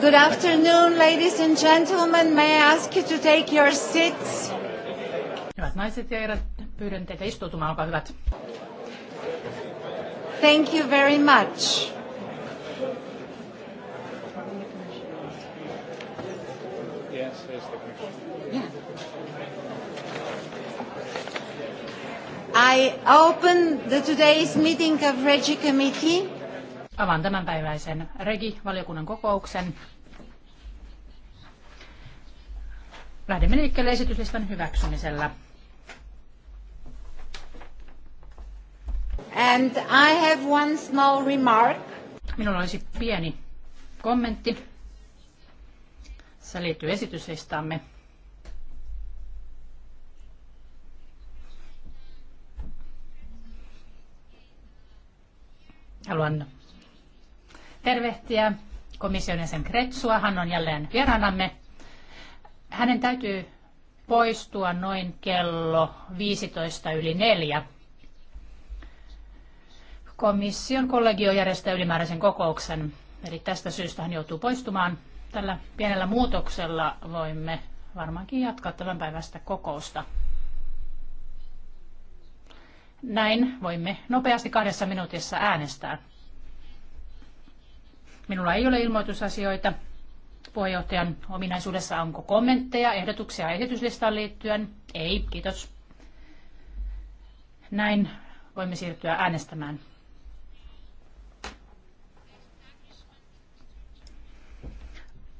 Good afternoon, ladies and gentlemen. May I ask you to take your seats? Hyvät naiset ja herrat, pyydän teitä istuutumaan, olkaa hyvät. Thank you very much. Yes, the Yeah. I open the today's meeting of Regi Committee. Avaan tämänpäiväisen Regi-valiokunnan kokouksen. Lähdemme liikkeelle esityslistan hyväksymisellä. And I have one small remark. Minulla olisi pieni kommentti. Se liittyy esityslistaamme. Haluan tervehtiä komission jäsen Kretsua. Hän on jälleen vieraanamme. Hänen täytyy poistua noin kello 15 yli neljä. Komission kollegio järjestää ylimääräisen kokouksen, eli tästä syystä hän joutuu poistumaan. Tällä pienellä muutoksella voimme varmaankin jatkaa tämän päivästä kokousta. Näin voimme nopeasti kahdessa minuutissa äänestää. Minulla ei ole ilmoitusasioita. Puheenjohtajan ominaisuudessa onko kommentteja, ehdotuksia esityslistaan liittyen? Ei, kiitos. Näin voimme siirtyä äänestämään.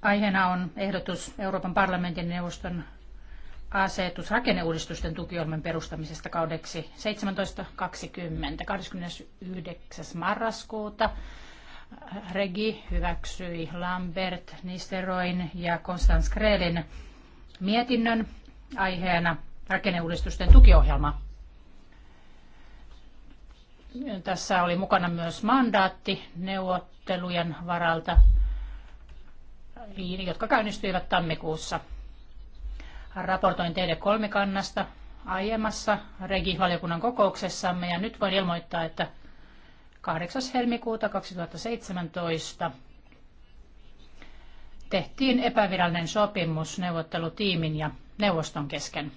Aiheena on ehdotus Euroopan parlamentin neuvoston asetus rakenneuudistusten tukiohjelman perustamisesta kaudeksi 17.20. 29. marraskuuta Regi hyväksyi Lambert, Nisteroin ja Konstans Kreelin mietinnön aiheena rakenneuudistusten tukiohjelma. Tässä oli mukana myös mandaatti neuvottelujen varalta, jotka käynnistyivät tammikuussa. Raportoin teille kolmikannasta aiemmassa Regi-valiokunnan kokouksessamme ja nyt voin ilmoittaa, että 8. helmikuuta 2017 tehtiin epävirallinen sopimus neuvottelutiimin ja neuvoston kesken.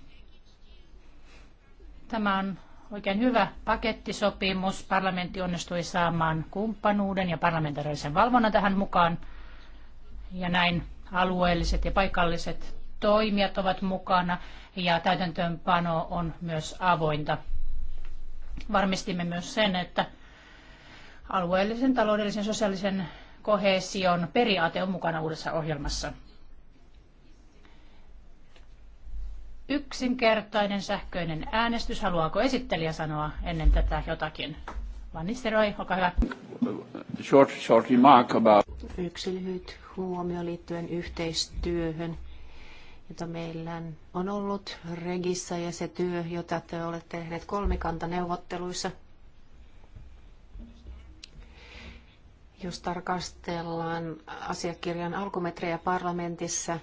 Tämä on oikein hyvä pakettisopimus. Parlamentti onnistui saamaan kumppanuuden ja parlamentaarisen valvonnan tähän mukaan. Ja näin alueelliset ja paikalliset toimijat ovat mukana ja täytäntöönpano on myös avointa. Varmistimme myös sen, että alueellisen, taloudellisen, sosiaalisen kohesion periaate on mukana uudessa ohjelmassa. Yksinkertainen sähköinen äänestys. Haluaako esittelijä sanoa ennen tätä jotakin? Van Nistelrooy, olkaa hyvä. Short, short remark about... Yksi lyhyt huomio liittyen yhteistyöhön, jota meillä on ollut Regissä ja se työ, jota te olette tehneet kolmikantaneuvotteluissa – Jos tarkastellaan asiakirjan alkumetrejä parlamentissa,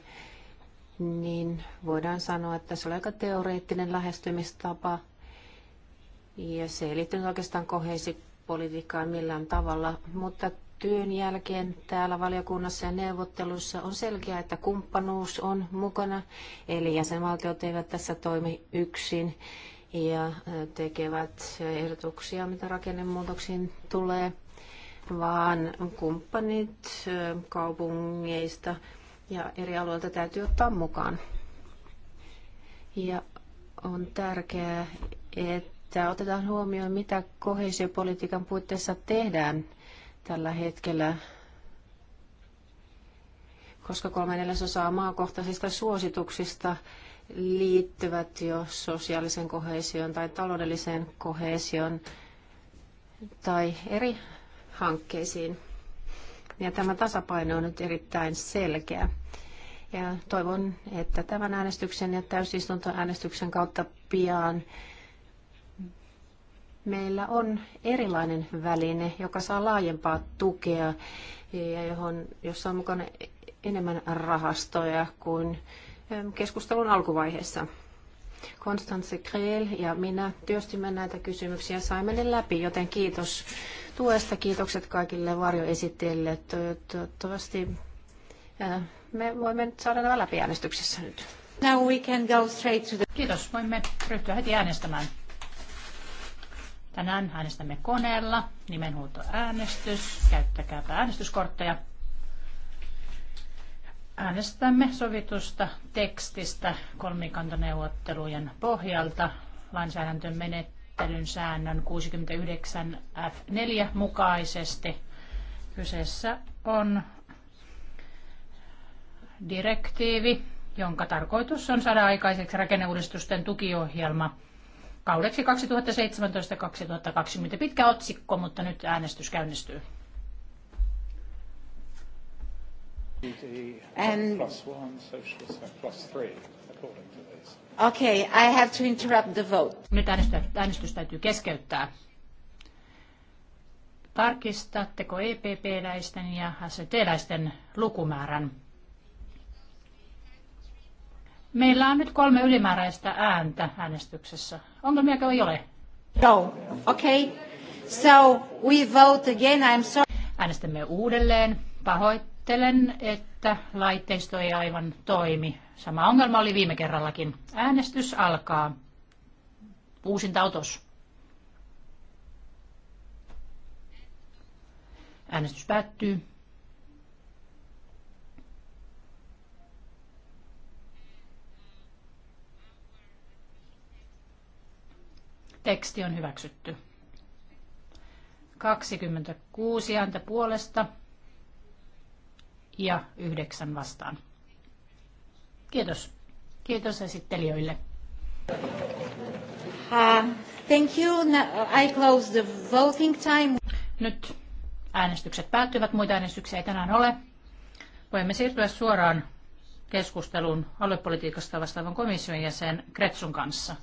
niin voidaan sanoa, että se oli aika teoreettinen lähestymistapa. Ja se ei liittynyt oikeastaan koheisipolitiikkaan millään tavalla, mutta työn jälkeen täällä valiokunnassa ja neuvottelussa on selkeää, että kumppanuus on mukana, eli jäsenvaltiot eivät tässä toimi yksin ja tekevät ehdotuksia, mitä rakennemuutoksiin tulee vaan kumppanit kaupungeista ja eri alueilta täytyy ottaa mukaan. Ja on tärkeää, että otetaan huomioon, mitä kohesiopolitiikan puitteissa tehdään tällä hetkellä, koska kolme neljäsosaa maakohtaisista suosituksista liittyvät jo sosiaalisen kohesion tai taloudelliseen kohesion tai eri hankkeisiin. Ja tämä tasapaino on nyt erittäin selkeä. Ja toivon, että tämän äänestyksen ja täysistuntoäänestyksen kautta pian meillä on erilainen väline, joka saa laajempaa tukea ja johon, jossa on mukana enemmän rahastoja kuin keskustelun alkuvaiheessa. Konstantse Kreel ja minä työstimme näitä kysymyksiä ja saimme ne läpi, joten kiitos tuesta. Kiitokset kaikille varjoesittäjille. Toivottavasti äh, me voimme saada nämä läpi äänestyksessä nyt. Now we can go straight to the... Kiitos. Voimme ryhtyä heti äänestämään. Tänään äänestämme koneella. Nimenhuuto äänestys. Käyttäkääpä äänestyskortteja. Äänestämme sovitusta tekstistä kolmikantaneuvottelujen pohjalta lainsäädäntömenettelyyn menettelyn säännön 69 F4 mukaisesti. Kyseessä on direktiivi, jonka tarkoitus on saada aikaiseksi rakenneuudistusten tukiohjelma kaudeksi 2017-2020. Pitkä otsikko, mutta nyt äänestys käynnistyy. And plus one, socialist, plus three, according Okay, I have to interrupt the vote. Nyt äänestys, äänestys täytyy keskeyttää. Tarkistatteko EPP-läisten ja ST-läisten lukumäärän? Meillä on nyt kolme ylimääräistä ääntä äänestyksessä. Ongelmia ei ole. No, okay. So we vote again. I'm sorry. Äänestämme uudelleen. Pahoittelen, että laitteisto ei aivan toimi. Sama ongelma oli viime kerrallakin. Äänestys alkaa. Uusinta otos. Äänestys päättyy. Teksti on hyväksytty. 26 ääntä puolesta ja 9 vastaan. Kiitos. Kiitos esittelijöille. Uh, thank you. Uh, I close the voting time. Nyt äänestykset päättyvät. Muita äänestyksiä ei tänään ole. Voimme siirtyä suoraan keskusteluun aluepolitiikasta vastaavan komission jäsen Kretsun kanssa.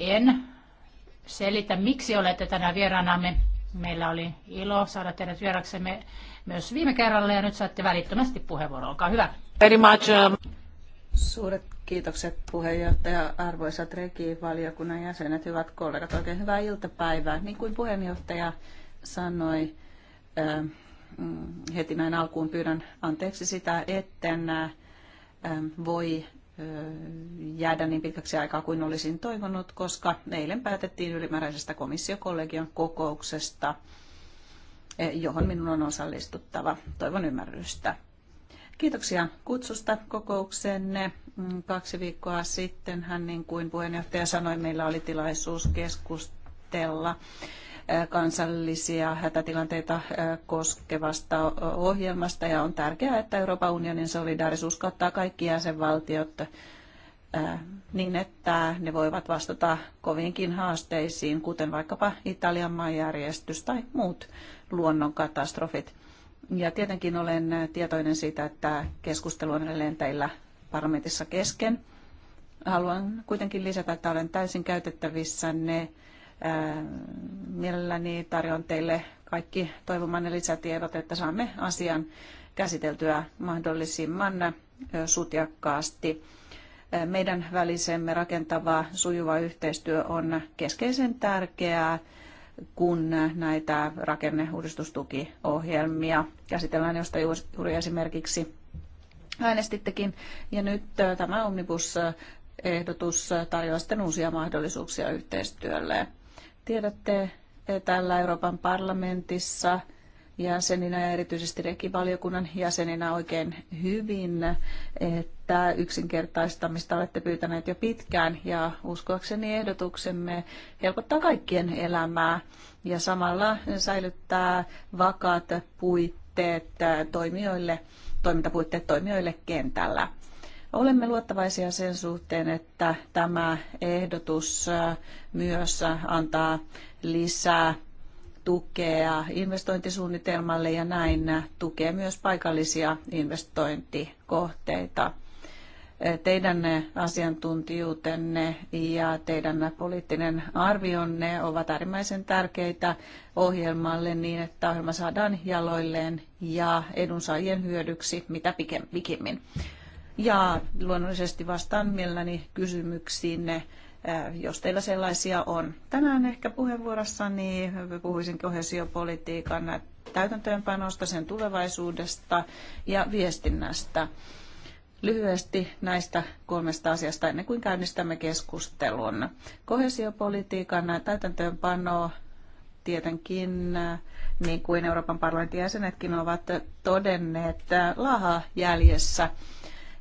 En selitä, miksi olette tänään vieraanamme. Meillä oli ilo saada teidät vieraksemme myös viime kerralla ja nyt saatte välittömästi puheenvuoron. Olkaa hyvä. Very much. Um, Suuret kiitokset puheenjohtaja, arvoisat Regi-valiokunnan jäsenet, hyvät kollegat, oikein hyvää iltapäivää. Niin kuin puheenjohtaja sanoi, ähm, heti näin alkuun pyydän anteeksi sitä, etten ähm, voi äh, jäädä niin pitkäksi aikaa kuin olisin toivonut, koska eilen päätettiin ylimääräisestä komissiokollegion kokouksesta, eh, johon minun on osallistuttava. Toivon ymmärrystä. Kiitoksia kutsusta kokoukseenne. Mm, kaksi viikkoa sitten hän, niin kuin puheenjohtaja sanoi, meillä oli tilaisuus keskustella kansallisia hätätilanteita koskevasta ohjelmasta ja on tärkeää, että Euroopan unionin solidaarisuus kattaa kaikki jäsenvaltiot niin, että ne voivat vastata kovinkin haasteisiin, kuten vaikkapa Italian maanjärjestys tai muut luonnonkatastrofit. Ja tietenkin olen tietoinen siitä, että keskustelu on edelleen teillä parlamentissa kesken. Haluan kuitenkin lisätä, että olen täysin käytettävissä ne. Äh, mielelläni tarjoan teille kaikki toivomanne lisätiedot, että saamme asian käsiteltyä mahdollisimman äh, sutjakkaasti. Äh, meidän välisemme rakentava sujuva yhteistyö on keskeisen tärkeää kun näitä rakenneuudistustukiohjelmia käsitellään, josta juuri esimerkiksi äänestittekin. Ja nyt tämä Omnibus-ehdotus tarjoaa sitten uusia mahdollisuuksia yhteistyölle. Tiedätte, täällä Euroopan parlamentissa – jäseninä ja erityisesti rekivaliokunnan jäseninä oikein hyvin, että yksinkertaistamista olette pyytäneet jo pitkään ja uskoakseni ehdotuksemme helpottaa kaikkien elämää ja samalla säilyttää vakaat puitteet toimijoille, toimintapuitteet toimijoille kentällä. Olemme luottavaisia sen suhteen, että tämä ehdotus myös antaa lisää tukea investointisuunnitelmalle ja näin tukee myös paikallisia investointikohteita. Teidän asiantuntijuutenne ja teidän poliittinen arvionne ovat äärimmäisen tärkeitä ohjelmalle niin, että ohjelma saadaan jaloilleen ja edunsaajien hyödyksi mitä pikemmin. Ja luonnollisesti vastaan mielelläni kysymyksiinne Äh, jos teillä sellaisia on. Tänään ehkä niin puhuisin kohesiopolitiikan täytäntöönpanosta, sen tulevaisuudesta ja viestinnästä. Lyhyesti näistä kolmesta asiasta ennen kuin käynnistämme keskustelun. Kohesiopolitiikan täytäntöönpano tietenkin, niin kuin Euroopan parlamentin jäsenetkin ovat todenneet, äh, laha jäljessä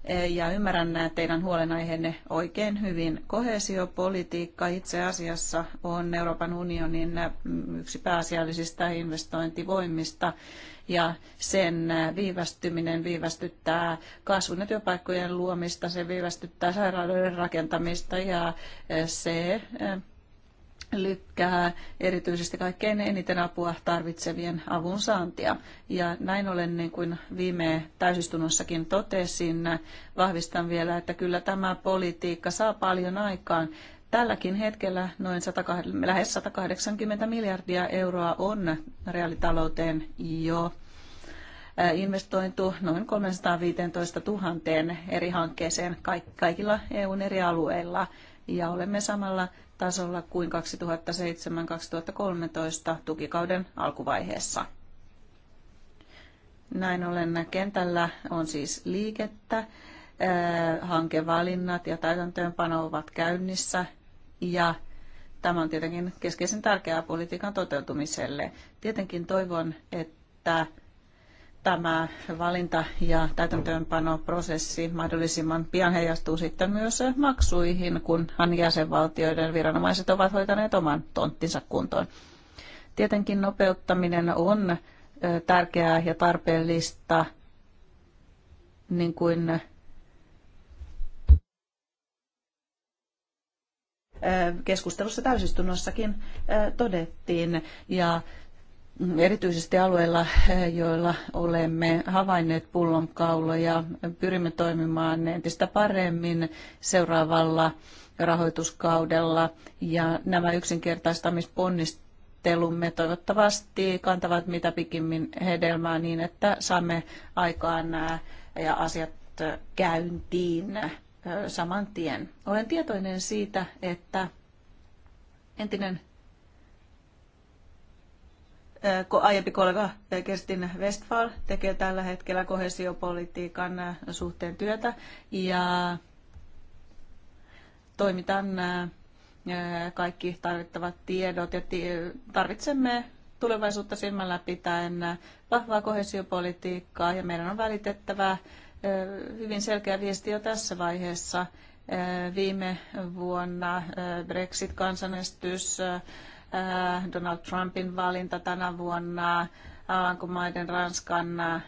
Eh, ja ymmärrän nämä teidän huolenaiheenne oikein hyvin. Kohesiopolitiikka itse asiassa on Euroopan unionin eh, yksi pääasiallisista investointivoimista ja sen eh, viivästyminen viivästyttää kasvun ja työpaikkojen luomista, se viivästyttää sairaaloiden rakentamista ja se lykkää erityisesti kaikkein eniten apua tarvitsevien avun saantia. Ja näin ollen, niin kuin viime täysistunnossakin totesin, vahvistan vielä, että kyllä tämä politiikka saa paljon aikaan. Tälläkin hetkellä noin 100, lähes 180 miljardia euroa on reaalitalouteen jo investointu noin 315 000 eri hankkeeseen kaikilla EUn eri alueilla. Ja olemme samalla tasolla kuin 2007-2013 tukikauden alkuvaiheessa. Näin ollen kentällä on siis liikettä, äh, hankevalinnat ja täytäntöönpano ovat käynnissä ja tämä on tietenkin keskeisen tärkeää politiikan toteutumiselle. Tietenkin toivon, että tämä valinta- ja täytäntöönpanoprosessi mahdollisimman pian heijastuu sitten myös maksuihin, kunhan jäsenvaltioiden viranomaiset ovat hoitaneet oman tonttinsa kuntoon. Tietenkin nopeuttaminen on tärkeää ja tarpeellista, niin kuin keskustelussa täysistunnossakin todettiin. Ja erityisesti alueilla, eh, joilla olemme havainneet pullonkauloja, pyrimme toimimaan entistä paremmin seuraavalla rahoituskaudella. Ja nämä yksinkertaistamisponnistelumme toivottavasti kantavat mitä pikimmin hedelmää niin, että saamme aikaan nämä eh, ja asiat eh, käyntiin saman tien. Olen tietoinen siitä, että entinen Äh, aiempi kollega äh, Kerstin Westfall tekee tällä hetkellä kohesiopolitiikan äh, suhteen työtä ja toimitan kaikki tarvittavat tiedot ja tarvitsemme tulevaisuutta silmällä pitäen vahvaa kohesiopolitiikkaa ja meidän on välitettävä hyvin selkeä viesti jo tässä vaiheessa. Viime vuonna Brexit-kansanestys Äh, Donald Trumpin valinta tänä vuonna, äh, Alankomaiden, Ranskan, äh,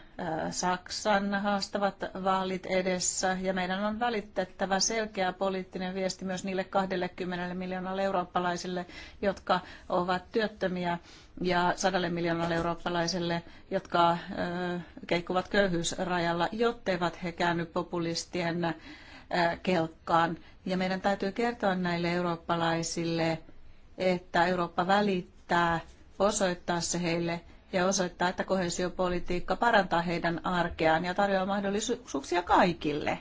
Saksan haastavat vaalit edessä. Ja meidän on välitettävä selkeä poliittinen viesti myös niille 20 miljoonalle eurooppalaisille, jotka ovat työttömiä ja sadalle miljoonalle eurooppalaiselle, jotka keikkuvat köyhyysrajalla, jotteivät he käänny populistien kelkkaan. Ja meidän täytyy kertoa näille eurooppalaisille, että Eurooppa välittää, osoittaa se heille ja osoittaa, että kohesiopolitiikka parantaa heidän arkeaan ja tarjoaa mahdollisuuksia kaikille.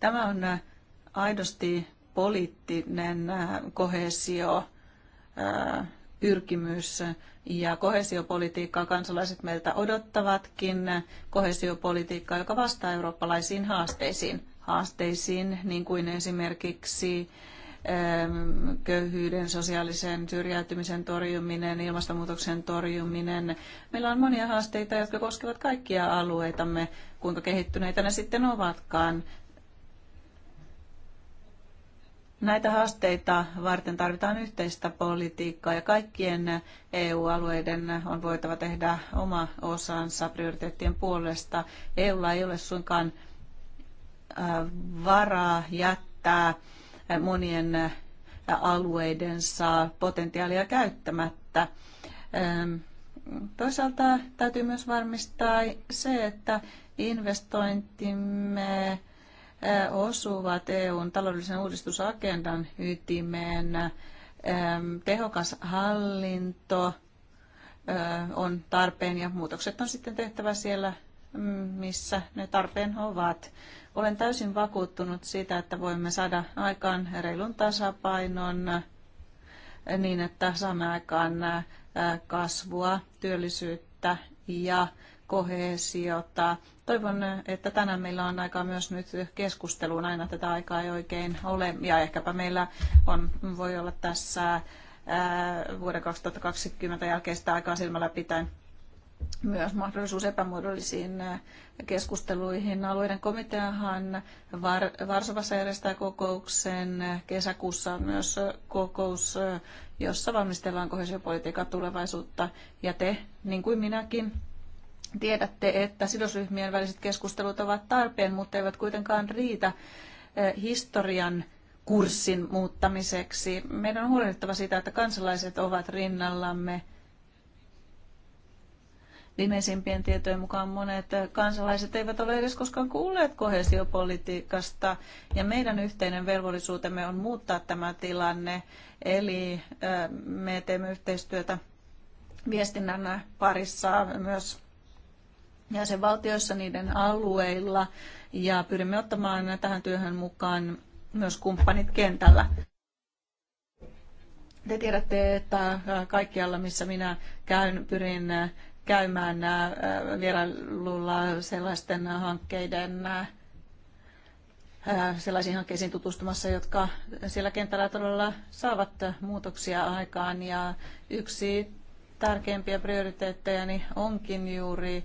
Tämä on äh, aidosti poliittinen äh, kohesio äh, pyrkimys ja kohesiopolitiikkaa kansalaiset meiltä odottavatkin, kohesiopolitiikkaa, joka vastaa eurooppalaisiin haasteisiin haasteisiin, niin kuin esimerkiksi ähm, köyhyyden, sosiaalisen syrjäytymisen torjuminen, ilmastonmuutoksen torjuminen. Meillä on monia haasteita, jotka koskevat kaikkia alueitamme, kuinka kehittyneitä ne sitten ovatkaan. Näitä haasteita varten tarvitaan yhteistä politiikkaa ja kaikkien EU-alueiden on voitava tehdä oma osansa prioriteettien puolesta. EUlla ei ole suinkaan varaa jättää monien alueidensa potentiaalia käyttämättä. Ehm, toisaalta täytyy myös varmistaa se, että investointimme osuvat EUn taloudellisen uudistusagendan ytimeen. Ehm, tehokas hallinto on tarpeen ja muutokset on sitten tehtävä siellä, mm, missä ne tarpeen ovat. Olen täysin vakuuttunut siitä, että voimme saada aikaan reilun tasapainon eh, niin, että saamme aikaan eh, kasvua, työllisyyttä ja kohesiota. Toivon, että tänään meillä on aikaa myös nyt keskusteluun. Aina tätä aikaa ei oikein ole. Ja ehkäpä meillä on, voi olla tässä eh, vuoden 2020 jälkeistä aikaa silmällä pitäen myös mahdollisuus epämuodollisiin äh, keskusteluihin. Alueiden komiteahan Var- Varsovassa järjestää kokouksen. Kesäkuussa on myös äh, kokous, äh, jossa valmistellaan kohesiopolitiikan tulevaisuutta. Ja te, niin kuin minäkin, tiedätte, että sidosryhmien väliset keskustelut ovat tarpeen, mutta eivät kuitenkaan riitä historian kurssin muuttamiseksi. Meidän on huolehdittava siitä, että kansalaiset ovat rinnallamme – Viimeisimpien tietojen mukaan monet kansalaiset eivät ole edes koskaan kuulleet kohesiopolitiikasta ja meidän yhteinen velvollisuutemme on muuttaa tämä tilanne. Eli me teemme yhteistyötä viestinnän parissa myös jäsenvaltioissa niiden alueilla ja pyrimme ottamaan tähän työhön mukaan myös kumppanit kentällä. Te tiedätte, että kaikkialla missä minä käyn, pyrin käymään äh, äh, vierailulla sellaisten hankkeiden äh, sellaisiin hankkeisiin tutustumassa, jotka siellä kentällä todella saavat muutoksia aikaan. Ja yksi tärkeimpiä prioriteettejani onkin juuri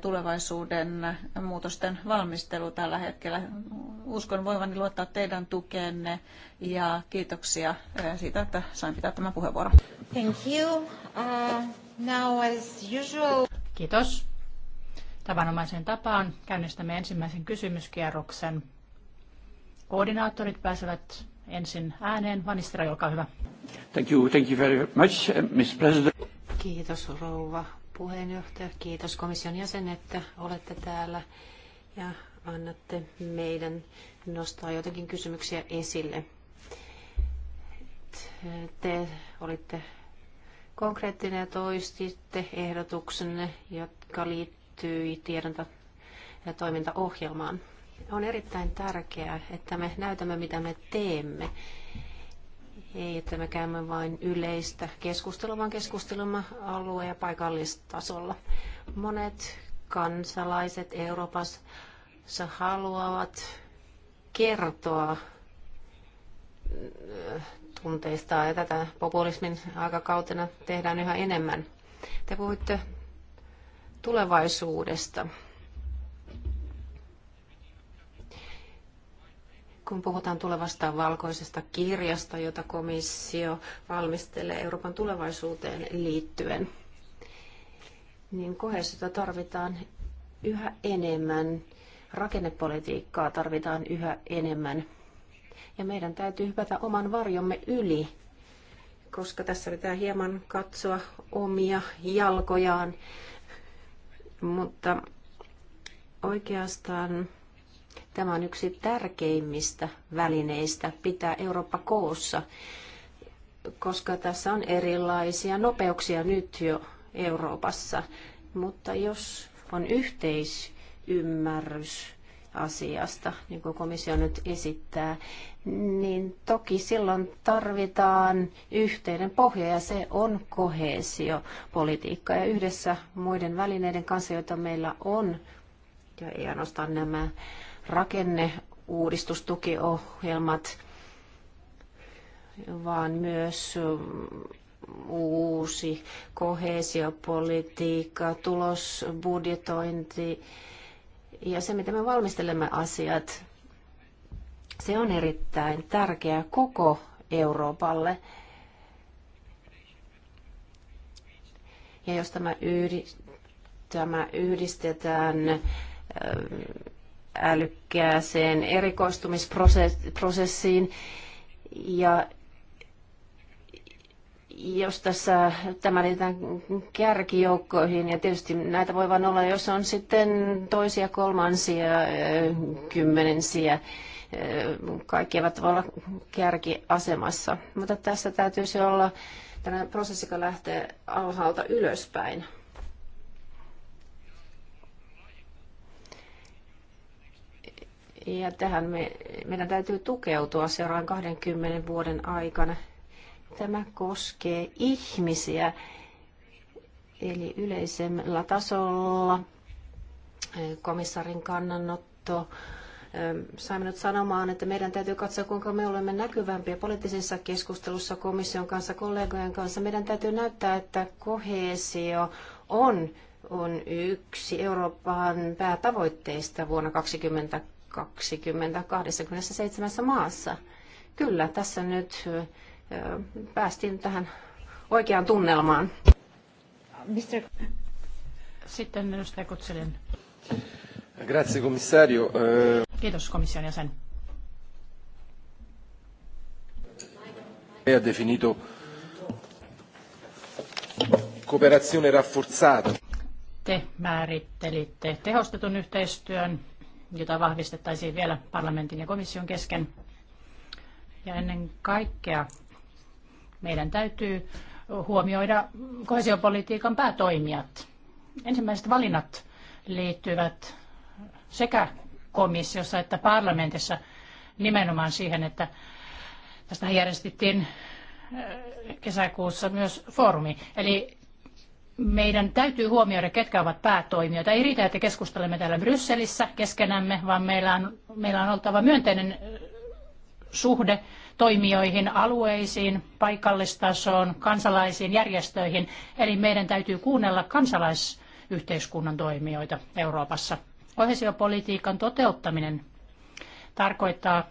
tulevaisuuden muutosten valmistelu tällä hetkellä. Uskon voivani luottaa teidän tukeenne ja kiitoksia siitä, että sain pitää tämän puheenvuoron. Thank you. Uh... Now, as usual... Kiitos. Tavanomaisen tapaan käynnistämme ensimmäisen kysymyskierroksen. Koordinaattorit pääsevät ensin ääneen. Vanistra, olkaa hyvä. Thank you, thank you very much, uh, Miss President. Kiitos rouva puheenjohtaja. Kiitos komission jäsen, että olette täällä ja annatte meidän nostaa jotakin kysymyksiä esille. Te olitte konkreettinen ja toistitte ehdotuksenne, jotka liittyy tiedonta- ja toimintaohjelmaan. On erittäin tärkeää, että me näytämme, mitä me teemme. Ei, että me käymme vain yleistä keskustelua, vaan keskustelemme alue- ja paikallistasolla. Monet kansalaiset Euroopassa haluavat kertoa tunteistaa ja tätä populismin aikakautena tehdään yhä enemmän. Te puhuitte tulevaisuudesta. kun puhutaan tulevasta valkoisesta kirjasta, jota komissio valmistelee Euroopan tulevaisuuteen liittyen, niin kohesiota tarvitaan yhä enemmän, rakennepolitiikkaa tarvitaan yhä enemmän. Ja meidän täytyy hypätä oman varjomme yli, koska tässä pitää hieman katsoa omia jalkojaan. Mutta oikeastaan tämä on yksi tärkeimmistä välineistä pitää Eurooppa koossa, koska tässä on erilaisia nopeuksia nyt jo Euroopassa. Mutta jos on yhteisymmärrys asiasta, niin kuin komissio nyt esittää, niin toki silloin tarvitaan yhteinen pohja ja se on kohesiopolitiikka. Ja yhdessä muiden välineiden kanssa, joita meillä on, ja ei ainoastaan nämä rakenneuudistustukiohjelmat, vaan myös uusi kohesiopolitiikka, tulosbudjetointi, ja se, miten me valmistelemme asiat, se on erittäin tärkeää koko Euroopalle. Ja jos tämä, yhdi, tämä yhdistetään ähm, älykkääseen erikoistumisprosessiin ja jos tässä tämä liitetään kärkijoukkoihin, ja tietysti näitä voi vain olla, jos on sitten toisia, kolmansia, kymmenensiä, kaikki eivät voi olla kärkiasemassa. Mutta tässä täytyisi olla tämä prosessi, joka lähtee alhaalta ylöspäin. Ja tähän me, meidän täytyy tukeutua seuraavan 20 vuoden aikana – Tämä koskee ihmisiä, eli yleisemmällä tasolla. Komissarin kannanotto ähm, sai minut sanomaan, että meidän täytyy katsoa, kuinka me olemme näkyvämpiä poliittisessa keskustelussa komission kanssa, kollegojen kanssa. Meidän täytyy näyttää, että kohesio on, on yksi Euroopan päätavoitteista vuonna 2020 27 maassa. Kyllä, tässä nyt päästiin tähän oikeaan tunnelmaan. Sitten edustaja Kutselin. Grazie, komissario. Kiitos komission jäsen. Lei ha definito cooperazione rafforzata. Te määrittelitte tehostetun yhteistyön, jota vahvistettaisiin vielä parlamentin ja komission kesken. Ja ennen kaikkea meidän täytyy huomioida kohesiopolitiikan päätoimijat. Ensimmäiset valinnat liittyvät sekä komissiossa että parlamentissa nimenomaan siihen, että tästä järjestettiin äh, kesäkuussa myös foorumi. Eli meidän täytyy huomioida, ketkä ovat päätoimijoita. Ei riitä, että keskustelemme täällä Brysselissä keskenämme, vaan meillä on, meillä on oltava myönteinen äh, suhde toimijoihin, alueisiin, paikallistasoon, kansalaisiin, järjestöihin. Eli meidän täytyy kuunnella kansalaisyhteiskunnan toimijoita Euroopassa. Kohesiopolitiikan toteuttaminen tarkoittaa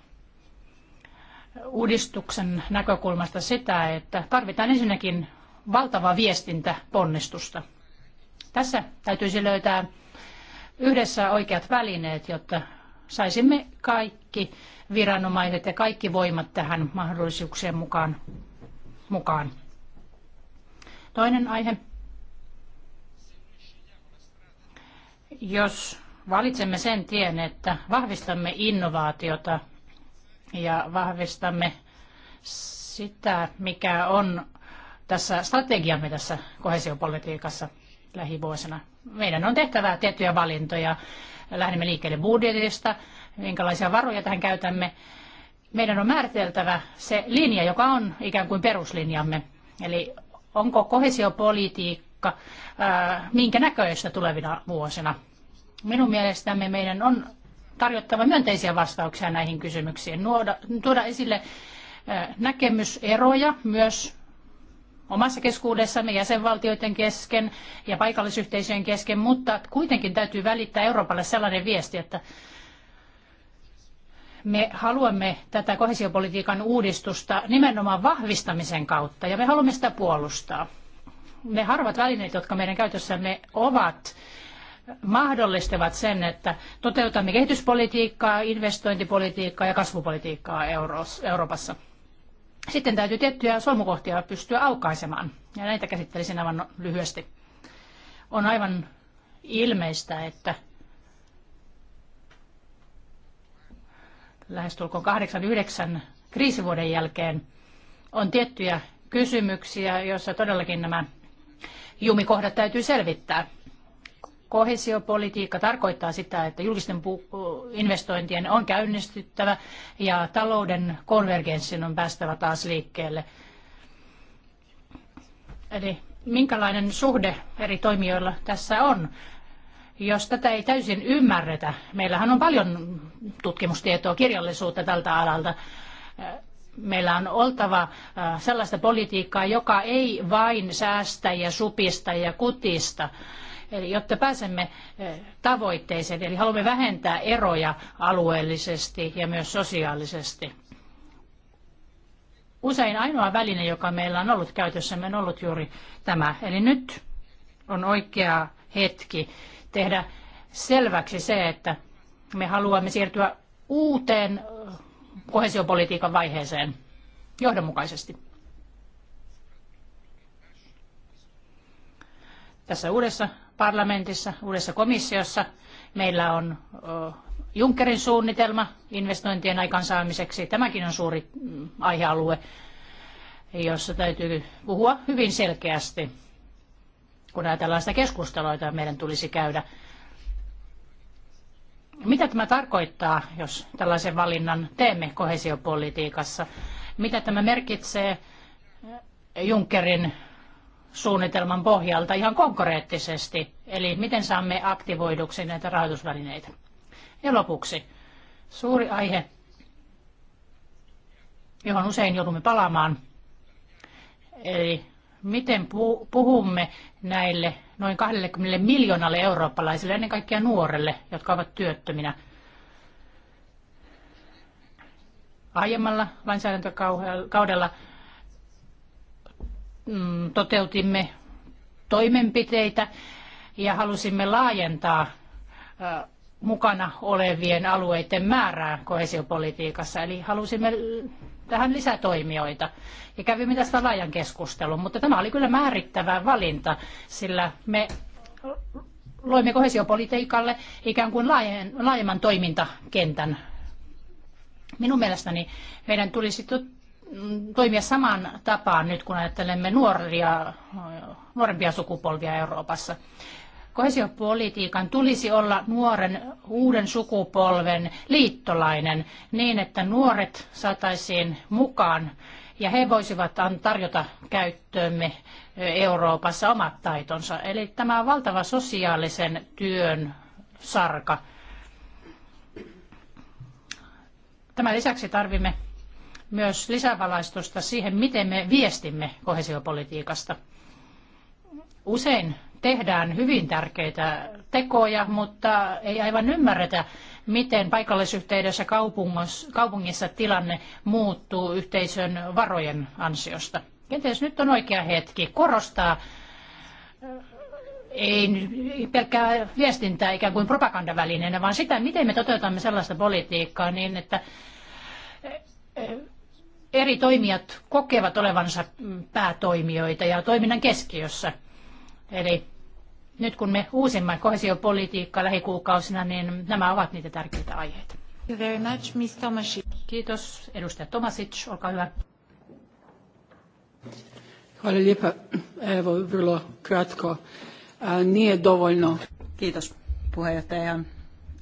uudistuksen näkökulmasta sitä, että tarvitaan ensinnäkin valtavaa viestintäponnistusta. Tässä täytyisi löytää yhdessä oikeat välineet, jotta saisimme kaikki viranomaiset ja kaikki voimat tähän mahdollisuuksien mukaan. mukaan. Toinen aihe. Jos valitsemme sen tien, että vahvistamme innovaatiota ja vahvistamme sitä, mikä on tässä strategiamme tässä kohesiopolitiikassa lähivuosina. Meidän on tehtävä tiettyjä valintoja. Lähdemme liikkeelle budjetista, minkälaisia varoja tähän käytämme. Meidän on määriteltävä se linja, joka on ikään kuin peruslinjamme. Eli onko kohesiopolitiikka minkä näköistä tulevina vuosina? Minun mielestämme meidän on tarjottava myönteisiä vastauksia näihin kysymyksiin, Nuoda, tuoda esille näkemyseroja myös omassa keskuudessamme, jäsenvaltioiden kesken ja paikallisyhteisöjen kesken, mutta kuitenkin täytyy välittää Euroopalle sellainen viesti, että me haluamme tätä kohesiopolitiikan uudistusta nimenomaan vahvistamisen kautta ja me haluamme sitä puolustaa. Ne harvat välineet, jotka meidän käytössämme ovat, mahdollistavat sen, että toteutamme kehityspolitiikkaa, investointipolitiikkaa ja kasvupolitiikkaa Euroopassa. Sitten täytyy tiettyjä solmukohtia pystyä aukaisemaan, ja näitä käsittelisin aivan lyhyesti. On aivan ilmeistä, että lähestulkoon 8 kriisivuoden jälkeen, on tiettyjä kysymyksiä, joissa todellakin nämä jumikohdat täytyy selvittää. Kohesiopolitiikka tarkoittaa sitä, että julkisten investointien on käynnistyttävä ja talouden konvergenssin on päästävä taas liikkeelle. Eli minkälainen suhde eri toimijoilla tässä on? jos tätä ei täysin ymmärretä, meillähän on paljon tutkimustietoa, kirjallisuutta tältä alalta, meillä on oltava äh, sellaista politiikkaa, joka ei vain säästä ja supista ja kutista, Eli jotta pääsemme äh, tavoitteeseen, eli haluamme vähentää eroja alueellisesti ja myös sosiaalisesti. Usein ainoa väline, joka meillä on ollut käytössämme, on ollut juuri tämä. Eli nyt on oikea hetki tehdä selväksi se, että me haluamme siirtyä uuteen kohesiopolitiikan vaiheeseen johdonmukaisesti. Tässä uudessa parlamentissa, uudessa komissiossa meillä on Junckerin suunnitelma investointien aikaansaamiseksi. Tämäkin on suuri mm, aihealue, jossa täytyy puhua hyvin selkeästi kun ajatellaan sitä keskustelua, jota meidän tulisi käydä. Mitä tämä tarkoittaa, jos tällaisen valinnan teemme kohesiopolitiikassa? Mitä tämä merkitsee Junckerin suunnitelman pohjalta ihan konkreettisesti? Eli miten saamme aktivoiduksi näitä rahoitusvälineitä? Ja lopuksi suuri aihe, johon usein joudumme palaamaan, eli miten puhumme näille noin 20 miljoonalle eurooppalaiselle, ennen kaikkea nuorelle, jotka ovat työttöminä. Aiemmalla lainsäädäntökaudella mm, toteutimme toimenpiteitä ja halusimme laajentaa mukana olevien alueiden määrää koesiopolitiikassa. Eli halusimme tähän lisätoimijoita. Ja kävimme tästä laajan keskustelun, mutta tämä oli kyllä määrittävä valinta, sillä me loimme kohesiopolitiikalle ikään kuin laajemman toimintakentän. Minun mielestäni meidän tulisi toimia samaan tapaan nyt, kun ajattelemme nuoria, nuorempia sukupolvia Euroopassa. Koesiopolitiikan tulisi olla nuoren uuden sukupolven liittolainen niin, että nuoret saataisiin mukaan ja he voisivat tarjota käyttöömme Euroopassa omat taitonsa. Eli tämä on valtava sosiaalisen työn sarka. Tämän lisäksi tarvimme myös lisävalaistusta siihen, miten me viestimme kohesiopolitiikasta. Usein tehdään hyvin tärkeitä tekoja, mutta ei aivan ymmärretä, miten paikallisyhteydessä kaupungissa tilanne muuttuu yhteisön varojen ansiosta. Kenties nyt on oikea hetki korostaa ei pelkkää viestintää ikään kuin propagandavälineenä, vaan sitä, miten me toteutamme sellaista politiikkaa niin, että eri toimijat kokevat olevansa päätoimijoita ja toiminnan keskiössä – Eli nyt kun me uusimme kohesiopolitiikkaa lähikuukausina, niin nämä ovat niitä tärkeitä aiheita. very much, Ms. Kiitos. Edustaja Tomasic, olkaa hyvä. Hvala lijepa. Evo, vrlo kratko. Nije dovoljno. Kiitos puheenjohtaja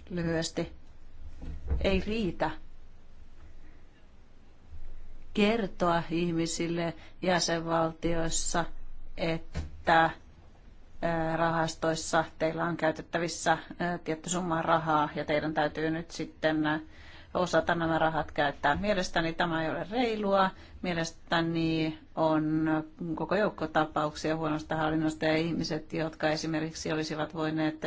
lyhyesti. Ei riitä kertoa ihmisille jäsenvaltioissa, että rahastoissa teillä on käytettävissä tietty summa rahaa ja teidän täytyy nyt sitten osata nämä rahat käyttää. Mielestäni tämä ei ole reilua. Mielestäni on koko joukko tapauksia huonosta hallinnosta ja ihmiset, jotka esimerkiksi olisivat voineet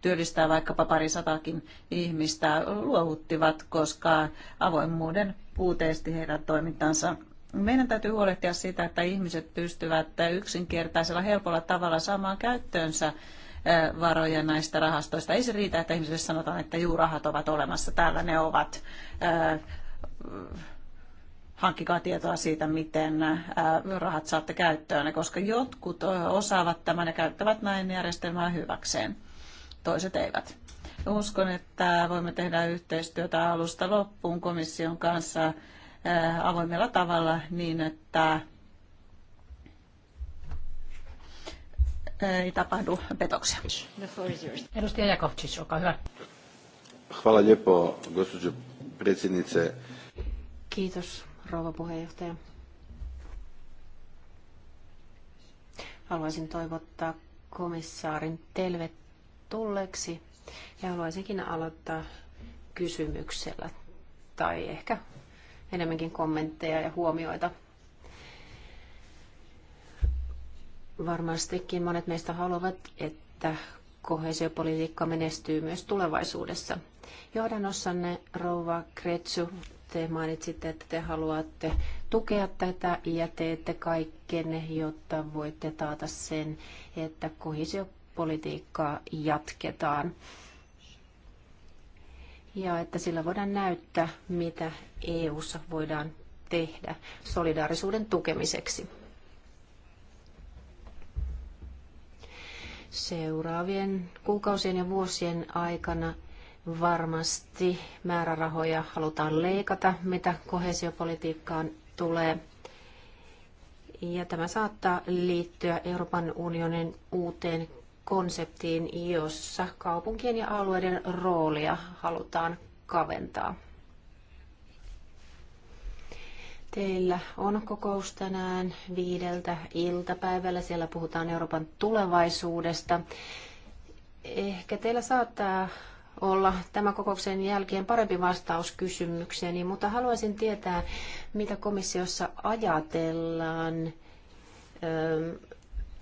työllistää vaikkapa pari satakin ihmistä, luovuttivat, koska avoimuuden puuteesti heidän toimintansa meidän täytyy huolehtia siitä, että ihmiset pystyvät yksinkertaisella helpolla tavalla saamaan käyttöönsä varoja näistä rahastoista. Ei se riitä, että ihmisille sanotaan, että juu, rahat ovat olemassa, täällä ne ovat. Hankkikaa tietoa siitä, miten rahat saatte käyttöön, koska jotkut osaavat tämän ja käyttävät näin järjestelmää hyväkseen, toiset eivät. Uskon, että voimme tehdä yhteistyötä alusta loppuun komission kanssa Äh, avoimella tavalla niin, että äh, ei tapahdu petoksia. Edustaja Jakovčić, olkaa hyvä. Hvala lijepo, gospođo predsjednice. Kiitos, rouva puheenjohtaja. Haluaisin toivottaa komissaarin tulleeksi ja haluaisinkin aloittaa kysymyksellä tai ehkä enemmänkin kommentteja ja huomioita. Varmastikin monet meistä haluavat, että kohesiopolitiikka menestyy myös tulevaisuudessa. Johdannossanne Rouva Kretsu, te mainitsitte, että te haluatte tukea tätä ja teette kaikkenne, jotta voitte taata sen, että kohesiopolitiikkaa jatketaan. Ja että sillä voidaan näyttää, mitä EU:ssa voidaan tehdä solidaarisuuden tukemiseksi. Seuraavien kuukausien ja vuosien aikana varmasti määrärahoja halutaan leikata, mitä kohesiopolitiikkaan tulee. Ja tämä saattaa liittyä Euroopan unionin uuteen konseptiin, jossa kaupunkien ja alueiden roolia halutaan kaventaa. Teillä on kokous tänään viideltä iltapäivällä. Siellä puhutaan Euroopan tulevaisuudesta. Ehkä teillä saattaa olla tämän kokouksen jälkeen parempi vastaus kysymykseeni, mutta haluaisin tietää, mitä komissiossa ajatellaan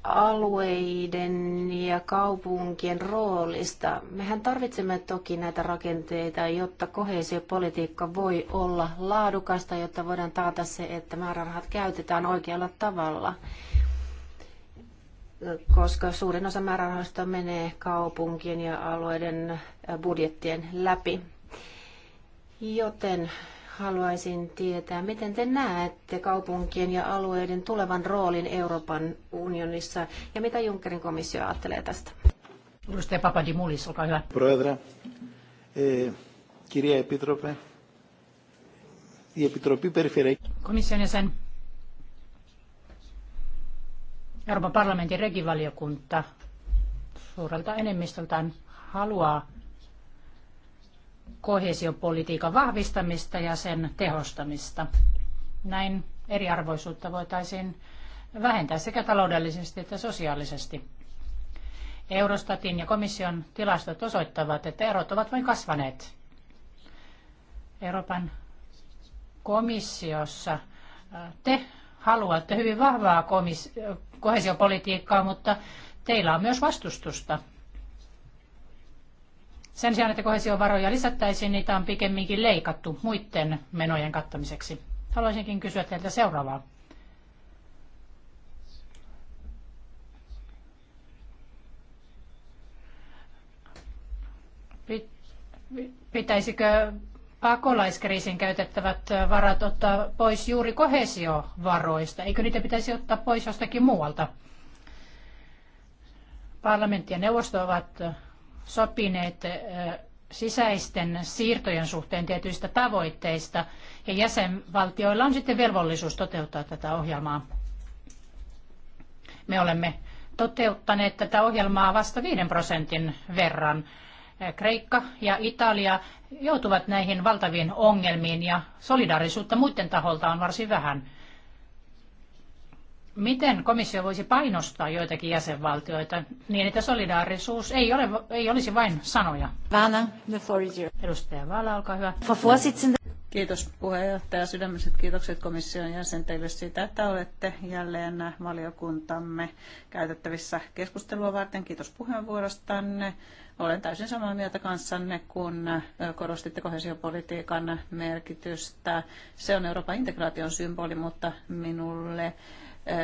alueiden ja kaupunkien roolista. Mehän tarvitsemme toki näitä rakenteita, jotta kohesiopolitiikka voi olla laadukasta, jotta voidaan taata se, että määrärahat käytetään oikealla tavalla koska suurin osa määrärahoista menee kaupunkien ja alueiden budjettien läpi. Joten Haluaisin tietää, miten te näette kaupunkien ja alueiden tulevan roolin Euroopan unionissa ja mitä Junckerin komissio ajattelee tästä? Edustaja Papadimulis, olkaa hyvä. Proedra, kirja Epitrope, Epitropi Komission jäsen. Euroopan parlamentin regivaliokunta suurelta enemmistöltään haluaa kohesiopolitiikan vahvistamista ja sen tehostamista. Näin eriarvoisuutta voitaisiin vähentää sekä taloudellisesti että sosiaalisesti. Eurostatin ja komission tilastot osoittavat, että erot ovat vain kasvaneet. Euroopan komissiossa äh, te haluatte hyvin vahvaa komis- kohesiopolitiikkaa, mutta teillä on myös vastustusta sen sijaan, että kohesiovaroja lisättäisiin, niitä on pikemminkin leikattu muiden menojen kattamiseksi. Haluaisinkin kysyä teiltä seuraavaa. Pitäisikö pakolaiskriisin käytettävät varat ottaa pois juuri kohesiovaroista? Eikö niitä pitäisi ottaa pois jostakin muualta? Parlamentti ja neuvosto ovat sopineet sisäisten siirtojen suhteen tietyistä tavoitteista, ja jäsenvaltioilla on sitten velvollisuus toteuttaa tätä ohjelmaa. Me olemme toteuttaneet tätä ohjelmaa vasta 5 prosentin verran. Kreikka ja Italia joutuvat näihin valtaviin ongelmiin ja solidaarisuutta muiden taholta on varsin vähän. Miten komissio voisi painostaa joitakin jäsenvaltioita niin, että solidaarisuus ei, ole, ei olisi vain sanoja? Vana, the floor is yours. Edustaja Vaala, olkaa hyvä. Kiitos puheenjohtaja. Sydämiset kiitokset komission jäsenteille siitä, että olette jälleen valiokuntamme käytettävissä keskustelua varten. Kiitos puheenvuorostanne. Olen täysin samaa mieltä kanssanne, kun korostitte kohesiopolitiikan merkitystä. Se on Euroopan integraation symboli, mutta minulle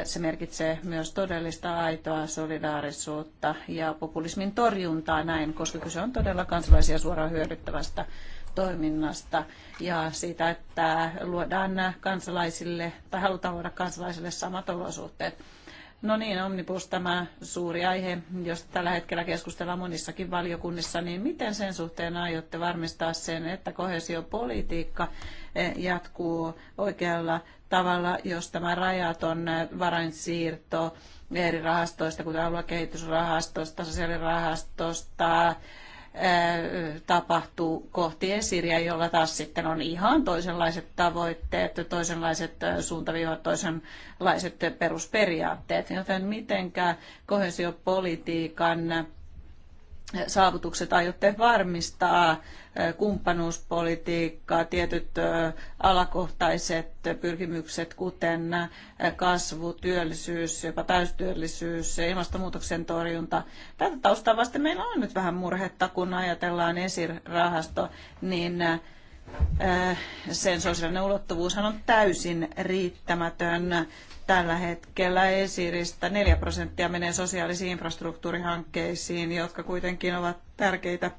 se merkitsee myös todellista aitoa solidaarisuutta ja populismin torjuntaa näin, koska kyse on todella kansalaisia suoraan hyödyttävästä toiminnasta ja siitä, että luodaan kansalaisille tai halutaan luoda kansalaisille samat olosuhteet No niin, Omnibus, tämä suuri aihe, josta tällä hetkellä keskustellaan monissakin valiokunnissa, niin miten sen suhteen aiotte varmistaa sen, että kohesiopolitiikka eh, jatkuu oikealla tavalla, jos tämä rajaton eh, varainsiirto eri rahastoista, kuten aluekehitysrahastosta, sosiaalirahastosta, tapahtuu kohti esiriä, jolla taas sitten on ihan toisenlaiset tavoitteet, toisenlaiset suuntaviivat, toisenlaiset perusperiaatteet. Joten mitenkä kohesiopolitiikan saavutukset aiotte varmistaa, kumppanuuspolitiikkaa, tietyt alakohtaiset pyrkimykset, kuten kasvu, työllisyys, jopa täystyöllisyys, ilmastonmuutoksen torjunta. Tätä taustaa vasten meillä on nyt vähän murhetta, kun ajatellaan esirahasto, niin Äh, sen sosiaalinen ulottuvuushan on täysin riittämätön. Tällä hetkellä esiristä 4 prosenttia menee sosiaalisiin infrastruktuurihankkeisiin, jotka kuitenkin ovat tärkeitä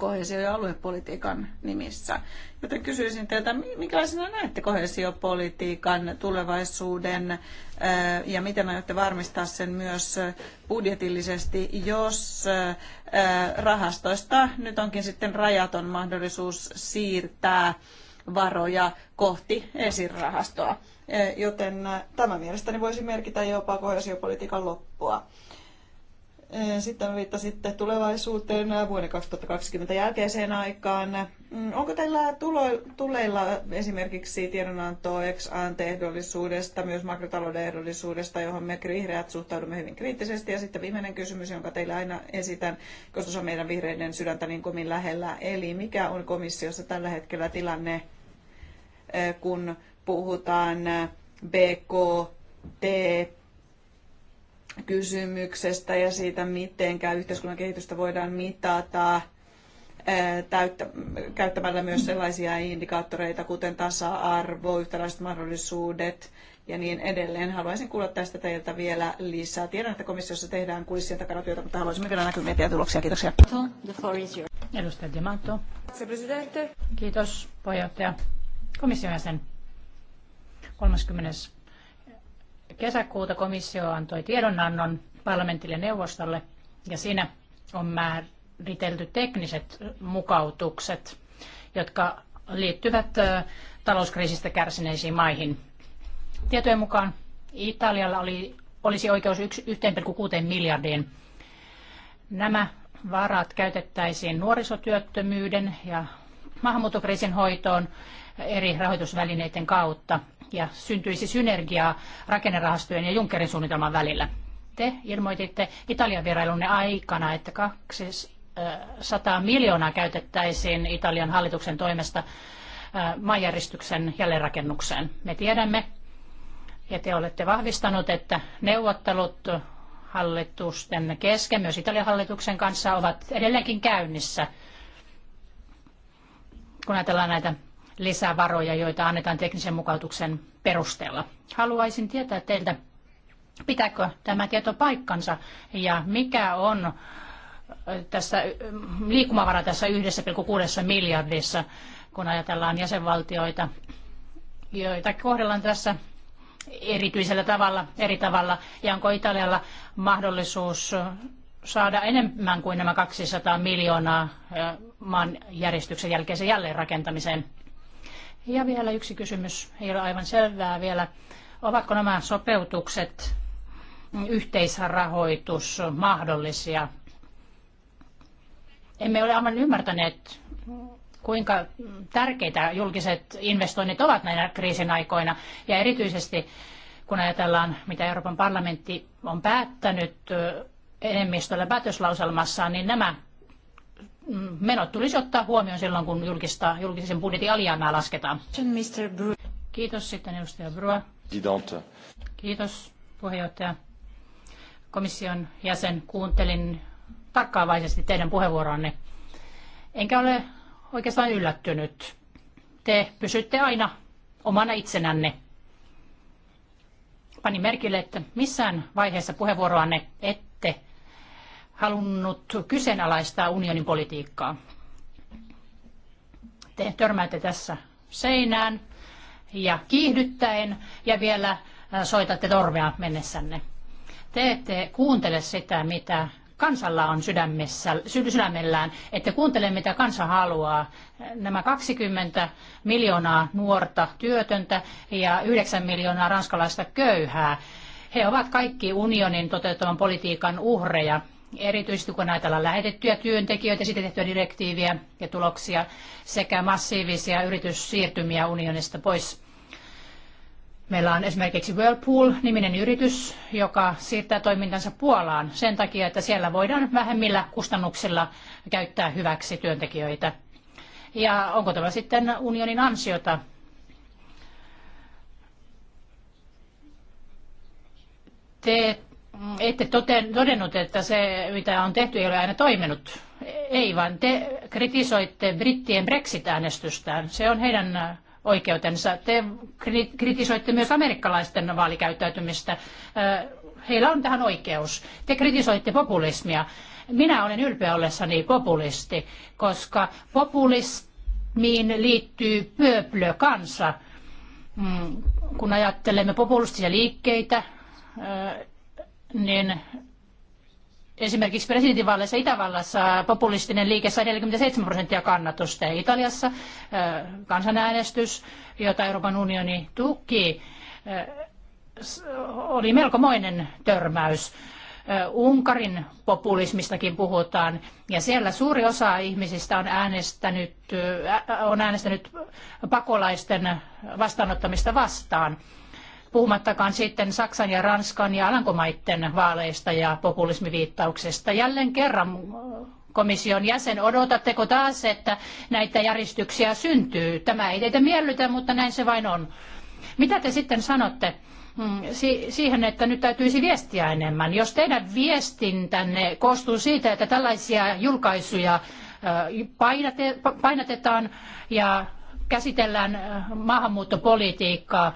kohesio- ja aluepolitiikan nimissä. Joten kysyisin teiltä, minkälaisena näette kohesiopolitiikan tulevaisuuden ja miten aiotte varmistaa sen myös budjetillisesti, jos rahastoista nyt onkin sitten rajaton mahdollisuus siirtää varoja kohti esirahastoa. Joten tämä mielestäni voisi merkitä jopa kohesiopolitiikan loppua. Eh, sitten viittasitte tulevaisuuteen eh, vuoden 2020 jälkeiseen aikaan. Mm, onko teillä tuleilla esimerkiksi tiedonanto ex ante ehdollisuudesta, myös makrotalouden ehdollisuudesta, johon me vihreät suhtaudumme hyvin kriittisesti? Ja sitten viimeinen kysymys, jonka teillä aina esitän, koska se on meidän vihreiden sydäntä niin kuin lähellä. Eli mikä on komissiossa tällä hetkellä tilanne, eh, kun puhutaan BKT kysymyksestä ja siitä, miten yhteiskunnan kehitystä voidaan mitata täyttä, käyttämällä myös sellaisia indikaattoreita, kuten tasa-arvo, yhtäläiset mahdollisuudet ja niin edelleen. Haluaisin kuulla tästä teiltä vielä lisää. Tiedän, että komissiossa tehdään kulissien takana työtä, mutta haluaisimme vielä näkymiä ja tuloksia. Kiitoksia. Edustaja Diamanto. Kiitos, puheenjohtaja. Komission jäsen. 30 kesäkuuta komissio antoi tiedonannon parlamentille neuvostolle ja siinä on määritelty tekniset mukautukset, jotka liittyvät talouskriisistä kärsineisiin maihin. Tietojen mukaan Italialla oli, olisi oikeus 1,6 miljardiin. Nämä varat käytettäisiin nuorisotyöttömyyden ja maahanmuuttokriisin hoitoon eri rahoitusvälineiden kautta ja syntyisi synergiaa rakennerahastojen ja Junckerin suunnitelman välillä. Te ilmoititte Italian vierailunne aikana, että 200 miljoonaa käytettäisiin Italian hallituksen toimesta äh, maanjäristyksen jälleenrakennukseen. Me tiedämme, ja te olette vahvistanut, että neuvottelut hallitusten kesken, myös Italian hallituksen kanssa, ovat edelleenkin käynnissä – kun ajatellaan näitä lisävaroja, joita annetaan teknisen mukautuksen perusteella. Haluaisin tietää teiltä, pitääkö tämä tieto paikkansa ja mikä on tässä liikkumavara tässä 1,6 miljardissa, kun ajatellaan jäsenvaltioita, joita kohdellaan tässä erityisellä tavalla, eri tavalla, ja onko Italialla mahdollisuus saada enemmän kuin nämä 200 miljoonaa maan järjestyksen jälkeisen jälleenrakentamiseen. Ja vielä yksi kysymys, ei ole aivan selvää vielä. Ovatko nämä sopeutukset mm, yhteisrahoitus mahdollisia? Emme ole aivan ymmärtäneet, kuinka tärkeitä julkiset investoinnit ovat näinä kriisin aikoina. Ja erityisesti kun ajatellaan, mitä Euroopan parlamentti on päättänyt enemmistöllä päätöslauselmassaan, niin nämä mm, menot tulisi ottaa huomioon silloin, kun julkista, julkisen budjetin alijäämää lasketaan. Kiitos sitten edustaja Brua. Kiitos puheenjohtaja. Komission jäsen, kuuntelin tarkkaavaisesti teidän puheenvuoronne. Enkä ole oikeastaan yllättynyt. Te pysytte aina omana itsenänne. Pani merkille, että missään vaiheessa puheenvuoroanne et halunnut kyseenalaistaa unionin politiikkaa. Te törmäätte tässä seinään ja kiihdyttäen ja vielä soitatte torvea mennessänne. Te ette kuuntele sitä, mitä kansalla on sydämessä, sydämellään, että kuuntele mitä kansa haluaa. Nämä 20 miljoonaa nuorta työtöntä ja 9 miljoonaa ranskalaista köyhää, he ovat kaikki unionin toteuttaman politiikan uhreja erityisesti kun ajatellaan lähetettyjä työntekijöitä, siitä tehtyä direktiiviä ja tuloksia sekä massiivisia yrityssiirtymiä unionista pois. Meillä on esimerkiksi Whirlpool-niminen yritys, joka siirtää toimintansa Puolaan sen takia, että siellä voidaan vähemmillä kustannuksilla käyttää hyväksi työntekijöitä. Ja onko tämä sitten unionin ansiota? Te ette toten, todennut, että se mitä on tehty ei ole aina toiminut. Ei, vaan te kritisoitte brittien Brexit-äänestystään. Se on heidän oikeutensa. Te kritisoitte myös amerikkalaisten vaalikäyttäytymistä. Heillä on tähän oikeus. Te kritisoitte populismia. Minä olen ylpeä ollessani populisti, koska populismiin liittyy pöplö kansa. Mm, kun ajattelemme populistisia liikkeitä, niin esimerkiksi presidentinvaaleissa Itävallassa populistinen liike sai 47 prosenttia kannatusta ja Italiassa kansanäänestys, jota Euroopan unioni tuki, oli melkomoinen törmäys. Unkarin populismistakin puhutaan, ja siellä suuri osa ihmisistä on äänestänyt, on äänestänyt pakolaisten vastaanottamista vastaan puhumattakaan sitten Saksan ja Ranskan ja Alankomaiden vaaleista ja populismiviittauksesta. Jälleen kerran äh, komission jäsen, odotatteko taas, että näitä järjestyksiä syntyy? Tämä ei teitä miellytä, mutta näin se vain on. Mitä te sitten sanotte? Mm, siihen, että nyt täytyisi viestiä enemmän. Jos teidän viestintänne koostuu siitä, että tällaisia julkaisuja äh, painatetaan ja käsitellään äh, maahanmuuttopolitiikkaa,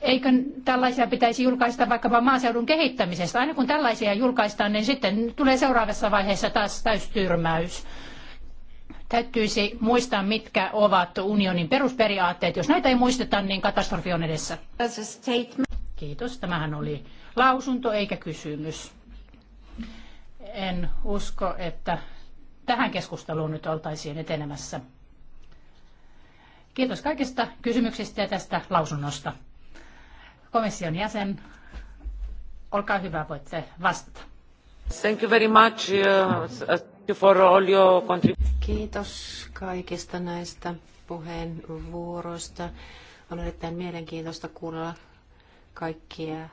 Eikö tällaisia pitäisi julkaista vaikkapa maaseudun kehittämisestä? Aina kun tällaisia julkaistaan, niin sitten tulee seuraavassa vaiheessa taas täystyrmäys. Täytyisi muistaa, mitkä ovat unionin perusperiaatteet. Jos näitä ei muisteta, niin katastrofi on edessä. Kiitos. Tämähän oli lausunto eikä kysymys. En usko, että tähän keskusteluun nyt oltaisiin etenemässä. Kiitos kaikista kysymyksistä ja tästä lausunnosta. Komission jäsen, olkaa hyvä, voitte vastata. Thank you very much uh, uh, for all your Kiitos kaikista näistä puheenvuoroista. On erittäin mielenkiintoista kuulla kaikkia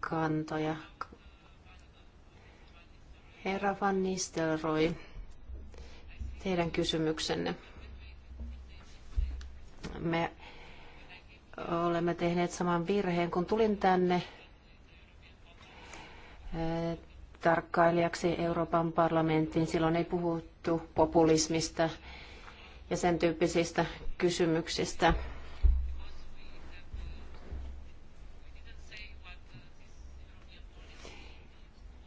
kantoja. Herra Van Nistelrooy, teidän kysymyksenne. Me olemme tehneet saman virheen, kun tulin tänne eh, tarkkailijaksi Euroopan parlamenttiin. Silloin ei puhuttu populismista ja sen tyyppisistä kysymyksistä.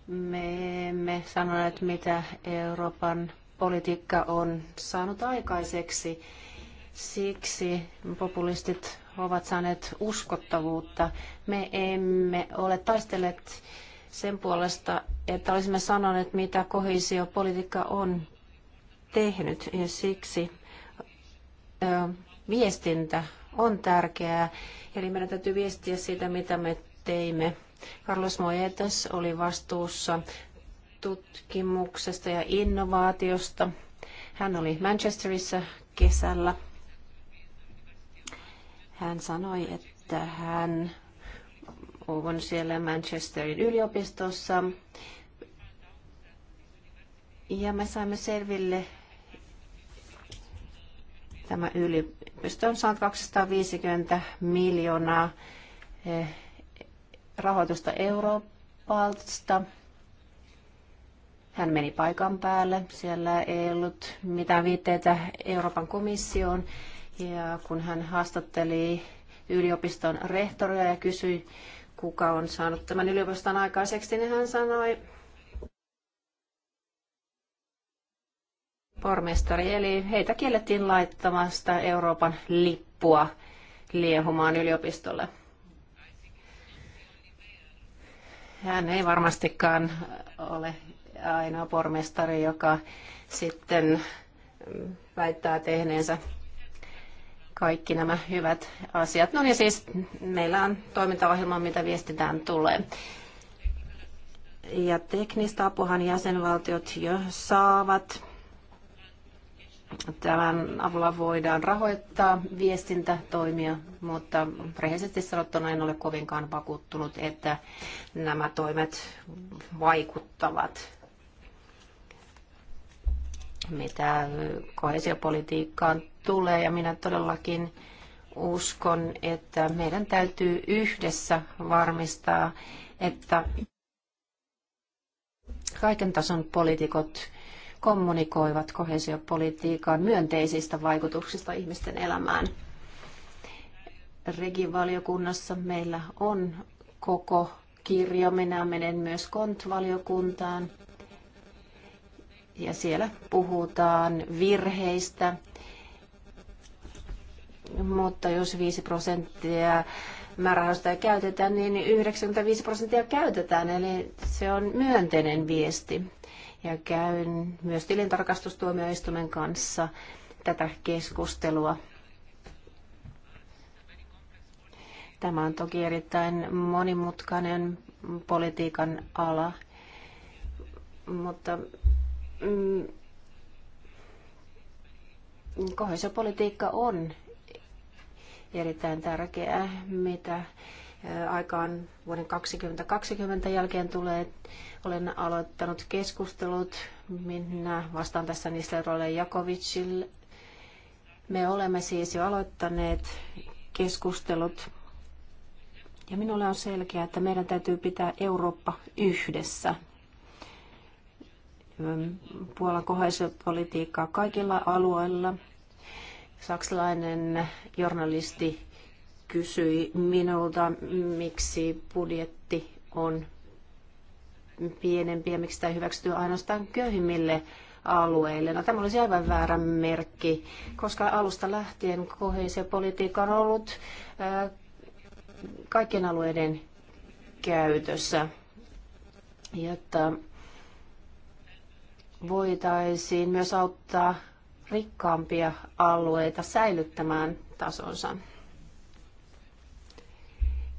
Me emme sanoneet, mitä Euroopan politiikka on saanut aikaiseksi Siksi populistit ovat saaneet uskottavuutta. Me emme ole taistelleet sen puolesta, että olisimme sanoneet, mitä kohesiopolitiikka on tehnyt. Ja siksi ö, viestintä on tärkeää. Eli meidän täytyy viestiä siitä, mitä me teimme. Carlos Moetas oli vastuussa tutkimuksesta ja innovaatiosta. Hän oli Manchesterissa kesällä hän sanoi, että hän on siellä Manchesterin yliopistossa. Ja me saimme selville, tämä yliopisto on saanut 250 miljoonaa eh, rahoitusta Euroopalta. Hän meni paikan päälle. Siellä ei ollut mitään viitteitä Euroopan komissioon. Ja kun hän haastatteli yliopiston rehtoria ja kysyi, kuka on saanut tämän yliopiston aikaiseksi, niin hän sanoi pormestari. Eli heitä kiellettiin laittamasta Euroopan lippua liehumaan yliopistolle. Hän ei varmastikaan ole ainoa pormestari, joka sitten mm, väittää tehneensä kaikki nämä hyvät asiat. No niin siis meillä on toimintaohjelma, mitä viestitään tulee. Ja teknistä apuhan jäsenvaltiot jo saavat. Tämän avulla voidaan rahoittaa viestintätoimia, mutta rehellisesti sanottuna en ole kovinkaan vakuuttunut, että nämä toimet vaikuttavat mitä kohesiopolitiikkaan tulee. Ja minä todellakin uskon, että meidän täytyy yhdessä varmistaa, että kaiken tason poliitikot kommunikoivat kohesiopolitiikan myönteisistä vaikutuksista ihmisten elämään. Regivaliokunnassa meillä on koko kirjo. Minä menen myös kontvaliokuntaan ja siellä puhutaan virheistä, mutta jos 5 prosenttia määrärahoista ei käytetä, niin 95 prosenttia käytetään, eli se on myönteinen viesti. Ja käyn myös tilintarkastustuomioistuimen kanssa tätä keskustelua. Tämä on toki erittäin monimutkainen politiikan ala, mutta mm, kohesiopolitiikka on erittäin tärkeää, mitä aikaan vuoden 2020 jälkeen tulee. Olen aloittanut keskustelut. Minä vastaan tässä niistä Role Jakovicille. Me olemme siis jo aloittaneet keskustelut. Ja minulle on selkeää, että meidän täytyy pitää Eurooppa yhdessä. Puolan politiikkaa kaikilla alueilla. Saksalainen journalisti kysyi minulta, miksi budjetti on pienempi ja miksi tämä hyväksytyy ainoastaan köyhimmille alueille. No, tämä olisi aivan väärä merkki, koska alusta lähtien kohesiopolitiikka on ollut ää, kaikkien alueiden käytössä. Jotta voitaisiin myös auttaa rikkaampia alueita säilyttämään tasonsa.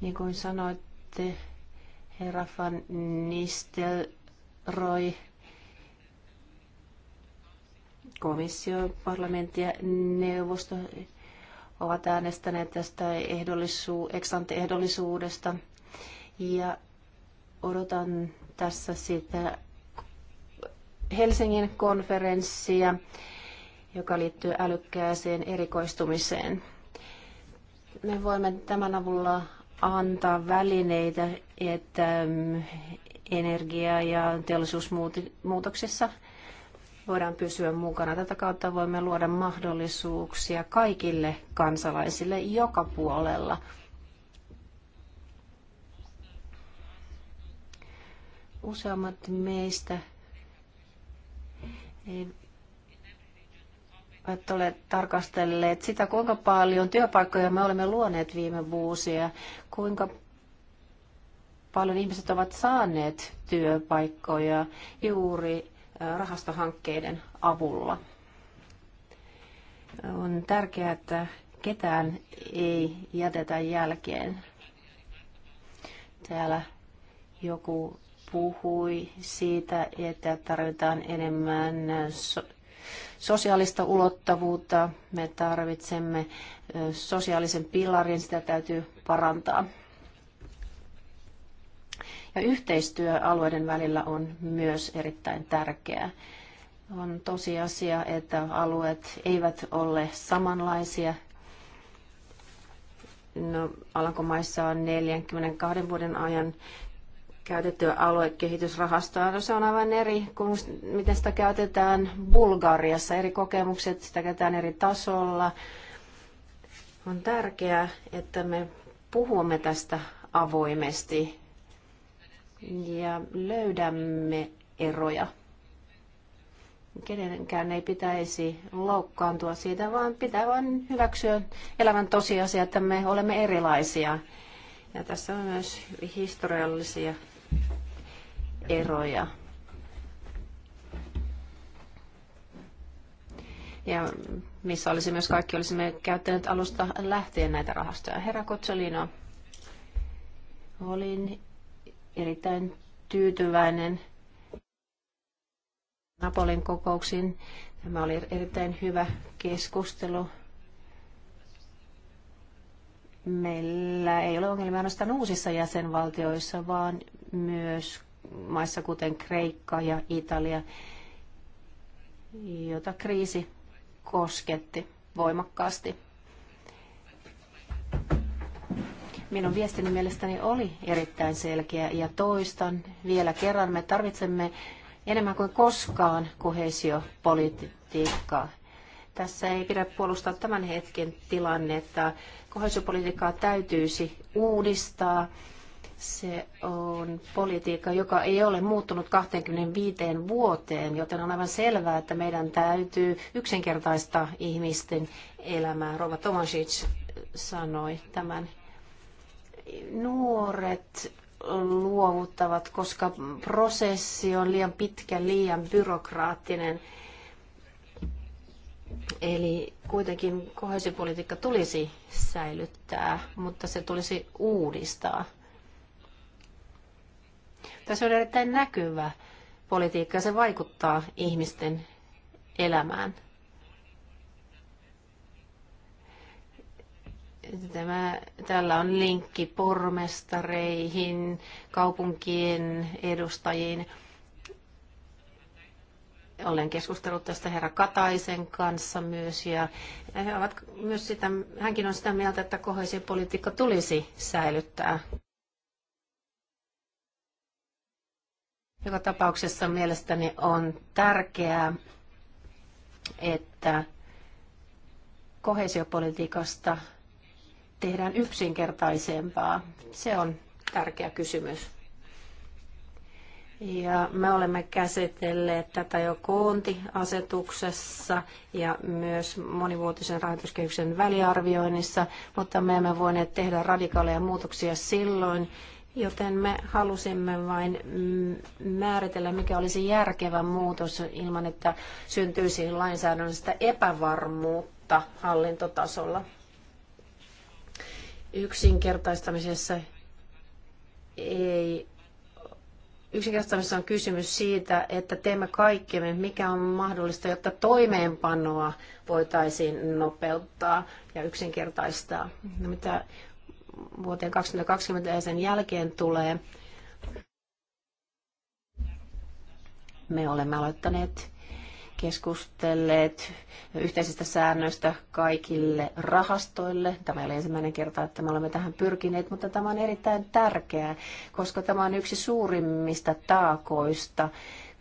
Niin kuin sanoitte, herra van Nistelrooy, komissio, parlamentti ja neuvosto ovat äänestäneet tästä ehdollisuudesta ja odotan tässä sitä, Helsingin konferenssia, joka liittyy älykkääseen erikoistumiseen. Me voimme tämän avulla antaa välineitä, että mm, energia- ja teollisuusmuutoksessa voidaan pysyä mukana. Tätä kautta voimme luoda mahdollisuuksia kaikille kansalaisille joka puolella. Useammat meistä niin et ole tarkastelleet sitä, kuinka paljon työpaikkoja me olemme luoneet viime vuosia, kuinka paljon ihmiset ovat saaneet työpaikkoja juuri rahastohankkeiden avulla. On tärkeää, että ketään ei jätetä jälkeen. Täällä joku puhui siitä, että tarvitaan enemmän so- sosiaalista ulottavuutta. Me tarvitsemme sosiaalisen pilarin, sitä täytyy parantaa. Ja yhteistyö alueiden välillä on myös erittäin tärkeää. On tosiasia, että alueet eivät ole samanlaisia. No, Alankomaissa on 42 vuoden ajan käytettyä aluekehitysrahastoa. No se on aivan eri kuin miten sitä käytetään Bulgariassa. Eri kokemukset, sitä käytetään eri tasolla. On tärkeää, että me puhumme tästä avoimesti ja löydämme eroja. Kenenkään ei pitäisi loukkaantua siitä, vaan pitää vain hyväksyä elämän tosiasia, että me olemme erilaisia. Ja tässä on myös historiallisia eroja. Ja missä olisi myös kaikki olisimme käyttäneet alusta lähtien näitä rahastoja. Herra Kotsolino, olin erittäin tyytyväinen Napolin kokouksiin. Tämä oli erittäin hyvä keskustelu. Meillä ei ole ongelmia ainoastaan uusissa jäsenvaltioissa, vaan myös maissa kuten Kreikka ja Italia, jota kriisi kosketti voimakkaasti. Minun viestini mielestäni oli erittäin selkeä ja toistan vielä kerran. Me tarvitsemme enemmän kuin koskaan kohesiopolitiikkaa. Tässä ei pidä puolustaa tämän hetken tilannetta. Kohesiopolitiikkaa täytyisi uudistaa se on politiikka, joka ei ole muuttunut 25 vuoteen, joten on aivan selvää, että meidän täytyy yksinkertaista ihmisten elämää. Rova Tomasic sanoi tämän. Nuoret luovuttavat, koska prosessi on liian pitkä, liian byrokraattinen. Eli kuitenkin kohesipolitiikka tulisi säilyttää, mutta se tulisi uudistaa. Tässä on erittäin näkyvä politiikka ja se vaikuttaa ihmisten elämään. Tämä, tällä on linkki pormestareihin, kaupunkien edustajiin. Olen keskustellut tästä herra Kataisen kanssa myös ja he ovat myös sitä, hänkin on sitä mieltä, että politiikka tulisi säilyttää. Joka tapauksessa mielestäni on tärkeää, että kohesiopolitiikasta tehdään yksinkertaisempaa. Se on tärkeä kysymys. Ja me olemme käsitelleet tätä jo koontiasetuksessa ja myös monivuotisen rahoituskehyksen väliarvioinnissa, mutta me emme voineet tehdä radikaaleja muutoksia silloin, joten me halusimme vain määritellä, mikä olisi järkevä muutos ilman, että syntyisi lainsäädännöstä epävarmuutta hallintotasolla. Yksinkertaistamisessa ei yksinkertaistamisessa on kysymys siitä, että teemme kaikkemme, mikä on mahdollista, jotta toimeenpanoa voitaisiin nopeuttaa ja yksinkertaistaa. No, mitä vuoteen 2020 ja sen jälkeen tulee. Me olemme aloittaneet keskustelleet yhteisistä säännöistä kaikille rahastoille. Tämä ei ole ensimmäinen kerta, että me olemme tähän pyrkineet, mutta tämä on erittäin tärkeää, koska tämä on yksi suurimmista taakoista,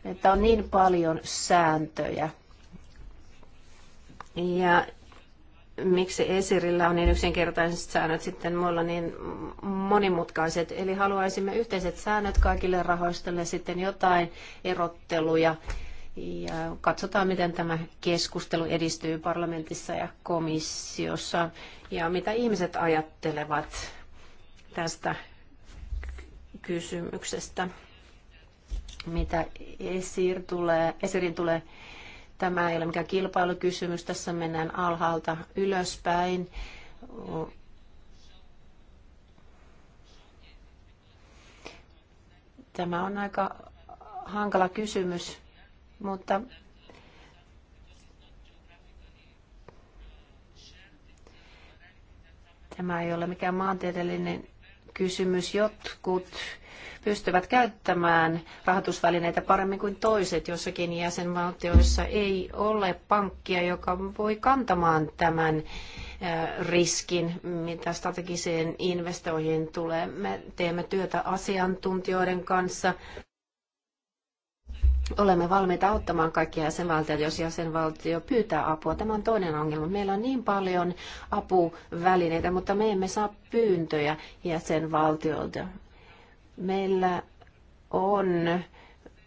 että on niin paljon sääntöjä. Ja miksi Esirillä on niin yksinkertaiset säännöt, sitten muilla niin monimutkaiset. Eli haluaisimme yhteiset säännöt kaikille rahoistolle, sitten jotain erotteluja. Ja katsotaan, miten tämä keskustelu edistyy parlamentissa ja komissiossa ja mitä ihmiset ajattelevat tästä kysymyksestä, mitä esir tulee, esirin tulee Tämä ei ole mikään kilpailukysymys, tässä mennään alhaalta ylöspäin. Tämä on aika hankala kysymys, mutta tämä ei ole mikään maantieteellinen kysymys. Jotkut pystyvät käyttämään rahoitusvälineitä paremmin kuin toiset. Jossakin jäsenvaltioissa ei ole pankkia, joka voi kantamaan tämän riskin, mitä strategiseen investoihin tulee. Me teemme työtä asiantuntijoiden kanssa. Olemme valmiita auttamaan kaikkia jäsenvaltioita, jos jäsenvaltio pyytää apua. Tämä on toinen ongelma. Meillä on niin paljon apuvälineitä, mutta me emme saa pyyntöjä jäsenvaltioilta. Meillä on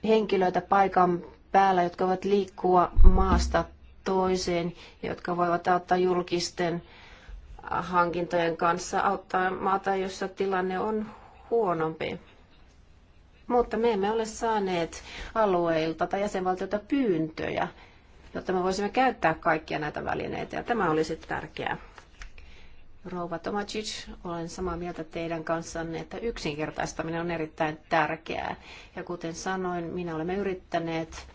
henkilöitä paikan päällä, jotka voivat liikkua maasta toiseen, jotka voivat auttaa julkisten hankintojen kanssa, auttaa maata, jossa tilanne on huonompi. Mutta me emme ole saaneet alueilta tai jäsenvaltiota pyyntöjä, jotta me voisimme käyttää kaikkia näitä välineitä, ja tämä olisi tärkeää. Rouva Tomacic, olen samaa mieltä teidän kanssanne, että yksinkertaistaminen on erittäin tärkeää. Ja kuten sanoin, minä olemme yrittäneet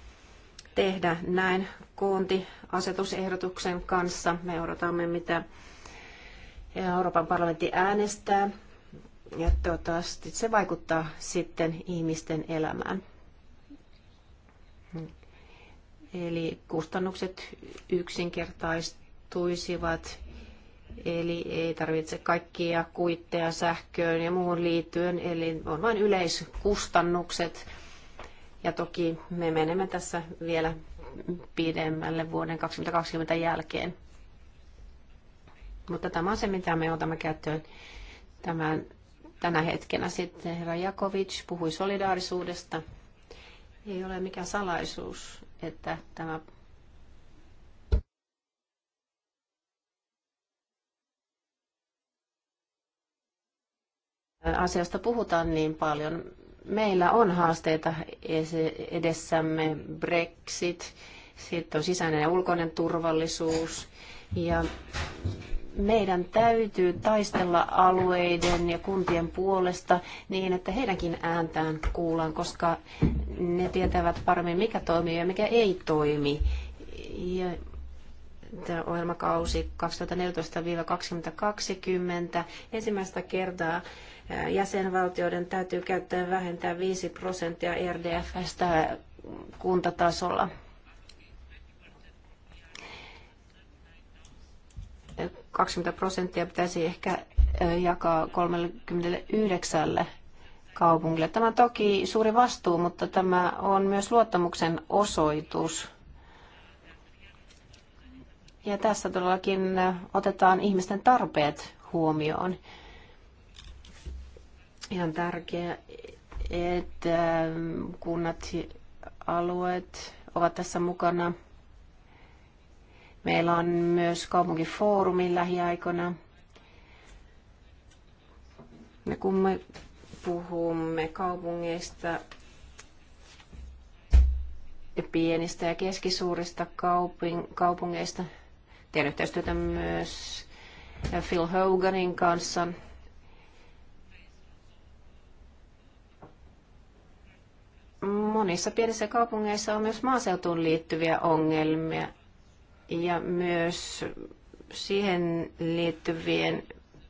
tehdä näin koontiasetusehdotuksen kanssa. Me odotamme, mitä Euroopan parlamentti äänestää. Ja toivottavasti se vaikuttaa sitten ihmisten elämään. Eli kustannukset yksinkertaistuisivat Eli ei tarvitse kaikkia kuitteja sähköön ja muuhun liittyen, eli on vain yleiskustannukset. Ja toki me menemme tässä vielä pidemmälle vuoden 2020 jälkeen. Mutta tämä on se, mitä me otamme käyttöön tämän, tänä hetkenä. Sitten herra Jakovic puhui solidaarisuudesta. Ei ole mikään salaisuus, että tämä asiasta puhutaan niin paljon. Meillä on haasteita edessämme, Brexit, sitten on sisäinen ja ulkoinen turvallisuus ja meidän täytyy taistella alueiden ja kuntien puolesta niin, että heidänkin ääntään kuullaan, koska ne tietävät paremmin, mikä toimii ja mikä ei toimi. Ja tämä ohjelmakausi 2014-2020 ensimmäistä kertaa jäsenvaltioiden täytyy käyttää vähentää 5 prosenttia e RDFstä kuntatasolla. Kaksikymmentä prosenttia pitäisi ehkä jakaa 39 kaupungille. Tämä on toki suuri vastuu, mutta tämä on myös luottamuksen osoitus. Ja tässä todellakin otetaan ihmisten tarpeet huomioon ihan tärkeää, että ähm, kunnat, alueet ovat tässä mukana. Meillä on myös kaupunkifoorumi lähiaikoina. Ja kun me puhumme kaupungeista ja pienistä ja keskisuurista kauping- kaupungeista, teen yhteistyötä myös Phil Hoganin kanssa – monissa pienissä kaupungeissa on myös maaseutuun liittyviä ongelmia ja myös siihen liittyvien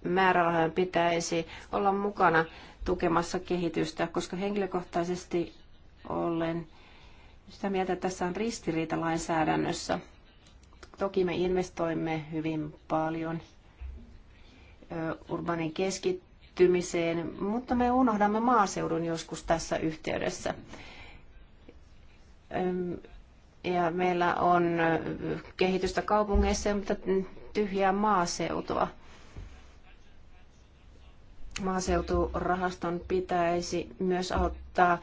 määrärahojen pitäisi olla mukana tukemassa kehitystä, koska henkilökohtaisesti olen sitä mieltä, että tässä on ristiriita lainsäädännössä. Toki me investoimme hyvin paljon urbanin keskittymään kehittymiseen, mutta me unohdamme maaseudun joskus tässä yhteydessä. Ja meillä on kehitystä kaupungeissa, mutta tyhjää maaseutua. Maaseuturahaston pitäisi myös auttaa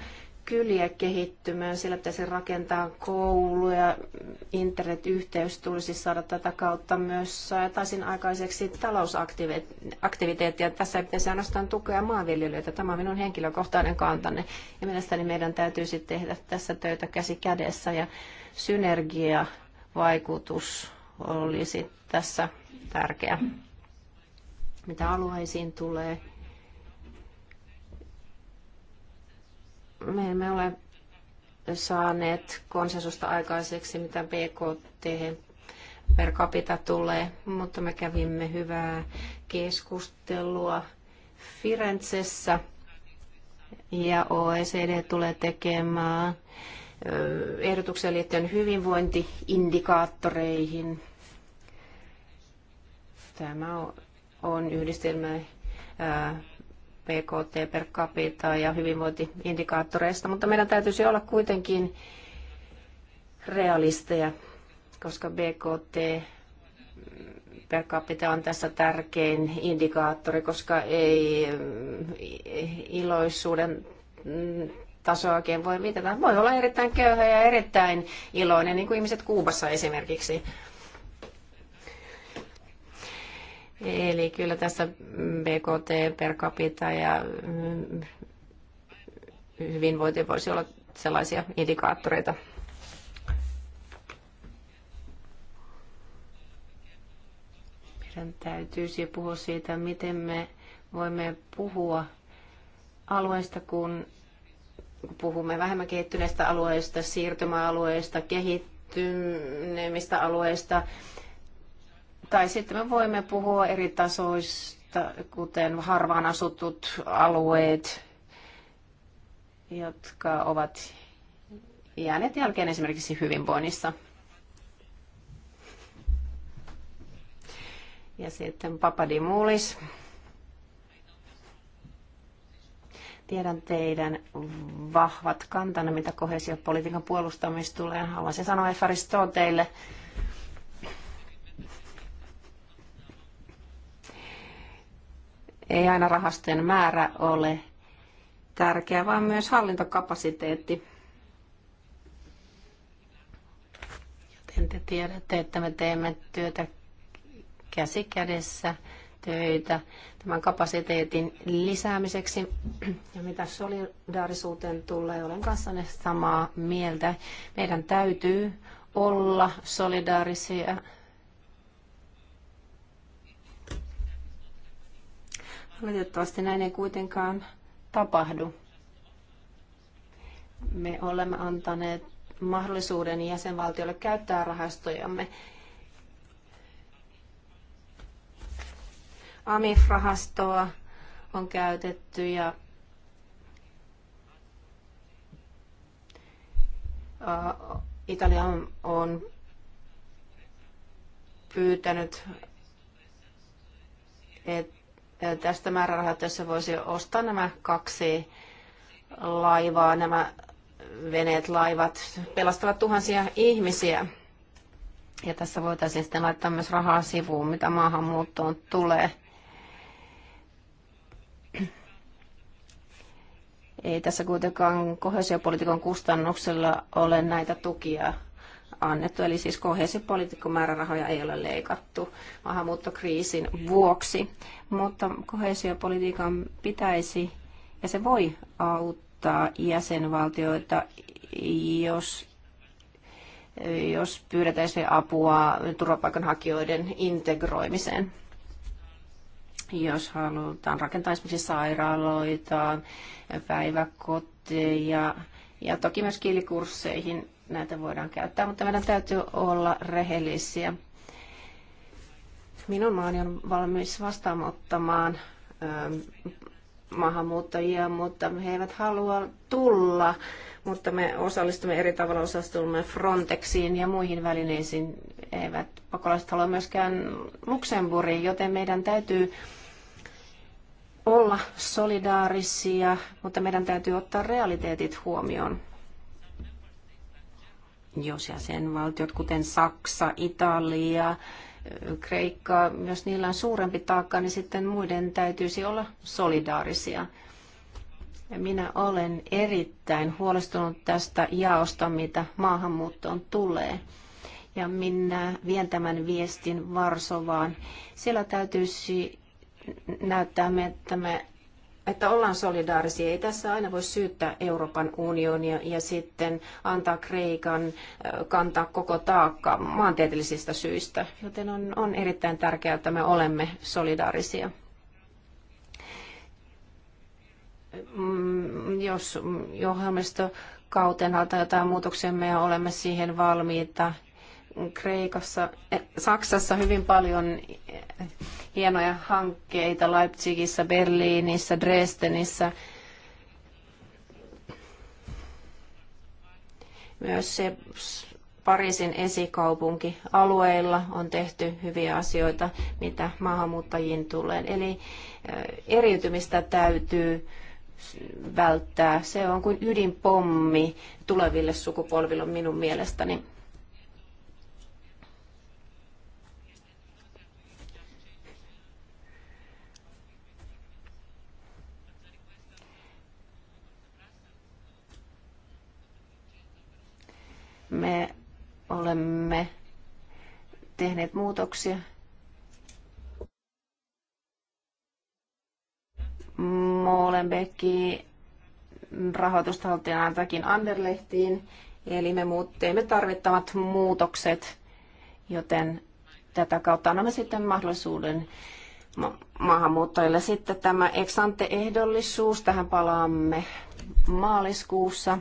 kyliä kehittymään. Siellä pitäisi rakentaa kouluja, internetyhteys tulisi saada tätä kautta myös saataisiin aikaiseksi talousaktiviteettia. Tässä ei pitäisi ainoastaan tukea maanviljelijöitä. Tämä on minun henkilökohtainen kantanne. Ja mielestäni meidän täytyisi tehdä tässä töitä käsi kädessä ja vaikutus olisi tässä tärkeä. Mitä alueisiin tulee, me emme ole saaneet konsensusta aikaiseksi, mitä BKT per capita tulee, mutta me kävimme hyvää keskustelua Firenzessä ja OECD tulee tekemään ehdotuksia liittyen hyvinvointiindikaattoreihin. Tämä on yhdistelmä PKT per capita ja hyvinvointiindikaattoreista, mutta meidän täytyisi olla kuitenkin realisteja, koska BKT per capita on tässä tärkein indikaattori, koska ei mm, iloisuuden tasoa oikein voi mitata. Voi olla erittäin köyhä ja erittäin iloinen, niin kuin ihmiset Kuubassa esimerkiksi. Eli kyllä tässä BKT per capita ja mm, hyvinvointi voisi olla sellaisia indikaattoreita. Meidän täytyisi puhua siitä, miten me voimme puhua alueista, kun puhumme vähemmän kehittyneistä alueista, siirtymäalueista, kehittyneemmistä alueista, tai sitten me voimme puhua eri tasoista, kuten harvaan asutut alueet, jotka ovat jääneet jälkeen esimerkiksi hyvinvoinnissa. Ja sitten Papadimulis. Tiedän teidän vahvat kantanne, mitä kohesiopolitiikan puolustamista tulee. Haluaisin sanoa Efaristoon teille, Ei aina rahastojen määrä ole tärkeä, vaan myös hallintokapasiteetti. Joten te tiedätte, että me teemme työtä käsi kädessä töitä tämän kapasiteetin lisäämiseksi. Ja mitä solidaarisuuteen tulee, olen kanssanne samaa mieltä. Meidän täytyy olla solidaarisia Valitettavasti näin ei kuitenkaan tapahdu. Me olemme antaneet mahdollisuuden jäsenvaltiolle käyttää rahastojamme. AMIF-rahastoa on käytetty ja Italia on, on pyytänyt, että tästä määrärahat, jossa voisi ostaa nämä kaksi laivaa, nämä veneet, laivat, pelastavat tuhansia ihmisiä. Ja tässä voitaisiin sitten laittaa myös rahaa sivuun, mitä maahanmuuttoon tulee. Ei tässä kuitenkaan kohesiopolitiikan kustannuksella ole näitä tukia annettu, eli siis kohesiopolitiikkomäärärahoja ei ole leikattu maahanmuuttokriisin vuoksi. Mutta kohesiopolitiikan pitäisi ja se voi auttaa jäsenvaltioita, jos, jos pyydetään se apua turvapaikanhakijoiden integroimiseen. Jos halutaan rakentaa esimerkiksi sairaaloita, päiväkoteja, ja toki myös kielikursseihin näitä voidaan käyttää, mutta meidän täytyy olla rehellisiä. Minun maani on valmis vastaanottamaan ähm, maahanmuuttajia, mutta he eivät halua tulla, mutta me osallistumme eri tavalla, osallistumme Frontexiin ja muihin välineisiin. Eivät pakolaiset halua myöskään Luxemburgiin, joten meidän täytyy olla solidaarisia, mutta meidän täytyy ottaa realiteetit huomioon jos jäsenvaltiot, kuten Saksa, Italia, Kreikka, jos niillä on suurempi taakka, niin sitten muiden täytyisi olla solidaarisia. Minä olen erittäin huolestunut tästä jaosta, mitä maahanmuuttoon tulee. Ja minä vien tämän viestin Varsovaan. Siellä täytyisi näyttää, että me että ollaan solidaarisia. Ei tässä aina voi syyttää Euroopan unionia ja sitten antaa Kreikan kantaa koko taakka maantieteellisistä syistä. Joten on, on erittäin tärkeää, että me olemme solidaarisia. Mm, jos ohjelmistokautena tai jotain muutoksia me olemme siihen valmiita, Kreikassa, e, Saksassa hyvin paljon hienoja hankkeita Leipzigissä, Berliinissä, Dresdenissä. Myös se Pariisin esikaupunkialueilla on tehty hyviä asioita, mitä maahanmuuttajiin tulee. Eli e, eriytymistä täytyy välttää. Se on kuin ydinpommi tuleville sukupolville minun mielestäni. Me olemme tehneet muutoksia. Molenbecki rahoitusta haluttiin antakin Anderlehtiin, eli me muut, teimme tarvittavat muutokset, joten tätä kautta annamme sitten mahdollisuuden ma- maahanmuuttajille. Sitten tämä eksante ehdollisuus, tähän palaamme maaliskuussa.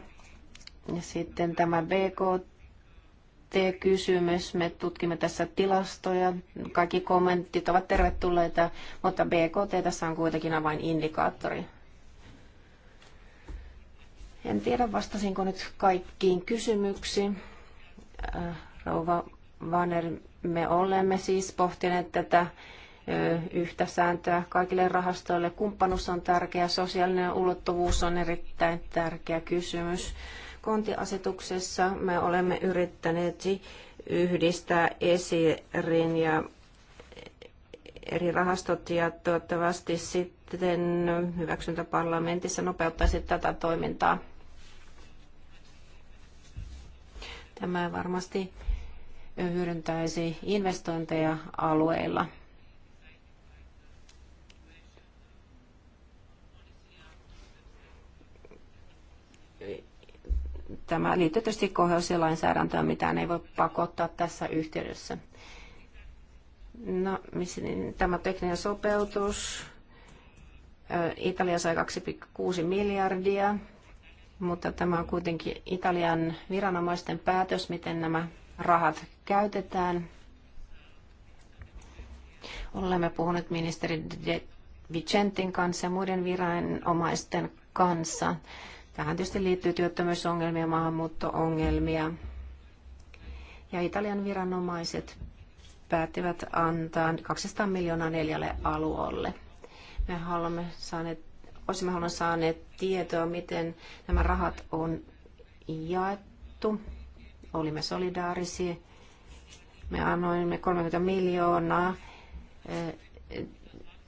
Ja sitten tämä BKT-kysymys. Me tutkimme tässä tilastoja. Kaikki kommentit ovat tervetulleita, mutta BKT tässä on kuitenkin avain indikaattori. En tiedä, vastasinko nyt kaikkiin kysymyksiin. Äh, rouva Vanner, me olemme siis pohtineet tätä yhtä sääntöä kaikille rahastoille. Kumppanuus on tärkeä, sosiaalinen ulottuvuus on erittäin tärkeä kysymys kontiasetuksessa me olemme yrittäneet yhdistää esirin ja eri rahastot ja toivottavasti sitten hyväksyntäparlamentissa nopeuttaisi tätä toimintaa. Tämä varmasti hyödyntäisi investointeja alueilla – Tämä liittyy tietysti koheusilainsäädäntöön, mitä ei voi pakottaa tässä yhteydessä. No, missä, niin, tämä tekninen sopeutus. Italia sai 2,6 miljardia, mutta tämä on kuitenkin Italian viranomaisten päätös, miten nämä rahat käytetään. Olemme puhuneet ministeri De Vicentin kanssa ja muiden viranomaisten kanssa Tähän tietysti liittyy työttömyysongelmia, maahanmuuttoongelmia. Ja Italian viranomaiset päättivät antaa 200 miljoonaa neljälle alueelle. Me haluamme saaneet, olisimme haluamme saaneet tietoa, miten nämä rahat on jaettu. Olimme solidaarisia. Me annoimme 30 miljoonaa eh,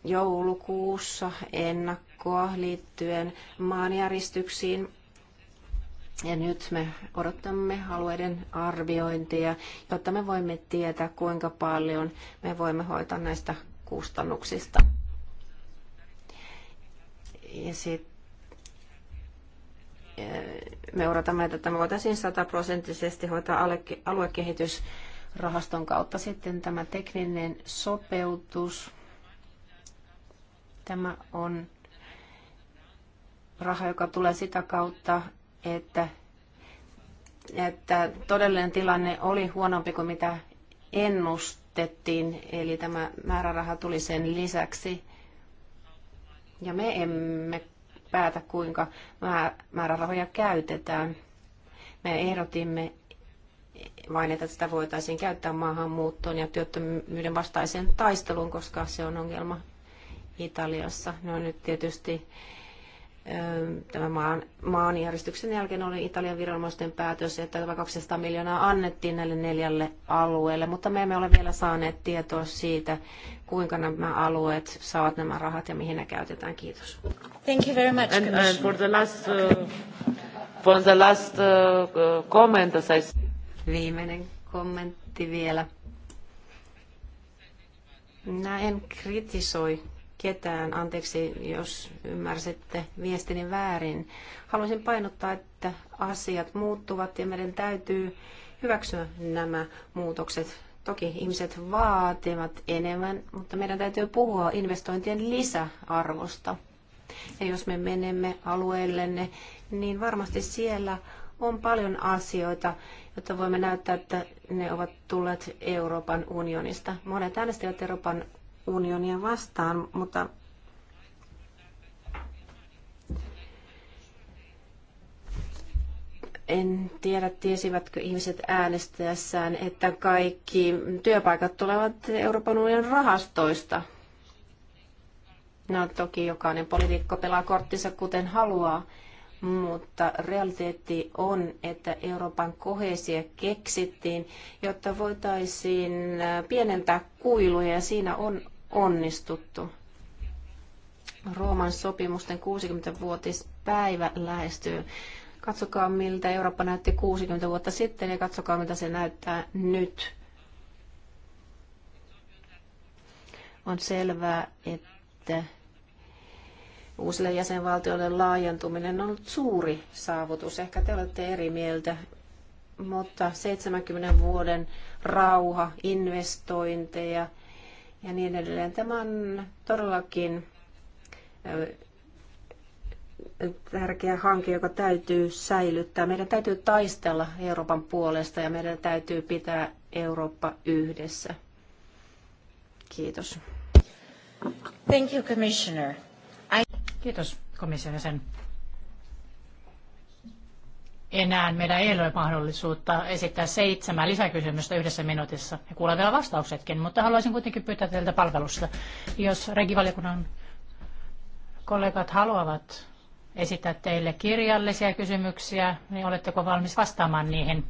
joulukuussa ennakkoon viikkoa liittyen maanjäristyksiin. Ja nyt me odottamme alueiden arviointia, jotta me voimme tietää, kuinka paljon me voimme hoitaa näistä kustannuksista. Ja sit, eh, me odotamme, että me voitaisiin sataprosenttisesti hoitaa aluekehitysrahaston kautta sitten tämä tekninen sopeutus. Tämä on raha, joka tulee sitä kautta, että, että todellinen tilanne oli huonompi kuin mitä ennustettiin, eli tämä määräraha tuli sen lisäksi. Ja me emme päätä, kuinka määrärahoja käytetään. Me ehdotimme vain, että sitä voitaisiin käyttää maahanmuuttoon ja työttömyyden vastaiseen taisteluun, koska se on ongelma Italiassa. No nyt tietysti tämän maan, maanjärjestyksen jälkeen oli Italian viranomaisten päätös, että tämä 200 miljoonaa annettiin näille neljälle alueelle, mutta me emme ole vielä saaneet tietoa siitä, kuinka nämä alueet saavat nämä rahat ja mihin ne käytetään. Kiitos. Thank you very much, and, and uh, for the last, uh, for the last uh, comment, as I... Viimeinen kommentti vielä. Minä en kritisoi ketään. Anteeksi, jos ymmärsitte viestini väärin. Haluaisin painottaa, että asiat muuttuvat ja meidän täytyy hyväksyä nämä muutokset. Toki ihmiset vaativat enemmän, mutta meidän täytyy puhua investointien lisäarvosta. Ja jos me menemme alueellenne, niin varmasti siellä on paljon asioita, jotta voimme näyttää, että ne ovat tulleet Euroopan unionista. Monet äänestäjät Euroopan unionia vastaan, mutta en tiedä, tiesivätkö ihmiset äänestäjässään, että kaikki työpaikat tulevat Euroopan unionin rahastoista. No toki jokainen poliitikko pelaa korttinsa kuten haluaa, mutta realiteetti on, että Euroopan kohesia keksittiin, jotta voitaisiin pienentää kuiluja ja siinä on onnistuttu. Rooman sopimusten 60-vuotispäivä lähestyy. Katsokaa, miltä Eurooppa näytti 60 vuotta sitten ja katsokaa, miltä se näyttää nyt. On selvää, että uusille jäsenvaltioille laajentuminen on ollut suuri saavutus. Ehkä te olette eri mieltä, mutta 70 vuoden rauha, investointeja ja niin edelleen. Tämä on todellakin tärkeä hanke, joka täytyy säilyttää. Meidän täytyy taistella Euroopan puolesta ja meidän täytyy pitää Eurooppa yhdessä. Kiitos. Thank you, Commissioner. Kiitos komission jäsen. Enää meidän ei ole mahdollisuutta esittää seitsemän lisäkysymystä yhdessä minuutissa ja kuulla vielä vastauksetkin, mutta haluaisin kuitenkin pyytää teiltä palvelusta. Jos regivaliokunnan kollegat haluavat esittää teille kirjallisia kysymyksiä, niin oletteko valmis vastaamaan niihin?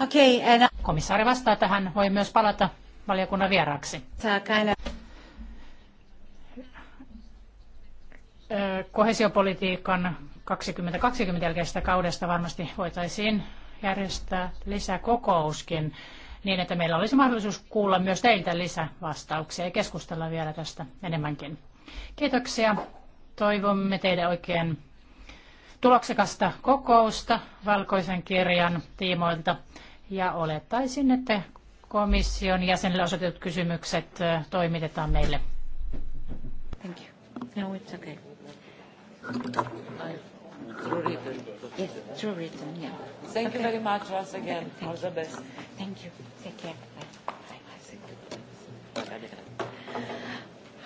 Okei, okay, Komissaari vastaa tähän, voi myös palata valiokunnan vieraaksi. kohesiopolitiikan 2020 jälkeisestä kaudesta varmasti voitaisiin järjestää lisäkokouskin niin, että meillä olisi mahdollisuus kuulla myös teiltä lisävastauksia ja keskustella vielä tästä enemmänkin. Kiitoksia. Toivomme teille oikein tuloksekasta kokousta valkoisen kirjan tiimoilta ja olettaisin, että komission jäsenille osoitetut kysymykset toimitetaan meille. Thank you. No, it's okay. Through written. Yes, through written, yeah. Thank okay. you very much once again. Thank All you. the best. Thank you. Take care. Bye.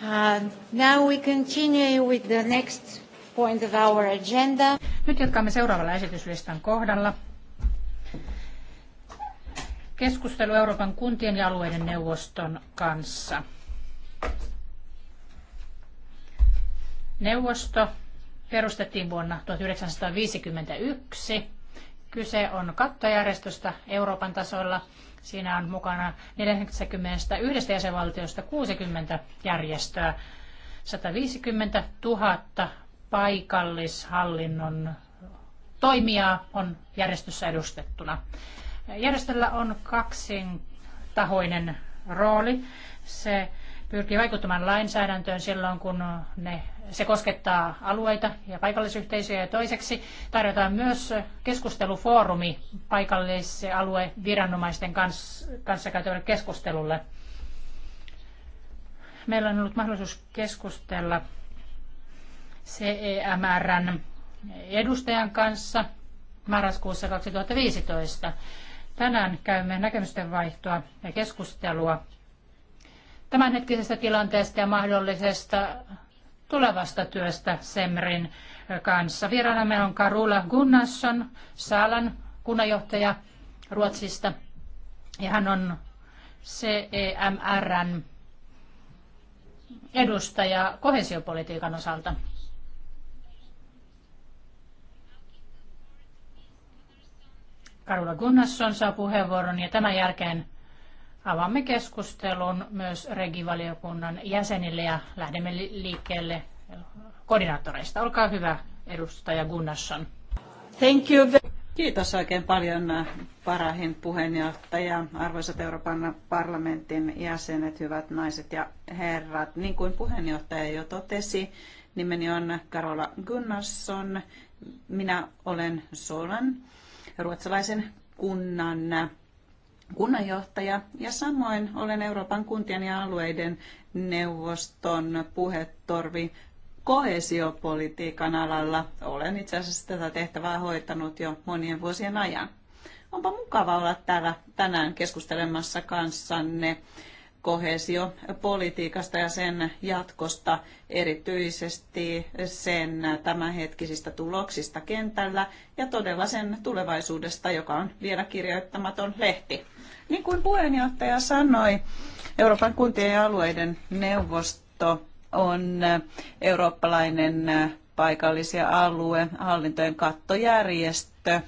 Uh, now we continue with the next point of our agenda. Nyt jatkamme seuraavalla esityslistan kohdalla. Keskustelu Euroopan kuntien ja alueiden neuvoston kanssa. Neuvosto perustettiin vuonna 1951. Kyse on kattojärjestöstä Euroopan tasolla. Siinä on mukana 41 jäsenvaltiosta 60 järjestöä, 150 000 paikallishallinnon toimijaa on järjestössä edustettuna. Järjestöllä on kaksintahoinen rooli. Se pyrkii vaikuttamaan lainsäädäntöön silloin, kun ne, se koskettaa alueita ja paikallisyhteisöjä. Ja toiseksi tarjotaan myös keskustelufoorumi paikallis- ja alueviranomaisten kanssa, kanssa käytävälle keskustelulle. Meillä on ollut mahdollisuus keskustella CEMRn edustajan kanssa marraskuussa 2015. Tänään käymme näkemysten vaihtoa ja keskustelua tämänhetkisestä tilanteesta ja mahdollisesta tulevasta työstä Semrin kanssa. Vieraana meillä on Karula Gunnarsson, Saalan kunnanjohtaja Ruotsista, ja hän on CEMRn edustaja kohesiopolitiikan osalta. Karula Gunnarsson saa puheenvuoron ja tämän jälkeen Avaamme keskustelun myös regivaliokunnan jäsenille ja lähdemme liikkeelle koordinaattoreista. Olkaa hyvä, edustaja Gunnarsson. Thank you. Kiitos oikein paljon Parahin puheenjohtaja, arvoisat Euroopan parlamentin jäsenet, hyvät naiset ja herrat. Niin kuin puheenjohtaja jo totesi, nimeni on Karola Gunnarsson. Minä olen Solan, ruotsalaisen kunnan kunnanjohtaja ja samoin olen Euroopan kuntien ja alueiden neuvoston puhetorvi koesiopolitiikan alalla. Olen itse asiassa tätä tehtävää hoitanut jo monien vuosien ajan. Onpa mukava olla täällä tänään keskustelemassa kanssanne koesiopolitiikasta ja sen jatkosta, erityisesti sen tämänhetkisistä tuloksista kentällä ja todella sen tulevaisuudesta, joka on vielä kirjoittamaton lehti. Niin kuin puheenjohtaja sanoi, Euroopan kuntien ja alueiden neuvosto on eurooppalainen paikallis- ja aluehallintojen kattojärjestö,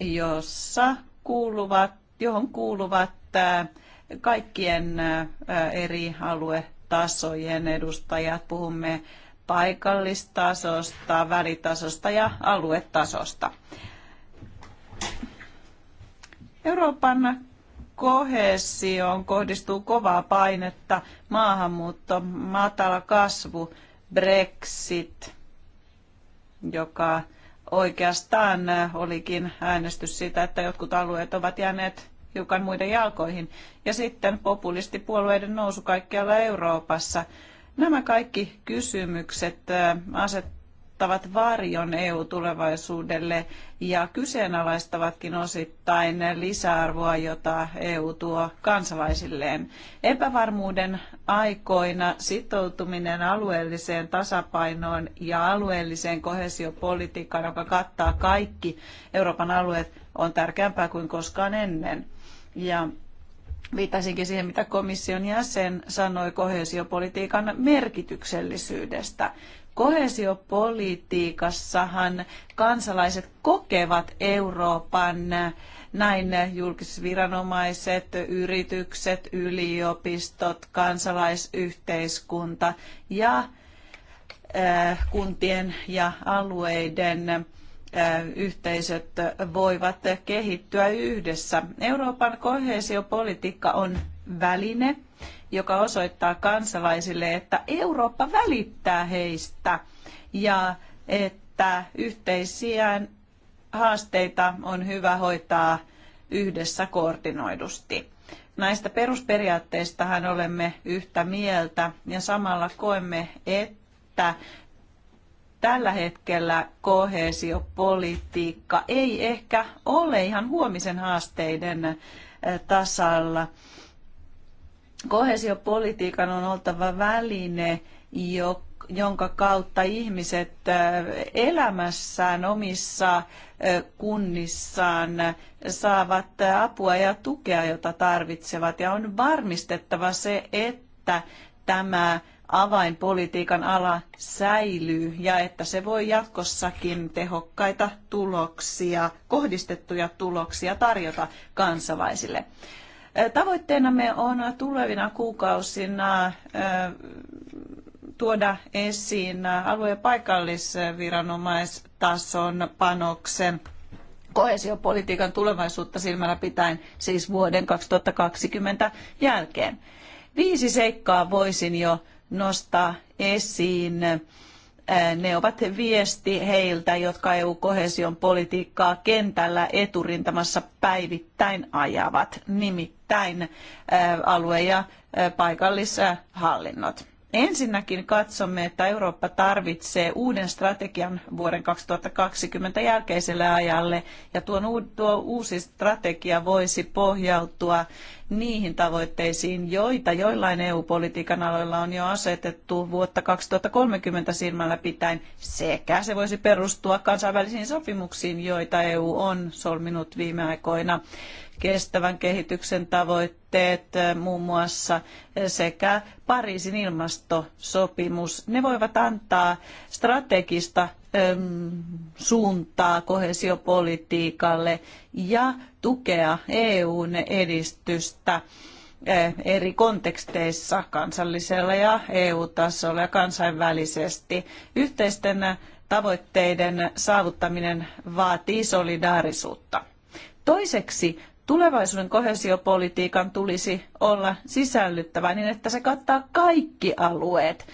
jossa kuuluvat, johon kuuluvat äh, kaikkien äh, eri aluetasojen edustajat. Puhumme paikallistasosta, välitasosta ja aluetasosta. Euroopan kohesioon kohdistuu kovaa painetta, maahanmuutto, matala kasvu, Brexit, joka oikeastaan äh, olikin äänestys siitä, että jotkut alueet ovat jääneet hiukan muiden jalkoihin. Ja sitten populistipuolueiden nousu kaikkialla Euroopassa. Nämä kaikki kysymykset äh, asettavat antavat varjon EU-tulevaisuudelle ja kyseenalaistavatkin osittain lisäarvoa, jota EU tuo kansalaisilleen. Epävarmuuden aikoina sitoutuminen alueelliseen tasapainoon ja alueelliseen kohesiopolitiikkaan, joka kattaa kaikki Euroopan alueet, on tärkeämpää kuin koskaan ennen. Ja viittasinkin siihen, mitä komission jäsen sanoi kohesiopolitiikan merkityksellisyydestä. Koesiopolitiikassahan kansalaiset kokevat Euroopan näin julkisviranomaiset, yritykset, yliopistot, kansalaisyhteiskunta ja äh, kuntien ja alueiden äh, yhteisöt voivat kehittyä yhdessä. Euroopan koheesiopolitiikka on väline, joka osoittaa kansalaisille, että Eurooppa välittää heistä ja että yhteisiä haasteita on hyvä hoitaa yhdessä koordinoidusti. Näistä perusperiaatteistahan olemme yhtä mieltä ja samalla koemme, että tällä hetkellä kohesiopolitiikka ei ehkä ole ihan huomisen haasteiden eh, tasalla. Kohesiopolitiikan on oltava väline, jonka kautta ihmiset elämässään omissa kunnissaan saavat apua ja tukea, jota tarvitsevat. Ja on varmistettava se, että tämä avainpolitiikan ala säilyy ja että se voi jatkossakin tehokkaita tuloksia, kohdistettuja tuloksia tarjota kansalaisille. Tavoitteenamme on tulevina kuukausina tuoda esiin alue- ja paikallisviranomaistason panoksen kohesiopolitiikan tulevaisuutta silmällä pitäen siis vuoden 2020 jälkeen. Viisi seikkaa voisin jo nostaa esiin Äh, ne ovat viesti heiltä, jotka EU-kohesion politiikkaa kentällä eturintamassa päivittäin ajavat, nimittäin äh, alue- ja äh, paikallishallinnot. Ensinnäkin katsomme, että Eurooppa tarvitsee uuden strategian vuoden 2020 jälkeiselle ajalle, ja tuo uusi strategia voisi pohjautua niihin tavoitteisiin, joita joillain EU-politiikan aloilla on jo asetettu vuotta 2030 silmällä pitäen, sekä se voisi perustua kansainvälisiin sopimuksiin, joita EU on solminut viime aikoina kestävän kehityksen tavoitteet muun muassa sekä Pariisin ilmastosopimus. Ne voivat antaa strategista suuntaa kohesiopolitiikalle ja tukea EUn edistystä eri konteksteissa kansallisella ja EU-tasolla ja kansainvälisesti. Yhteisten tavoitteiden saavuttaminen vaatii solidaarisuutta. Toiseksi Tulevaisuuden kohesiopolitiikan tulisi olla sisällyttävä niin, että se kattaa kaikki alueet,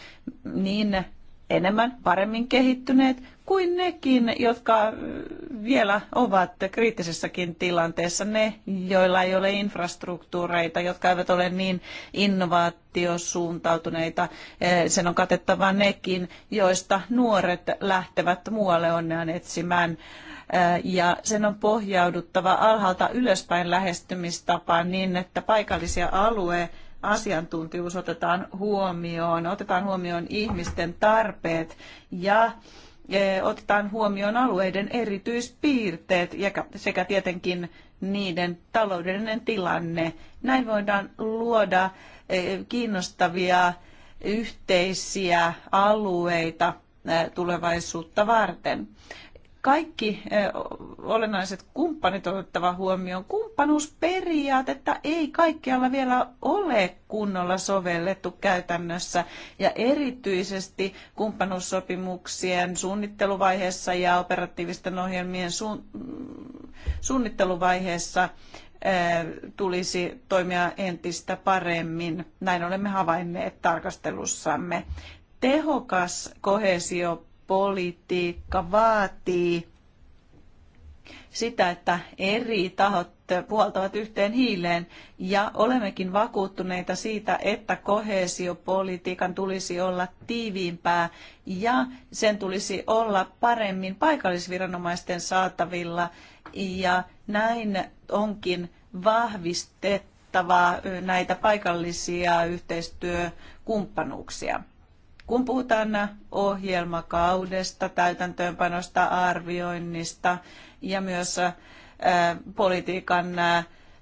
niin enemmän paremmin kehittyneet kuin nekin, jotka vielä ovat kriittisessäkin tilanteessa, ne, joilla ei ole infrastruktuureita, jotka eivät ole niin innovaatiosuuntautuneita. Eh, sen on katettava nekin, joista nuoret lähtevät muualle onneaan etsimään ja sen on pohjauduttava alhaalta ylöspäin lähestymistapaan niin, että paikallisia alueen asiantuntijuus otetaan huomioon, otetaan huomioon ihmisten tarpeet ja e, otetaan huomioon alueiden erityispiirteet sekä tietenkin niiden taloudellinen tilanne. Näin voidaan luoda e, kiinnostavia yhteisiä alueita e, tulevaisuutta varten kaikki eh, olennaiset kumppanit on otettava huomioon. Kumppanuusperiaatetta ei kaikkialla vielä ole kunnolla sovellettu käytännössä ja erityisesti kumppanuussopimuksien suunnitteluvaiheessa ja operatiivisten ohjelmien mm, suunnitteluvaiheessa eh, tulisi toimia entistä paremmin. Näin olemme havainneet tarkastelussamme. Tehokas kohesio politiikka vaatii sitä, että eri tahot puhaltavat yhteen hiileen ja olemmekin vakuuttuneita siitä, että kohesiopolitiikan tulisi olla tiiviimpää ja sen tulisi olla paremmin paikallisviranomaisten saatavilla ja näin onkin vahvistettava näitä paikallisia yhteistyökumppanuuksia. Kun puhutaan ohjelmakaudesta, täytäntöönpanosta, arvioinnista ja myös politiikan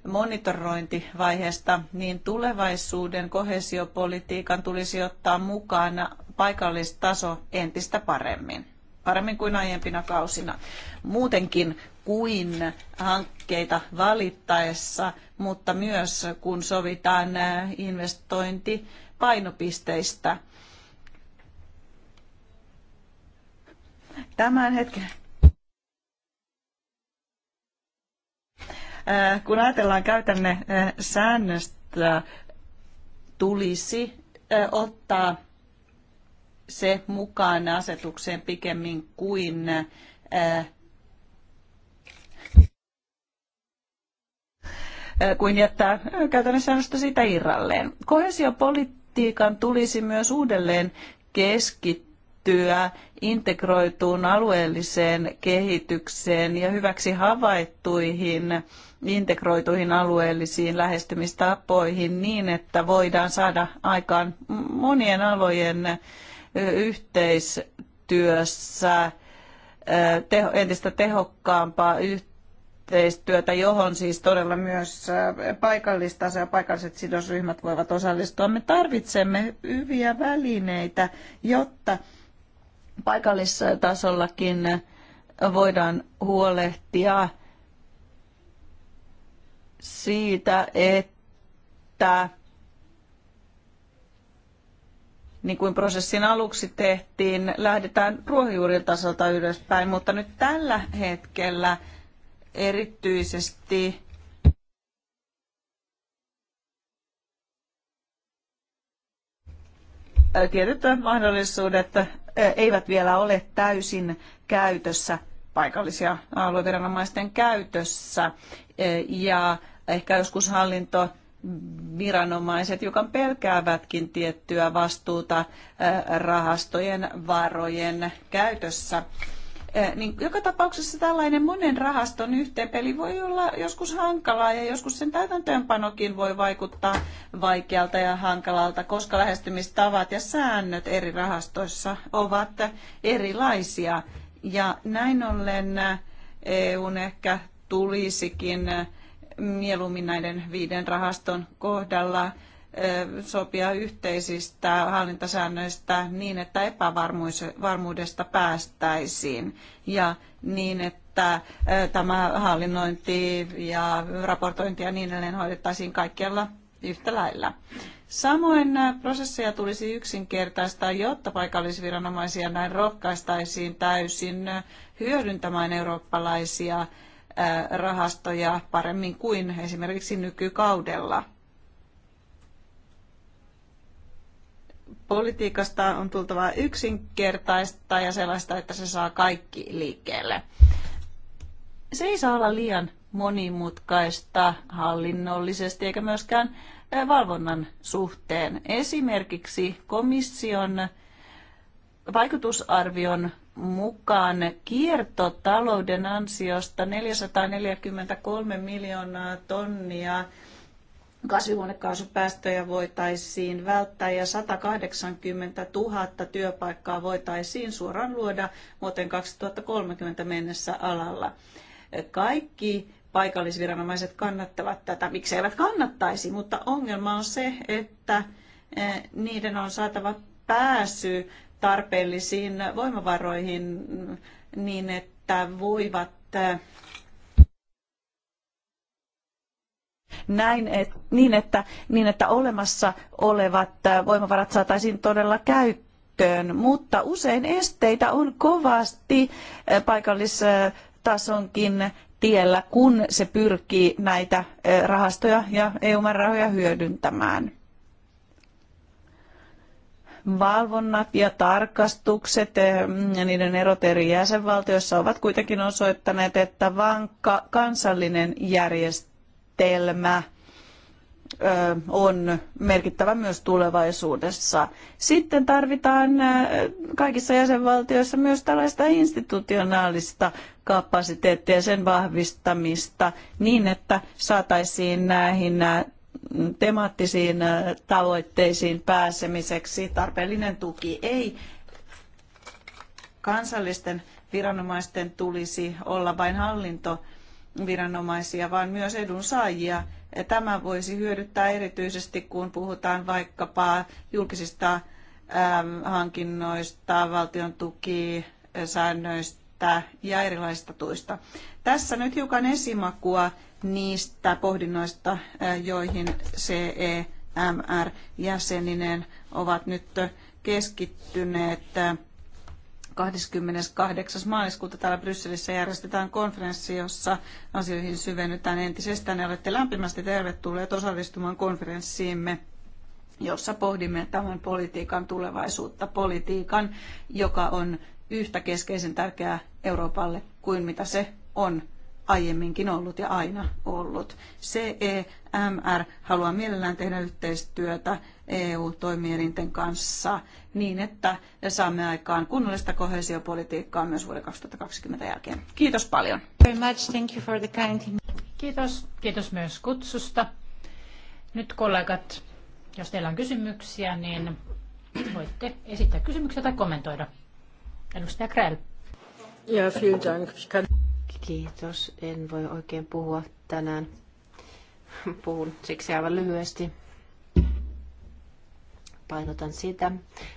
monitorointivaiheesta, niin tulevaisuuden kohesiopolitiikan tulisi ottaa mukaan paikallistaso entistä paremmin paremmin kuin aiempina kausina. Muutenkin kuin hankkeita valittaessa, mutta myös kun sovitaan investointipainopisteistä. Tämän hetken äh, kun ajatellaan käytänne äh, säännöstä, tulisi äh, ottaa se mukaan asetukseen pikemmin kuin kuin jättää käytännössä säännöstä siitä irralleen. Kohesiopolitiikan tulisi myös uudelleen keskittyä liittyä integroituun alueelliseen kehitykseen ja hyväksi havaittuihin integroituihin alueellisiin lähestymistapoihin niin, että voidaan saada aikaan monien alojen yhteistyössä entistä tehokkaampaa yhteistyötä, johon siis todella myös paikallistaso ja paikalliset sidosryhmät voivat osallistua. Me tarvitsemme hyviä välineitä, jotta paikallistasollakin voidaan huolehtia siitä, että niin kuin prosessin aluksi tehtiin, lähdetään ruohonjuuritasolta ylöspäin, mutta nyt tällä hetkellä erityisesti tietyt mahdollisuudet eivät vielä ole täysin käytössä, paikallisia alueviranomaisten käytössä. Ja ehkä joskus hallinto viranomaiset, joka pelkäävätkin tiettyä vastuuta rahastojen varojen käytössä Eh, niin joka tapauksessa tällainen monen rahaston yhteenpeli voi olla joskus hankalaa ja joskus sen täytäntöönpanokin voi vaikuttaa vaikealta ja hankalalta, koska lähestymistavat ja säännöt eri rahastoissa ovat erilaisia. Ja näin ollen eh, EUn ehkä tulisikin eh, mieluummin näiden viiden rahaston kohdalla sopia yhteisistä hallintasäännöistä niin, että epävarmuudesta päästäisiin ja niin, että tämä hallinnointi ja raportointi ja niin edelleen hoidettaisiin kaikkialla yhtä lailla. Samoin prosesseja tulisi yksinkertaistaa, jotta paikallisviranomaisia näin rohkaistaisiin täysin hyödyntämään eurooppalaisia rahastoja paremmin kuin esimerkiksi nykykaudella. Politiikasta on tultava yksinkertaista ja sellaista, että se saa kaikki liikkeelle. Se ei saa olla liian monimutkaista hallinnollisesti eikä myöskään eh, valvonnan suhteen. Esimerkiksi komission vaikutusarvion mukaan kiertotalouden ansiosta 443 miljoonaa tonnia kasvihuonekaasupäästöjä voitaisiin välttää ja 180 000 työpaikkaa voitaisiin suoraan luoda vuoteen 2030 mennessä alalla. Kaikki paikallisviranomaiset kannattavat tätä, miksi eivät kannattaisi, mutta ongelma on se, että eh, niiden on saatava pääsy tarpeellisiin voimavaroihin niin, että voivat eh, näin, et, niin, että, niin, että olemassa olevat voimavarat saataisiin todella käyttöön, mutta usein esteitä on kovasti eh, paikallistasonkin tiellä, kun se pyrkii näitä eh, rahastoja ja EU-määrärahoja hyödyntämään. Valvonnat ja tarkastukset eh, ja niiden erot eri jäsenvaltioissa ovat kuitenkin osoittaneet, että vankka kansallinen järjestelmä määritelmä on merkittävä myös tulevaisuudessa. Sitten tarvitaan kaikissa jäsenvaltioissa myös tällaista institutionaalista kapasiteettia, sen vahvistamista niin, että saataisiin näihin temaattisiin tavoitteisiin pääsemiseksi tarpeellinen tuki. Ei kansallisten viranomaisten tulisi olla vain hallinto viranomaisia, vaan myös edunsaajia. Tämä voisi hyödyttää erityisesti, kun puhutaan vaikkapa julkisista hankinnoista, valtion tukisäännöistä ja erilaisista tuista. Tässä nyt hiukan esimakua niistä pohdinnoista, joihin CEMR-jäseninen ovat nyt keskittyneet 28. maaliskuuta täällä Brysselissä järjestetään konferenssi, jossa asioihin syvennytään entisestään. Ja olette lämpimästi tervetulleet osallistumaan konferenssiimme jossa pohdimme tämän politiikan tulevaisuutta, politiikan, joka on yhtä keskeisen tärkeää Euroopalle kuin mitä se on aiemminkin ollut ja aina ollut. CEMR haluaa mielellään tehdä yhteistyötä EU-toimielinten kanssa niin, että saamme aikaan kunnollista kohesiopolitiikkaa myös vuoden 2020 jälkeen. Kiitos paljon. Kiitos. Kiitos myös kutsusta. Nyt kollegat, jos teillä on kysymyksiä, niin voitte esittää kysymyksiä tai kommentoida. Edustaja Krell. Ja, vielen Dank. Kiitos. En voi oikein puhua tänään. Puhun siksi aivan lyhyesti. Painotan sitä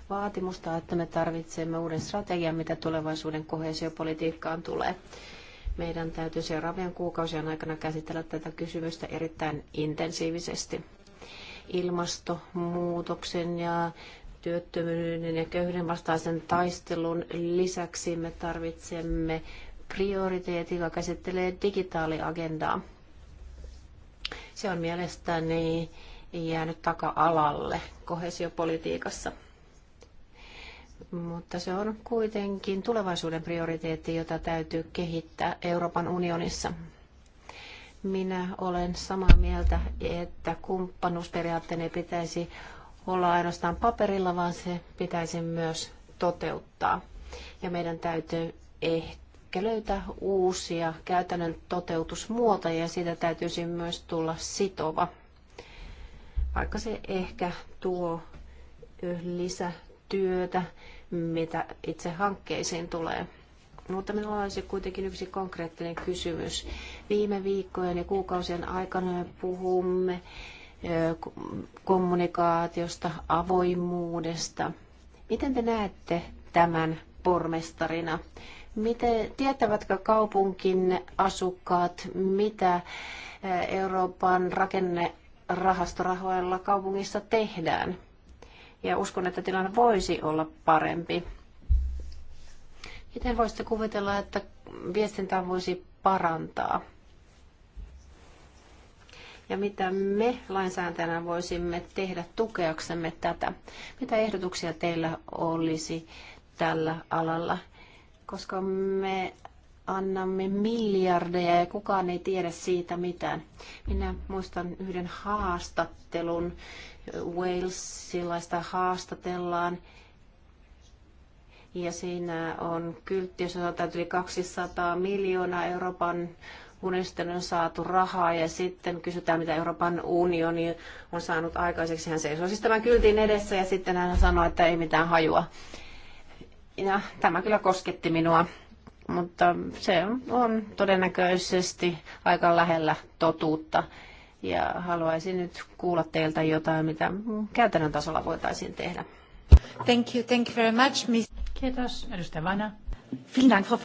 vaatimusta, että me tarvitsemme uuden strategian, mitä tulevaisuuden kohesiopolitiikkaan tulee. Meidän täytyy seuraavien kuukausien aikana käsitellä tätä kysymystä erittäin intensiivisesti. Ilmastonmuutoksen ja työttömyyden ja köyhyyden vastaisen taistelun lisäksi me tarvitsemme prioriteetti, joka käsittelee digitaaliagendaa. Se on mielestäni jäänyt taka-alalle kohesiopolitiikassa. Mutta se on kuitenkin tulevaisuuden prioriteetti, jota täytyy kehittää Euroopan unionissa. Minä olen samaa mieltä, että kumppanuusperiaatteen ei pitäisi olla ainoastaan paperilla, vaan se pitäisi myös toteuttaa. Ja meidän täytyy ehtiä ehkä löytää uusia käytännön toteutusmuotoja ja siitä täytyisi myös tulla sitova, vaikka se ehkä tuo lisätyötä, mitä itse hankkeisiin tulee. Mutta minulla olisi kuitenkin yksi konkreettinen kysymys. Viime viikkojen ja kuukausien aikana me puhumme kommunikaatiosta, avoimuudesta. Miten te näette tämän pormestarina? Miten, tietävätkö kaupunkin asukkaat, mitä eh, Euroopan rakennerahastorahoilla kaupungissa tehdään? Ja uskon, että tilanne voisi olla parempi. Miten voisitte kuvitella, että viestintää voisi parantaa? ja mitä me lainsäätäjänä voisimme tehdä tukeaksemme tätä? Mitä ehdotuksia teillä olisi tällä alalla? koska me annamme miljardeja ja kukaan ei tiedä siitä mitään. Minä muistan yhden haastattelun. Walesilaista haastatellaan. Ja siinä on kyltti, jos sanotaan yli 200 miljoonaa Euroopan unionista on saatu rahaa ja sitten kysytään, mitä Euroopan unioni on saanut aikaiseksi. Hän seisoo siis tämän kyltin edessä ja sitten hän sanoo, että ei mitään hajua. Ja tämä kyllä kosketti minua, mutta se on todennäköisesti aika lähellä totuutta. Ja haluaisin nyt kuulla teiltä jotain, mitä käytännön tasolla voitaisiin tehdä. Thank you, thank you very much, miss. Kiitos, edustaja Vana. Vielen Dank, Frau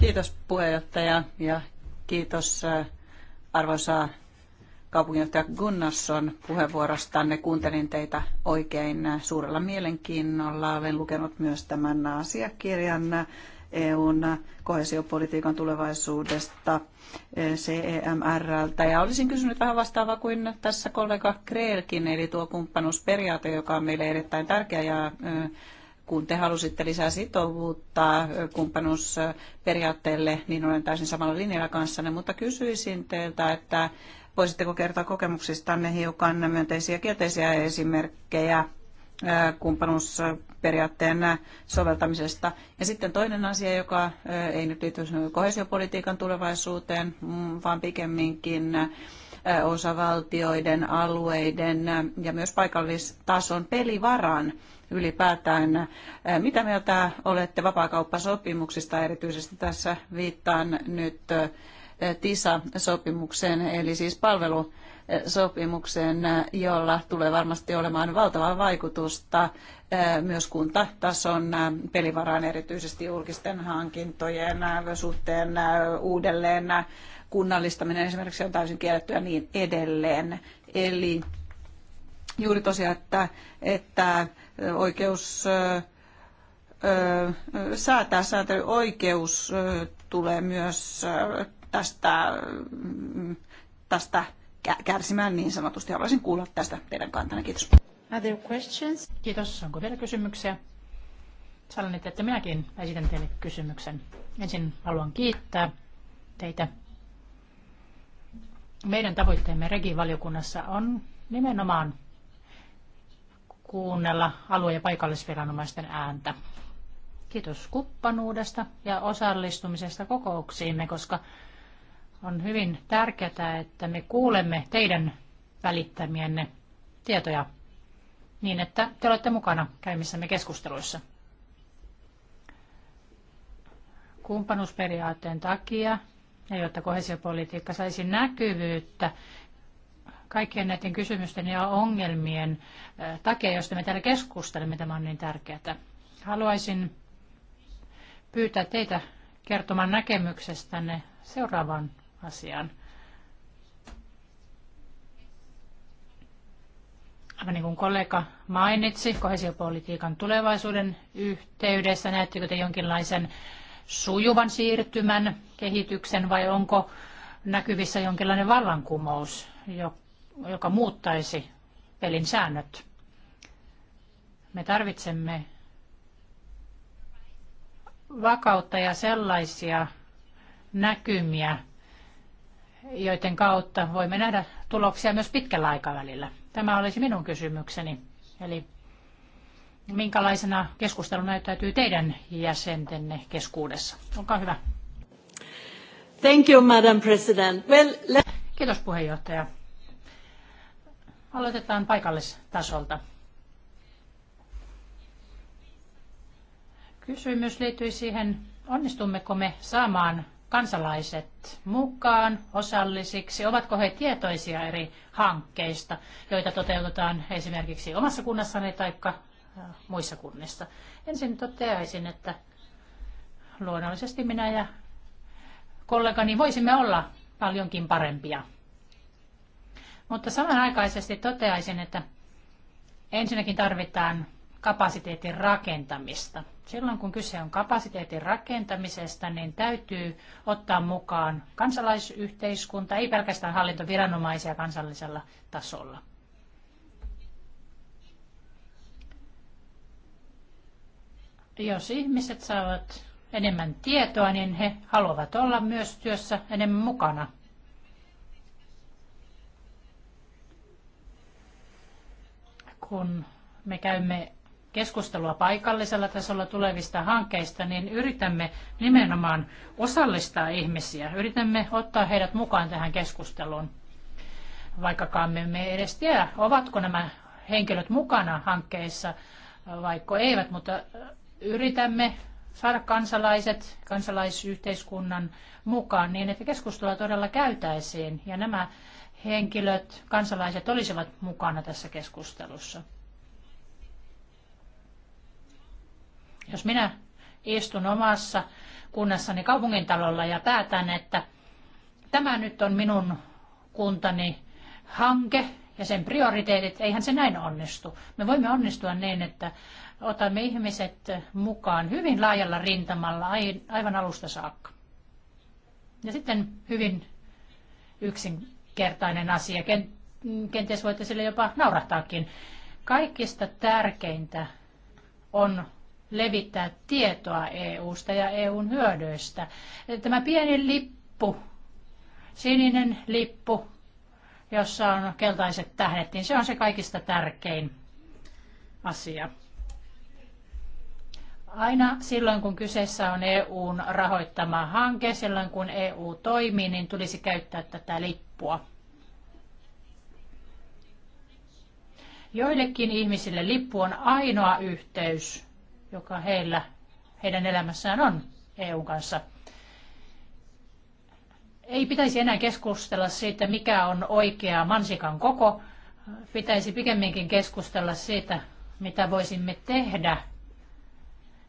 Kiitos puheenjohtaja ja kiitos äh, arvoisa kaupunginjohtaja Gunnarsson puheenvuorostanne. Kuuntelin teitä oikein suurella mielenkiinnolla. Olen lukenut myös tämän asiakirjan EUn kohesiopolitiikan tulevaisuudesta CEMRltä. Ja olisin kysynyt vähän vastaavaa kuin tässä kollega Kreelkin, eli tuo kumppanuusperiaate, joka on meille erittäin tärkeä ja kun te halusitte lisää sitovuutta kumppanuusperiaatteelle, niin olen täysin samalla linjalla kanssanne, mutta kysyisin teiltä, että Voisitteko kertoa kokemuksistanne hiukan myönteisiä ja kielteisiä esimerkkejä kumppanuusperiaatteen soveltamisesta. Ja sitten toinen asia, joka ei nyt liity kohesiopolitiikan tulevaisuuteen, mm, vaan pikemminkin osavaltioiden, alueiden ja myös paikallistason pelivaran ylipäätään. Mitä mieltä olette vapaakauppasopimuksista, erityisesti tässä viittaan nyt TISA-sopimukseen, eli siis palvelusopimukseen, jolla tulee varmasti olemaan valtavaa vaikutusta myös kuntatason pelivaraan, erityisesti julkisten hankintojen suhteen uudelleen kunnallistaminen esimerkiksi on täysin kielletty ja niin edelleen. Eli juuri tosiaan, että, että oikeus säätää sääntelyoikeus tulee myös tästä, mm, tästä kärsimään niin sanotusti. Haluaisin kuulla tästä teidän kantana Kiitos. Other questions? Kiitos. Onko vielä kysymyksiä? Sallin, että minäkin esitän teille kysymyksen. Ensin haluan kiittää teitä. Meidän tavoitteemme Regi-valiokunnassa on nimenomaan kuunnella alue- ja paikallisviranomaisten ääntä. Kiitos kuppanuudesta ja osallistumisesta kokouksiimme, koska on hyvin tärkeää, että me kuulemme teidän välittämienne tietoja niin, että te olette mukana käymissämme keskusteluissa. Kumppanuusperiaatteen takia ja jotta kohesiopolitiikka saisi näkyvyyttä kaikkien näiden kysymysten ja ongelmien takia, joista me täällä keskustelemme, tämä on niin tärkeää. Haluaisin pyytää teitä kertomaan näkemyksestänne seuraavan asian. Aivan niin kuin kollega mainitsi, kohesiopolitiikan tulevaisuuden yhteydessä, näettekö te jonkinlaisen sujuvan siirtymän kehityksen vai onko näkyvissä jonkinlainen vallankumous, joka muuttaisi pelin säännöt? Me tarvitsemme vakautta ja sellaisia näkymiä, joiden kautta voimme nähdä tuloksia myös pitkällä aikavälillä. Tämä olisi minun kysymykseni. Eli minkälaisena keskustelu näyttäytyy teidän jäsentenne keskuudessa? Olkaa hyvä. Thank you, Madam President. Well, let... Kiitos puheenjohtaja. Aloitetaan paikallistasolta. Kysymys liittyy siihen, onnistummeko me saamaan kansalaiset mukaan osallisiksi? Ovatko he tietoisia eri hankkeista, joita toteutetaan esimerkiksi omassa kunnassani tai äh, muissa kunnissa? Ensin toteaisin, että luonnollisesti minä ja kollegani voisimme olla paljonkin parempia. Mutta samanaikaisesti toteaisin, että ensinnäkin tarvitaan kapasiteetin rakentamista. Silloin kun kyse on kapasiteetin rakentamisesta, niin täytyy ottaa mukaan kansalaisyhteiskunta, ei pelkästään hallintoviranomaisia kansallisella tasolla. Jos ihmiset saavat enemmän tietoa, niin he haluavat olla myös työssä enemmän mukana. Kun me käymme keskustelua paikallisella tasolla tulevista hankkeista, niin yritämme nimenomaan osallistaa ihmisiä. Yritämme ottaa heidät mukaan tähän keskusteluun, vaikkakaan me emme edes tiedä, ovatko nämä henkilöt mukana hankkeissa, vaikka eivät, mutta yritämme saada kansalaiset, kansalaisyhteiskunnan mukaan niin, että keskustelua todella käytäisiin ja nämä henkilöt, kansalaiset olisivat mukana tässä keskustelussa. Jos minä istun omassa kunnassani kaupungintalolla ja päätän, että tämä nyt on minun kuntani hanke ja sen prioriteetit, eihän se näin onnistu. Me voimme onnistua niin, että otamme ihmiset mukaan hyvin laajalla rintamalla aivan alusta saakka. Ja sitten hyvin yksinkertainen asia, kenties voitte sille jopa naurahtaakin. Kaikista tärkeintä on levittää tietoa EUsta ja EUn hyödyistä. Tämä pieni lippu, sininen lippu, jossa on keltaiset tähdet, niin se on se kaikista tärkein asia. Aina silloin, kun kyseessä on EUn rahoittama hanke, silloin kun EU toimii, niin tulisi käyttää tätä lippua. Joillekin ihmisille lippu on ainoa yhteys joka heillä, heidän elämässään on EUn kanssa. Ei pitäisi enää keskustella siitä, mikä on oikea mansikan koko. Pitäisi pikemminkin keskustella siitä, mitä voisimme tehdä,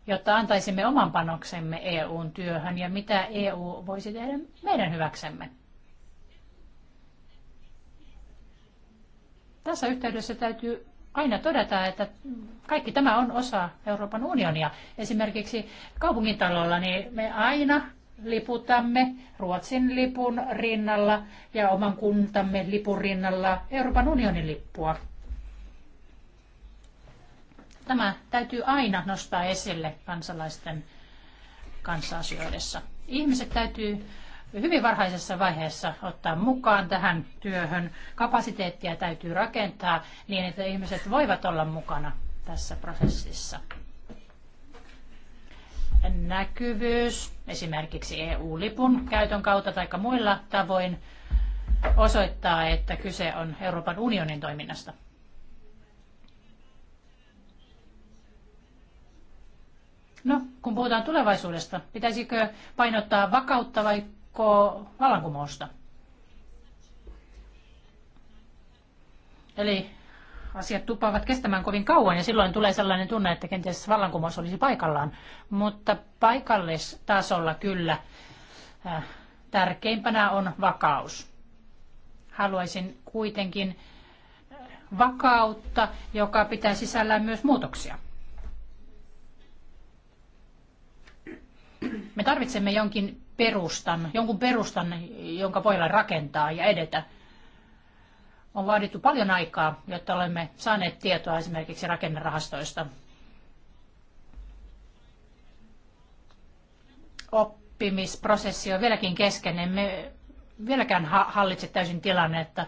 jotta antaisimme oman panoksemme EUn työhön ja mitä EU voisi tehdä meidän hyväksemme. Tässä yhteydessä täytyy aina todeta, että kaikki tämä on osa Euroopan unionia. Esimerkiksi kaupungintalolla niin me aina liputamme Ruotsin lipun rinnalla ja oman kuntamme lipun rinnalla Euroopan unionin lippua. Tämä täytyy aina nostaa esille kansalaisten kanssa asioidessa. Ihmiset täytyy hyvin varhaisessa vaiheessa ottaa mukaan tähän työhön. Kapasiteettia täytyy rakentaa niin, että ihmiset voivat olla mukana tässä prosessissa. Näkyvyys esimerkiksi EU-lipun käytön kautta tai muilla tavoin osoittaa, että kyse on Euroopan unionin toiminnasta. No, kun puhutaan tulevaisuudesta, pitäisikö painottaa vakautta vai pakko vallankumousta. Eli asiat tupaavat kestämään kovin kauan ja silloin tulee sellainen tunne, että kenties vallankumous olisi paikallaan. Mutta paikallistasolla kyllä äh, tärkeimpänä on vakaus. Haluaisin kuitenkin vakautta, joka pitää sisällään myös muutoksia. Me tarvitsemme jonkin perustan, jonkun perustan, jonka voidaan rakentaa ja edetä. On vaadittu paljon aikaa, jotta olemme saaneet tietoa esimerkiksi rakennerahastoista. Oppimisprosessi on vieläkin kesken. Emme vieläkään hallitse täysin tilanne, että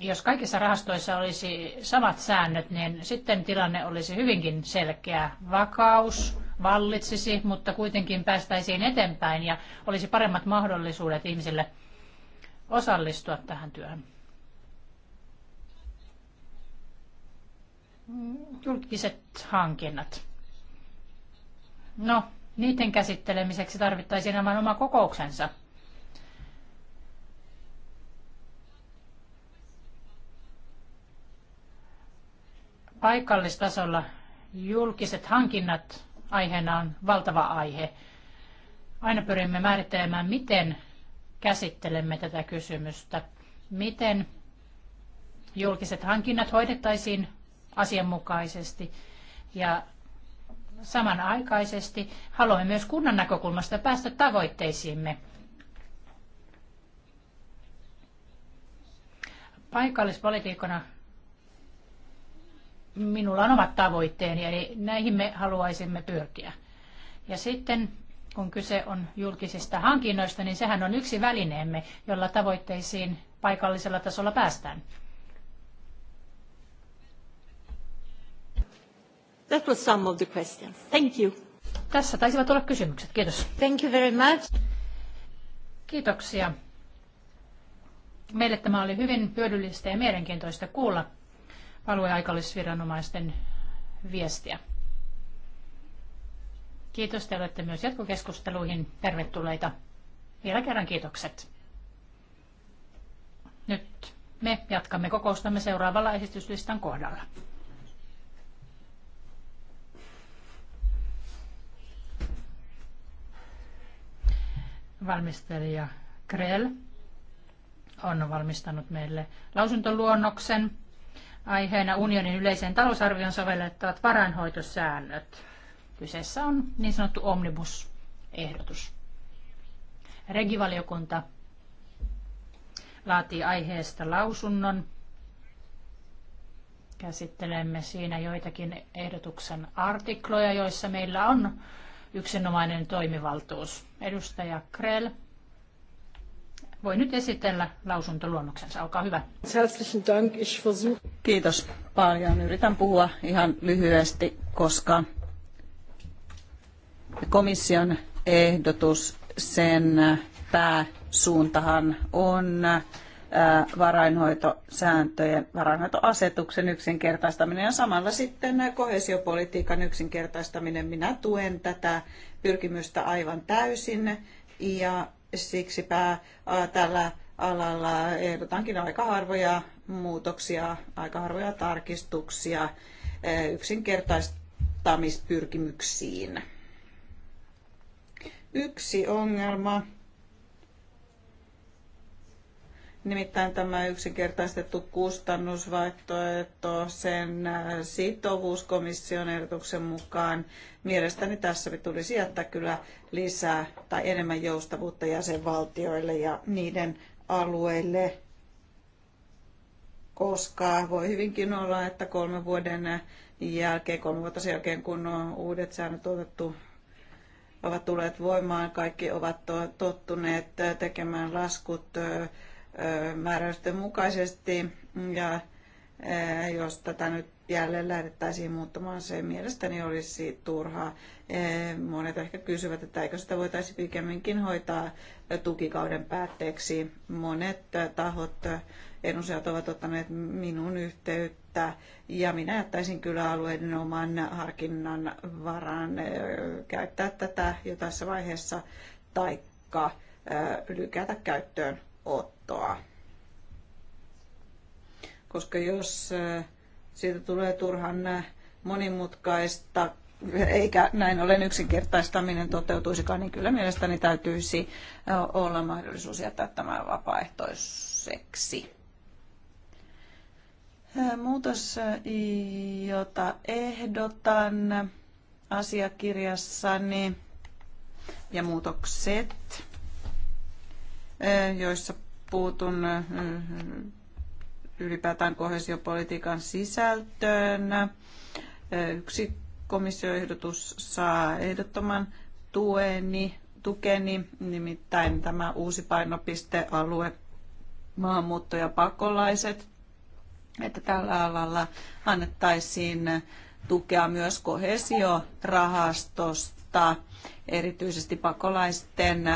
Jos kaikissa rahastoissa olisi samat säännöt, niin sitten tilanne olisi hyvinkin selkeä. Vakaus, vallitsisi, mutta kuitenkin päästäisiin eteenpäin ja olisi paremmat mahdollisuudet ihmisille osallistua tähän työhön. Julkiset hankinnat. No, niiden käsittelemiseksi tarvittaisiin aivan oma kokouksensa. Paikallistasolla julkiset hankinnat aiheena on valtava aihe. Aina pyrimme määrittelemään, miten käsittelemme tätä kysymystä, miten julkiset hankinnat hoidettaisiin asianmukaisesti ja samanaikaisesti haluamme myös kunnan näkökulmasta päästä tavoitteisiimme. Paikallispolitiikkona minulla on omat tavoitteeni, eli näihin me haluaisimme pyrkiä. Ja sitten kun kyse on julkisista hankinnoista, niin sehän on yksi välineemme, jolla tavoitteisiin paikallisella tasolla päästään. That was some of the questions. Thank you. Tässä taisivat olla kysymykset. Kiitos. Thank you very much. Kiitoksia. Meille tämä oli hyvin hyödyllistä ja mielenkiintoista kuulla alueaikallisviranomaisten viestiä. Kiitos, te olette myös jatkokeskusteluihin tervetulleita. Vielä kerran kiitokset. Nyt me jatkamme kokoustamme seuraavalla esityslistan kohdalla. Valmistelija Krell on valmistanut meille lausuntoluonnoksen Aiheena unionin yleiseen talousarvion sovellettavat varainhoitosäännöt. Kyseessä on niin sanottu omnibus-ehdotus. Regivaliokunta laatii aiheesta lausunnon. Käsittelemme siinä joitakin ehdotuksen artikloja, joissa meillä on yksinomainen toimivaltuus. Edustaja Krell voi nyt esitellä lausuntoluonnoksensa. Olkaa hyvä. Kiitos paljon. Yritän puhua ihan lyhyesti, koska komission ehdotus, sen pääsuuntahan on äh, varainhoitosääntöjen, varainhoitoasetuksen yksinkertaistaminen ja samalla sitten kohesiopolitiikan yksinkertaistaminen. Minä tuen tätä pyrkimystä aivan täysin ja siksipä tällä alalla ehdotankin aika harvoja muutoksia, aika harvoja tarkistuksia yksinkertaistamispyrkimyksiin. Yksi ongelma Nimittäin tämä yksinkertaistettu kustannusvaihtoehto, sen äh, sitovuus komission ehdotuksen mukaan, mielestäni tässä tulisi jättää kyllä lisää tai enemmän joustavuutta jäsenvaltioille ja niiden alueille, koska voi hyvinkin olla, että kolmen vuoden jälkeen, kolme vuotta sen jälkeen, kun on uudet säännöt otettu ovat tulleet voimaan, kaikki ovat tottuneet äh, tekemään laskut äh, määräysten mukaisesti. Ja jos tätä nyt jälleen lähdettäisiin muuttamaan, se mielestäni olisi turhaa. Monet ehkä kysyvät, että eikö sitä voitaisiin pikemminkin hoitaa tukikauden päätteeksi. Monet tahot edustajat ovat ottaneet minun yhteyttä ja minä jättäisin kyllä alueiden oman harkinnan varaan käyttää tätä jo tässä vaiheessa taikka lykätä käyttöön ottoa. Koska jos äh, siitä tulee turhan äh, monimutkaista, eikä näin ollen yksinkertaistaminen toteutuisikaan, niin kyllä mielestäni täytyisi äh, olla mahdollisuus jättää tämä vapaaehtoiseksi. Muutos, jota ehdotan asiakirjassani ja muutokset Eh, joissa puutun eh, ylipäätään kohesiopolitiikan sisältöön. Eh, yksi komissioehdotus saa ehdottoman tueni, tukeni, nimittäin tämä uusi painopistealue maahanmuutto ja pakolaiset, että tällä alalla annettaisiin tukea myös kohesiorahastosta, erityisesti pakolaisten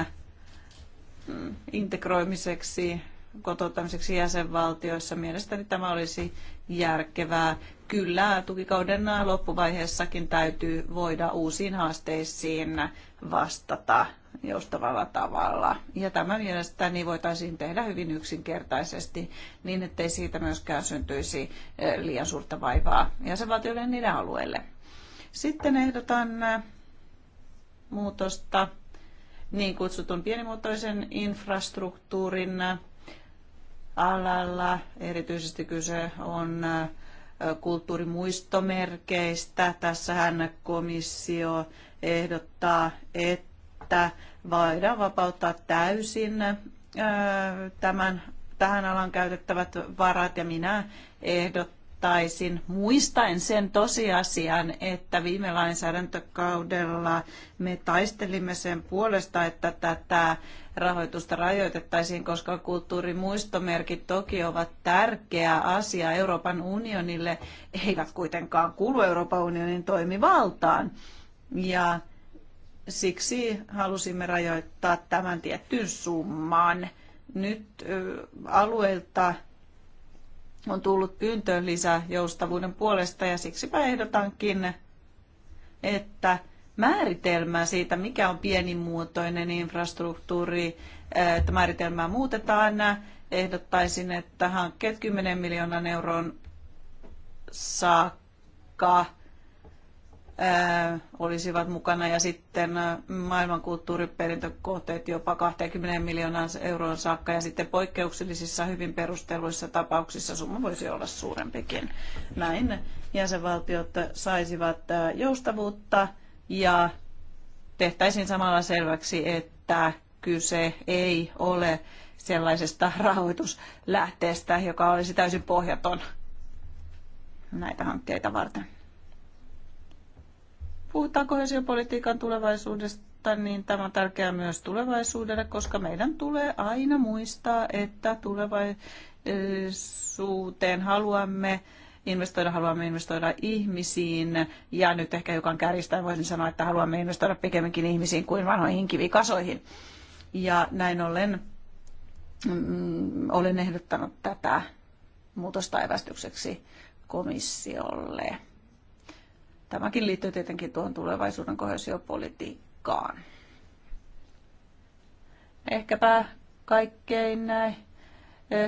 integroimiseksi, kotouttamiseksi jäsenvaltioissa. Mielestäni tämä olisi järkevää. Kyllä, tukikauden loppuvaiheessakin täytyy voida uusiin haasteisiin vastata joustavalla tavalla. Ja tämä mielestäni voitaisiin tehdä hyvin yksinkertaisesti niin, ettei siitä myöskään syntyisi eh, liian suurta vaivaa jäsenvaltioiden niiden alueelle. Sitten ehdotan eh, muutosta niin kutsutun pienimuotoisen infrastruktuurin alalla. Erityisesti kyse on kulttuurimuistomerkeistä. Tässähän komissio ehdottaa, että voidaan vapauttaa täysin tämän, tähän alan käytettävät varat ja minä ehdot ehdottaisin, muistaen sen tosiasian, että viime lainsäädäntökaudella me taistelimme sen puolesta, että tätä rahoitusta rajoitettaisiin, koska kulttuurimuistomerkit toki ovat tärkeä asia Euroopan unionille, eivät kuitenkaan kuulu Euroopan unionin toimivaltaan. Ja siksi halusimme rajoittaa tämän tiettyyn summaan. Nyt alueilta on tullut pyyntö lisää joustavuuden puolesta ja siksipä ehdotankin, että määritelmää siitä, mikä on pienimuotoinen infrastruktuuri, että määritelmää muutetaan. Ehdottaisin, että hankkeet 10 miljoonan euron saakka olisivat mukana ja sitten maailman kulttuuriperintökohteet jopa 20 miljoonaa euroon saakka ja sitten poikkeuksellisissa hyvin perusteluissa tapauksissa summa voisi olla suurempikin. Näin jäsenvaltiot saisivat joustavuutta ja tehtäisiin samalla selväksi, että kyse ei ole sellaisesta rahoituslähteestä, joka olisi täysin pohjaton näitä hankkeita varten puhutaan kohesiopolitiikan tulevaisuudesta, niin tämä on tärkeää myös tulevaisuudelle, koska meidän tulee aina muistaa, että tulevaisuuteen haluamme investoida, haluamme investoida ihmisiin. Ja nyt ehkä joka kärjistää voisin sanoa, että haluamme investoida pikemminkin ihmisiin kuin vanhoihin kivikasoihin. Ja näin ollen mm, olen ehdottanut tätä muutosta evästykseksi komissiolle. Tämäkin liittyy tietenkin tuohon tulevaisuuden kohesiopolitiikkaan. Ehkäpä kaikkein eh,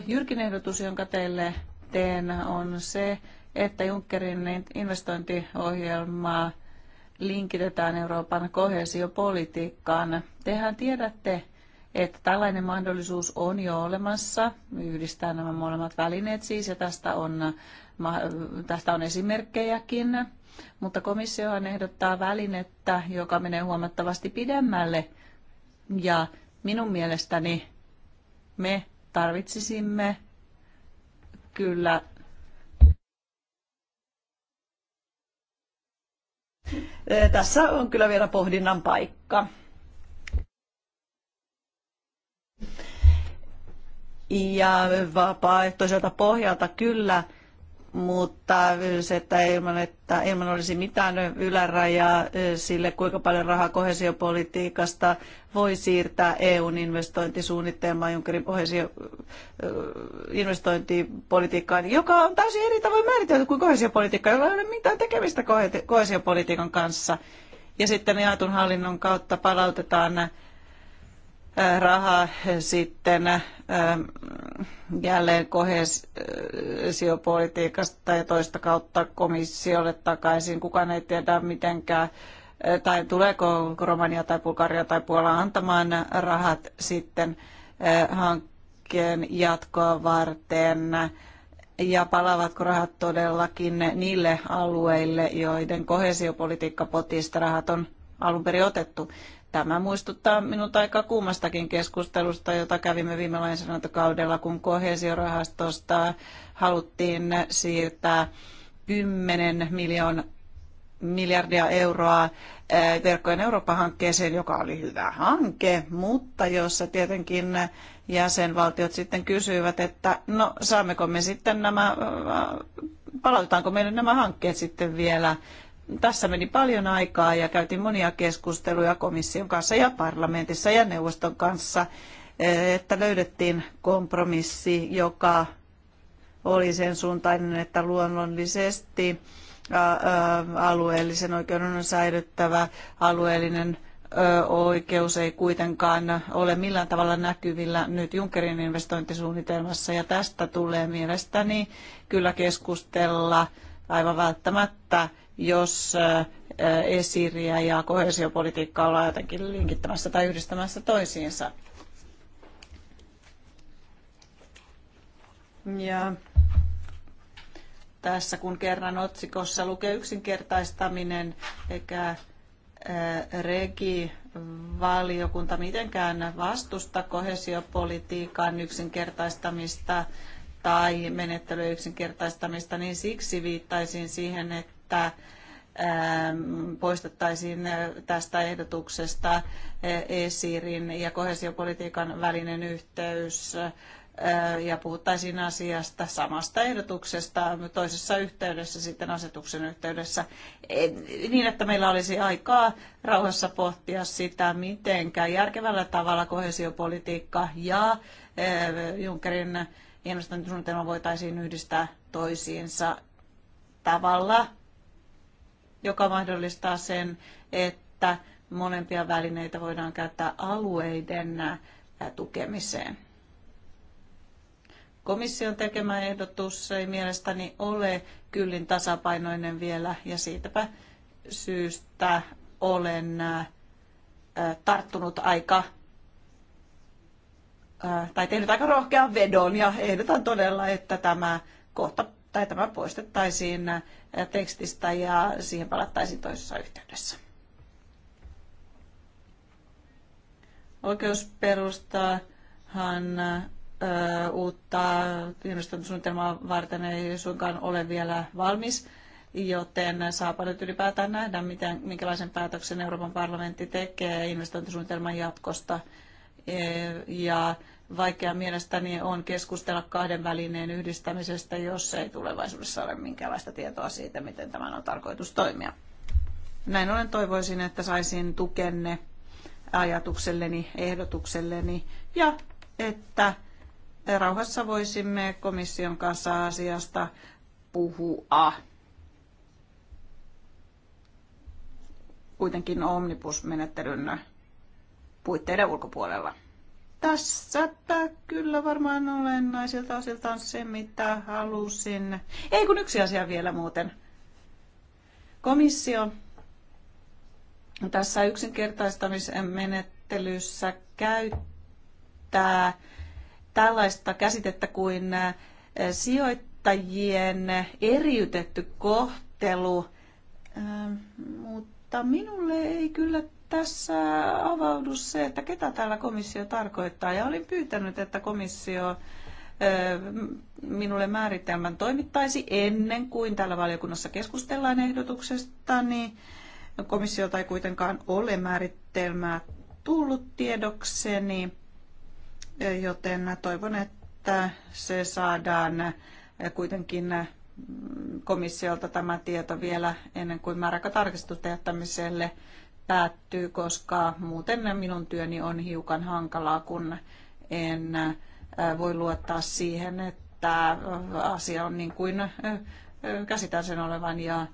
jyrkin ehdotus, jonka teille teen, on se, että Junckerin investointiohjelmaa linkitetään Euroopan kohesiopolitiikkaan. Tehän tiedätte, että tällainen mahdollisuus on jo olemassa, yhdistää nämä molemmat välineet siis, ja tästä on, tästä on esimerkkejäkin. Mutta komissiohan ehdottaa välinettä, joka menee huomattavasti pidemmälle, ja minun mielestäni me tarvitsisimme kyllä Tässä on kyllä vielä pohdinnan paikka. ja vapaaehtoiselta pohjalta kyllä, mutta se, että ilman, että ilman olisi mitään ylärajaa sille, kuinka paljon rahaa kohesiopolitiikasta voi siirtää EUn investointisuunnitelmaan Junckerin kohesio, investointipolitiikkaan, joka on täysin eri tavoin määritelty kuin kohesiopolitiikka, jolla ei ole mitään tekemistä kohesiopolitiikan kanssa. Ja sitten jaetun hallinnon kautta palautetaan raha sitten ähm, jälleen kohesiopolitiikasta äh, ja toista kautta komissiolle takaisin. Kukaan ei tiedä mitenkään, äh, tai tuleeko Romania tai Bulgaria tai Puola antamaan rahat sitten äh, hankkeen jatkoa varten ja palaavatko rahat todellakin niille alueille, joiden kohesiopolitiikkapotista rahat on alun perin otettu. Tämä muistuttaa minun aika kuumastakin keskustelusta, jota kävimme viime lainsäädäntökaudella, kun kohesiorahastosta haluttiin siirtää 10 miljoon, miljardia euroa eh, verkkojen Eurooppa-hankkeeseen, joka oli hyvä hanke, mutta jossa tietenkin jäsenvaltiot sitten kysyivät, että no saammeko me sitten nämä, eh, palautetaanko meille nämä hankkeet sitten vielä tässä meni paljon aikaa ja käytiin monia keskusteluja komission kanssa ja parlamentissa ja neuvoston kanssa, eh, että löydettiin kompromissi, joka oli sen suuntainen, että luonnollisesti alueellisen oikeuden on säilyttävä alueellinen oikeus ei kuitenkaan ole millään tavalla näkyvillä nyt Junckerin investointisuunnitelmassa ja tästä tulee mielestäni kyllä keskustella aivan välttämättä jos äh, esiriä ja kohesiopolitiikkaa ollaan jotenkin linkittämässä tai yhdistämässä toisiinsa. Ja tässä kun kerran otsikossa lukee yksinkertaistaminen eikä äh, regi valiokunta mitenkään vastusta kohesiopolitiikan yksinkertaistamista tai menettelyyksinkertaistamista, yksinkertaistamista, niin siksi viittaisin siihen, että että ähm, poistettaisiin äh, tästä ehdotuksesta äh, ESIRin ja kohesiopolitiikan välinen yhteys äh, ja puhuttaisiin asiasta samasta ehdotuksesta toisessa yhteydessä, sitten asetuksen yhteydessä, niin että meillä olisi aikaa rauhassa pohtia sitä, miten järkevällä tavalla kohesiopolitiikka ja Junckerin investointisuunnitelma voitaisiin yhdistää toisiinsa tavalla, joka mahdollistaa sen, että molempia välineitä voidaan käyttää alueiden tukemiseen. Komission tekemä ehdotus ei mielestäni ole kyllin tasapainoinen vielä ja siitäpä syystä olen tarttunut aika tai tehnyt aika rohkean vedon ja ehdotan todella, että tämä kohta tai tämä poistettaisiin tekstistä ja siihen palattaisiin toisessa yhteydessä. Oikeusperustahan ö, uutta investointisuunnitelmaa varten ei suinkaan ole vielä valmis, joten saapa nyt ylipäätään nähdä, miten, minkälaisen päätöksen Euroopan parlamentti tekee investointisuunnitelman jatkosta. E, ja vaikea mielestäni on keskustella kahden välineen yhdistämisestä, jos ei tulevaisuudessa ole minkäänlaista tietoa siitä, miten tämän on tarkoitus toimia. Näin ollen toivoisin, että saisin tukenne ajatukselleni, ehdotukselleni ja että rauhassa voisimme komission kanssa asiasta puhua. Kuitenkin omnibusmenettelyn puitteiden ulkopuolella. Tässäpä kyllä varmaan olen naisilta osiltaan se, mitä halusin. Ei kun yksi asia vielä muuten. Komissio tässä yksinkertaistamisen menettelyssä käyttää tällaista käsitettä kuin sijoittajien eriytetty kohtelu, mutta minulle ei kyllä tässä avaudu se, että ketä täällä komissio tarkoittaa. Ja olin pyytänyt, että komissio minulle määritelmän toimittaisi ennen kuin täällä valiokunnassa keskustellaan ehdotuksesta, niin komissiolta ei kuitenkaan ole määritelmää tullut tiedokseni, joten toivon, että se saadaan kuitenkin komissiolta tämä tieto vielä ennen kuin määräaika jättämiselle päättyy, koska muuten minun työni on hiukan hankalaa, kun en voi luottaa siihen, että asia on niin kuin käsitän sen olevan ja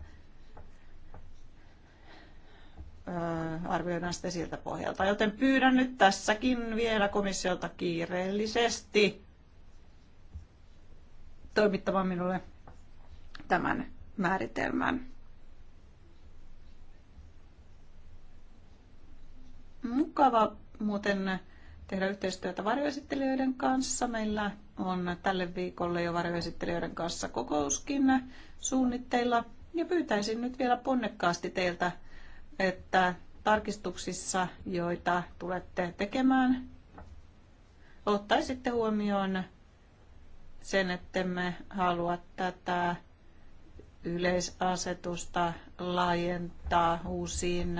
arvioidaan sitten siltä pohjalta. Joten pyydän nyt tässäkin vielä komissiolta kiireellisesti toimittamaan minulle tämän määritelmän. mukava muuten tehdä yhteistyötä varjoesittelijöiden kanssa. Meillä on tälle viikolle jo varjoesittelijöiden kanssa kokouskin suunnitteilla. Ja pyytäisin nyt vielä ponnekkaasti teiltä, että tarkistuksissa, joita tulette tekemään, ottaisitte huomioon sen, että me halua tätä yleisasetusta laajentaa uusiin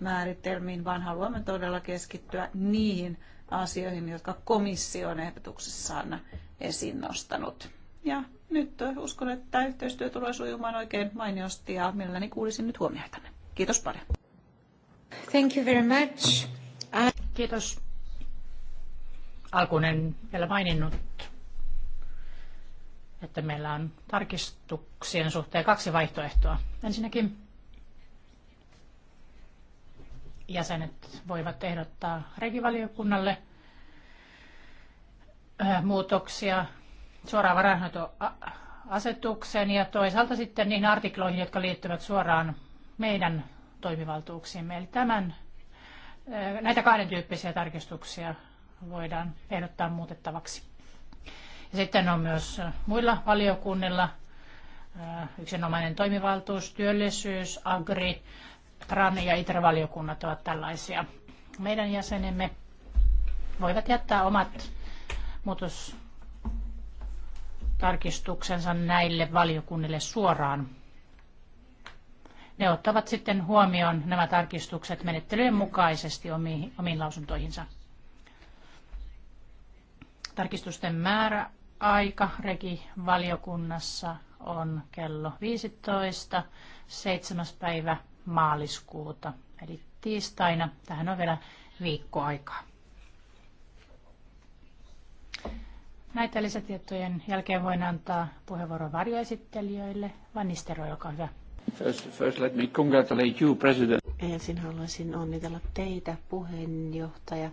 määritelmiin, vaan haluamme todella keskittyä niihin asioihin, jotka komissio on ehdotuksessaan esiin nostanut. Ja nyt uskon, että tämä yhteistyö tulee sujumaan oikein mainiosti ja mielelläni kuulisin nyt huomioitanne. Kiitos paljon. Thank you very much. I... Uh, Kiitos. Alkuun en vielä maininnut, että meillä on tarkistuksien suhteen kaksi vaihtoehtoa. Ensinnäkin jäsenet voivat ehdottaa regivaliokunnalle muutoksia suoraan varainhoitoasetukseen ja toisaalta sitten niihin artikloihin, jotka liittyvät suoraan meidän toimivaltuuksiimme. Eli tämän, näitä kahden tyyppisiä tarkistuksia voidaan ehdottaa muutettavaksi. Ja sitten on myös muilla valiokunnilla yksinomainen toimivaltuus, työllisyys, agri, TRAN ja Itävaliokunnat valiokunnat ovat tällaisia. Meidän jäsenemme voivat jättää omat muutostarkistuksensa näille valiokunnille suoraan. Ne ottavat sitten huomioon nämä tarkistukset menettelyjen mukaisesti omiin, omiin lausuntoihinsa. Tarkistusten määrä aika regi valiokunnassa on kello 15. 7. päivä maaliskuuta, eli tiistaina. Tähän on vielä viikko Näitä lisätietojen jälkeen voin antaa puheenvuoron varjoesittelijöille. Vannistero, olkaa hyvä. First, first let me congratulate you, President. Ensin haluaisin onnitella teitä, puheenjohtaja,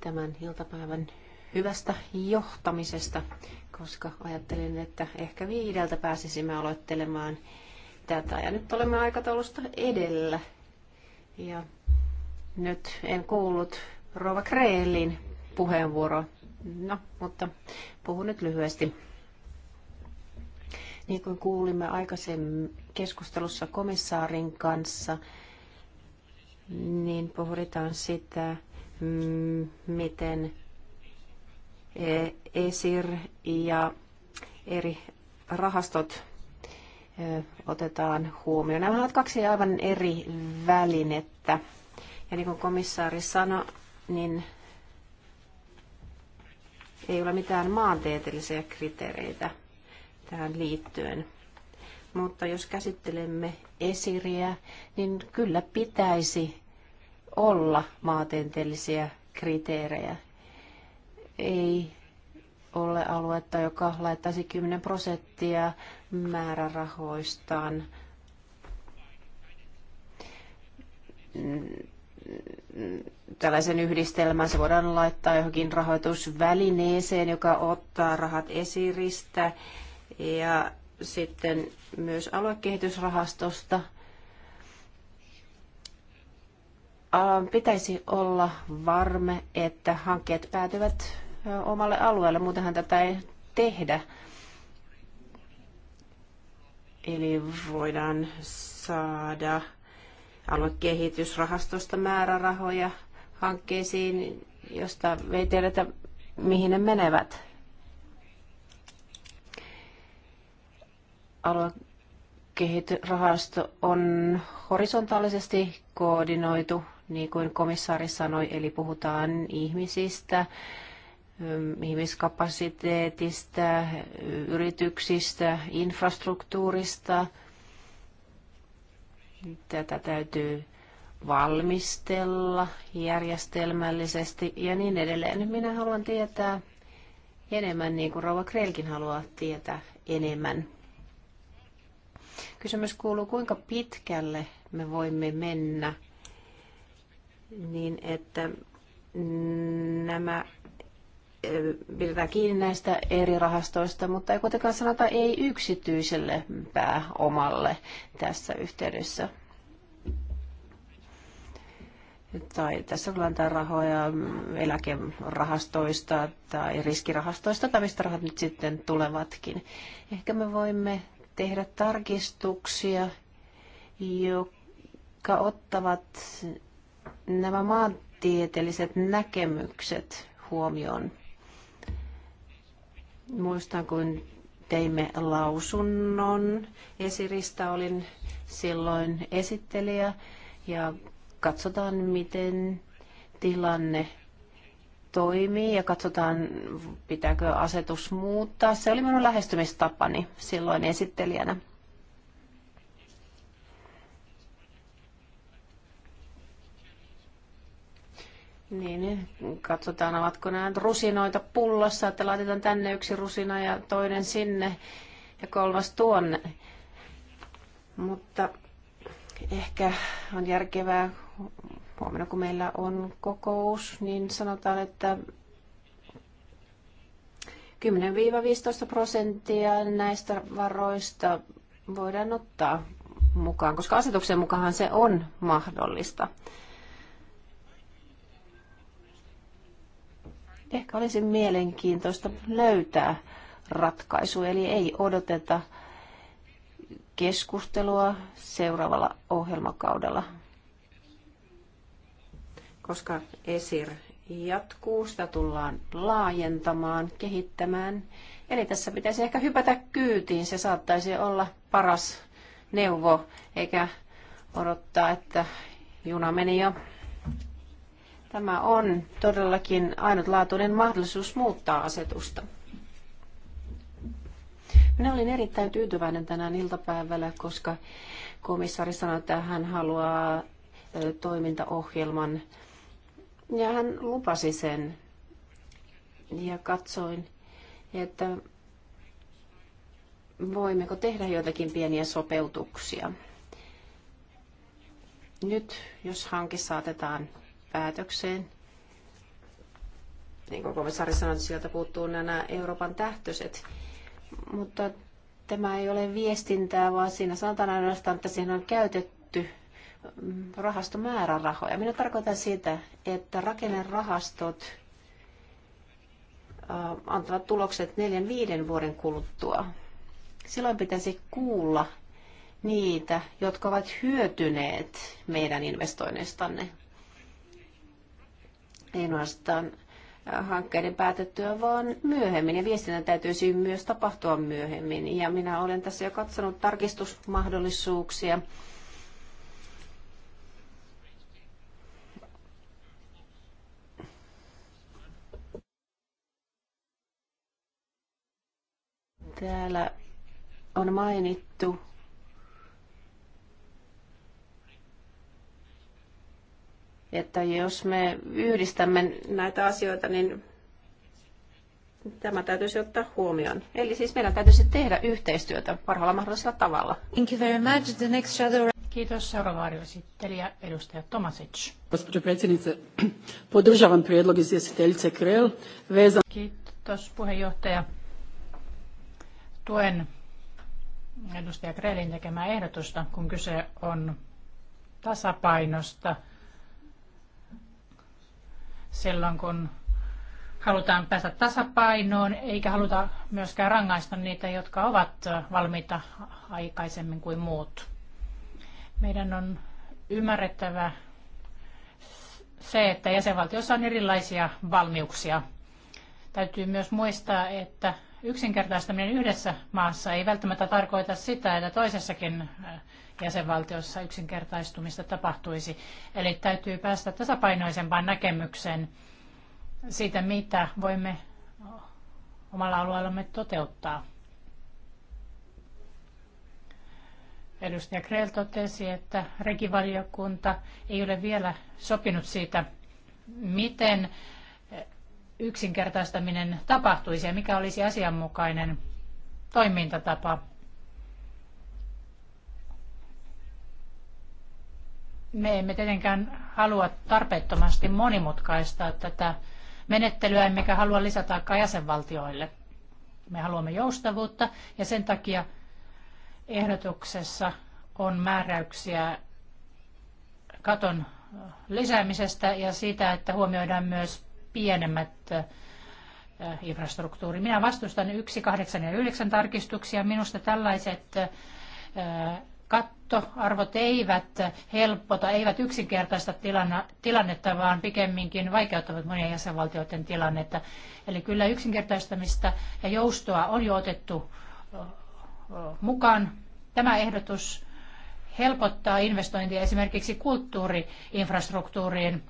tämän iltapäivän hyvästä johtamisesta, koska ajattelin, että ehkä viideltä pääsisimme aloittelemaan tätä. Ja nyt olemme aikataulusta edellä. Ja nyt en kuullut Rova Kreelin puheenvuoro. No, mutta puhun nyt lyhyesti. Niin kuin kuulimme aikaisemmin keskustelussa komissaarin kanssa, niin pohditaan sitä, mm, miten e- ESIR ja eri rahastot otetaan huomioon. Nämä ovat kaksi aivan eri välinettä. Ja niin kuin komissaari sanoi, niin ei ole mitään maantieteellisiä kriteereitä tähän liittyen. Mutta jos käsittelemme esiriä, niin kyllä pitäisi olla maantieteellisiä kriteerejä. Ei ole aluetta, joka laittaisi 10 prosenttia määrärahoistaan tällaisen yhdistelmän. Se voidaan laittaa johonkin rahoitusvälineeseen, joka ottaa rahat esiristä ja sitten myös aluekehitysrahastosta. Pitäisi olla varme, että hankkeet päätyvät omalle alueelle, muutenhan tätä ei tehdä. Eli voidaan saada aluekehitysrahastosta määrärahoja hankkeisiin, josta ei tiedetä, mihin ne menevät. Aluekehitysrahasto on horisontaalisesti koordinoitu, niin kuin komissaari sanoi, eli puhutaan ihmisistä, ihmiskapasiteetista, yrityksistä, infrastruktuurista. Tätä täytyy valmistella järjestelmällisesti ja niin edelleen. Minä haluan tietää enemmän, niin kuin Rova Krelkin haluaa tietää enemmän. Kysymys kuuluu, kuinka pitkälle me voimme mennä niin, että nämä pidetään kiinni näistä eri rahastoista, mutta ei kuitenkaan sanota ei yksityiselle pääomalle tässä yhteydessä. Tai tässä laitetaan rahoja eläkerahastoista tai riskirahastoista, tai mistä rahat nyt sitten tulevatkin. Ehkä me voimme tehdä tarkistuksia, jotka ottavat nämä maantieteelliset näkemykset huomioon. Muistan, kun teimme lausunnon. Esirista olin silloin esittelijä ja katsotaan, miten tilanne toimii ja katsotaan, pitääkö asetus muuttaa. Se oli minun lähestymistapani silloin esittelijänä. Niin, niin, katsotaan ovatko nämä rusinoita pullossa, että laitetaan tänne yksi rusina ja toinen sinne ja kolmas tuonne. Mutta ehkä on järkevää huomenna, kun meillä on kokous, niin sanotaan, että 10-15 prosenttia näistä varoista voidaan ottaa mukaan, koska asetuksen mukaan se on mahdollista. Ehkä olisi mielenkiintoista löytää ratkaisu, eli ei odoteta keskustelua seuraavalla ohjelmakaudella. Koska ESIR jatkuu, sitä tullaan laajentamaan, kehittämään. Eli tässä pitäisi ehkä hypätä kyytiin, se saattaisi olla paras neuvo, eikä odottaa, että juna meni jo. Tämä on todellakin ainutlaatuinen mahdollisuus muuttaa asetusta. Minä olin erittäin tyytyväinen tänään iltapäivällä, koska komissaari sanoi, että hän haluaa toimintaohjelman ja hän lupasi sen. Ja katsoin, että voimmeko tehdä joitakin pieniä sopeutuksia. Nyt, jos hanke saatetaan päätökseen. Niin kuin komissaari sanoi, että sieltä puuttuu nämä Euroopan tähtöiset. Mutta tämä ei ole viestintää, vaan siinä sanotaan ainoastaan, että siinä on käytetty rahastomäärärahoja. Minä tarkoitan sitä, että rakennerahastot antavat tulokset neljän viiden vuoden kuluttua. Silloin pitäisi kuulla niitä, jotka ovat hyötyneet meidän investoinnistanne ei ainoastaan hankkeiden päätettyä, vaan myöhemmin. Ja viestinnän täytyisi myös tapahtua myöhemmin. Ja minä olen tässä jo katsonut tarkistusmahdollisuuksia. Täällä on mainittu että jos me yhdistämme näitä asioita, niin tämä täytyisi ottaa huomioon. Eli siis meidän täytyisi tehdä yhteistyötä parhaalla mahdollisella tavalla. Thank you very much. The next shadow... Kiitos. Seuraava varjoesittelijä, edustaja Tomasic. Kiitos puheenjohtaja. Tuen edustaja Krelin tekemää ehdotusta, kun kyse on tasapainosta – silloin, kun halutaan päästä tasapainoon, eikä haluta myöskään rangaista niitä, jotka ovat valmiita aikaisemmin kuin muut. Meidän on ymmärrettävä se, että jäsenvaltiossa on erilaisia valmiuksia. Täytyy myös muistaa, että yksinkertaistaminen yhdessä maassa ei välttämättä tarkoita sitä, että toisessakin jäsenvaltioissa yksinkertaistumista tapahtuisi. Eli täytyy päästä tasapainoisempaan näkemykseen siitä, mitä voimme omalla alueellamme toteuttaa. Edustaja Krell totesi, että regivaliokunta ei ole vielä sopinut siitä, miten yksinkertaistaminen tapahtuisi ja mikä olisi asianmukainen toimintatapa Me emme tietenkään halua tarpeettomasti monimutkaistaa tätä menettelyä, emmekä halua lisätaakkaa jäsenvaltioille. Me haluamme joustavuutta ja sen takia ehdotuksessa on määräyksiä katon lisäämisestä ja siitä, että huomioidaan myös pienemmät infrastruktuuri. Minä vastustan 1, 8 ja 9 tarkistuksia. Minusta tällaiset kattoarvot eivät helpota, eivät yksinkertaista tilannetta, vaan pikemminkin vaikeuttavat monien jäsenvaltioiden tilannetta. Eli kyllä yksinkertaistamista ja joustoa on jo otettu mukaan. Tämä ehdotus helpottaa investointia esimerkiksi kulttuuriinfrastruktuuriin,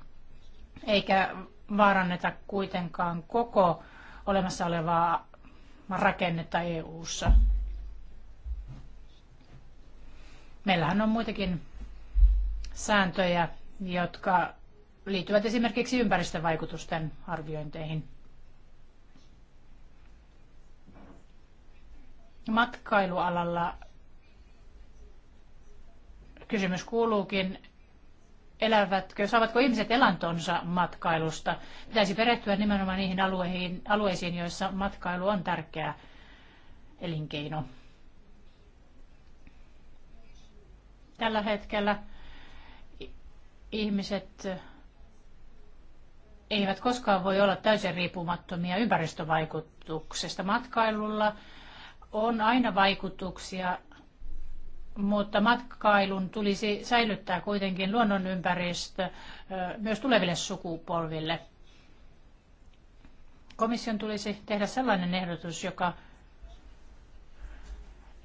eikä vaaranneta kuitenkaan koko olemassa olevaa rakennetta EU-ssa. Meillähän on muitakin sääntöjä, jotka liittyvät esimerkiksi ympäristövaikutusten arviointeihin. Matkailualalla kysymys kuuluukin, elävätkö, saavatko ihmiset elantonsa matkailusta? Pitäisi perehtyä nimenomaan niihin alueihin, alueisiin, joissa matkailu on tärkeä elinkeino. Tällä hetkellä ihmiset eivät koskaan voi olla täysin riippumattomia ympäristövaikutuksesta. Matkailulla on aina vaikutuksia, mutta matkailun tulisi säilyttää kuitenkin luonnonympäristö myös tuleville sukupolville. Komission tulisi tehdä sellainen ehdotus, joka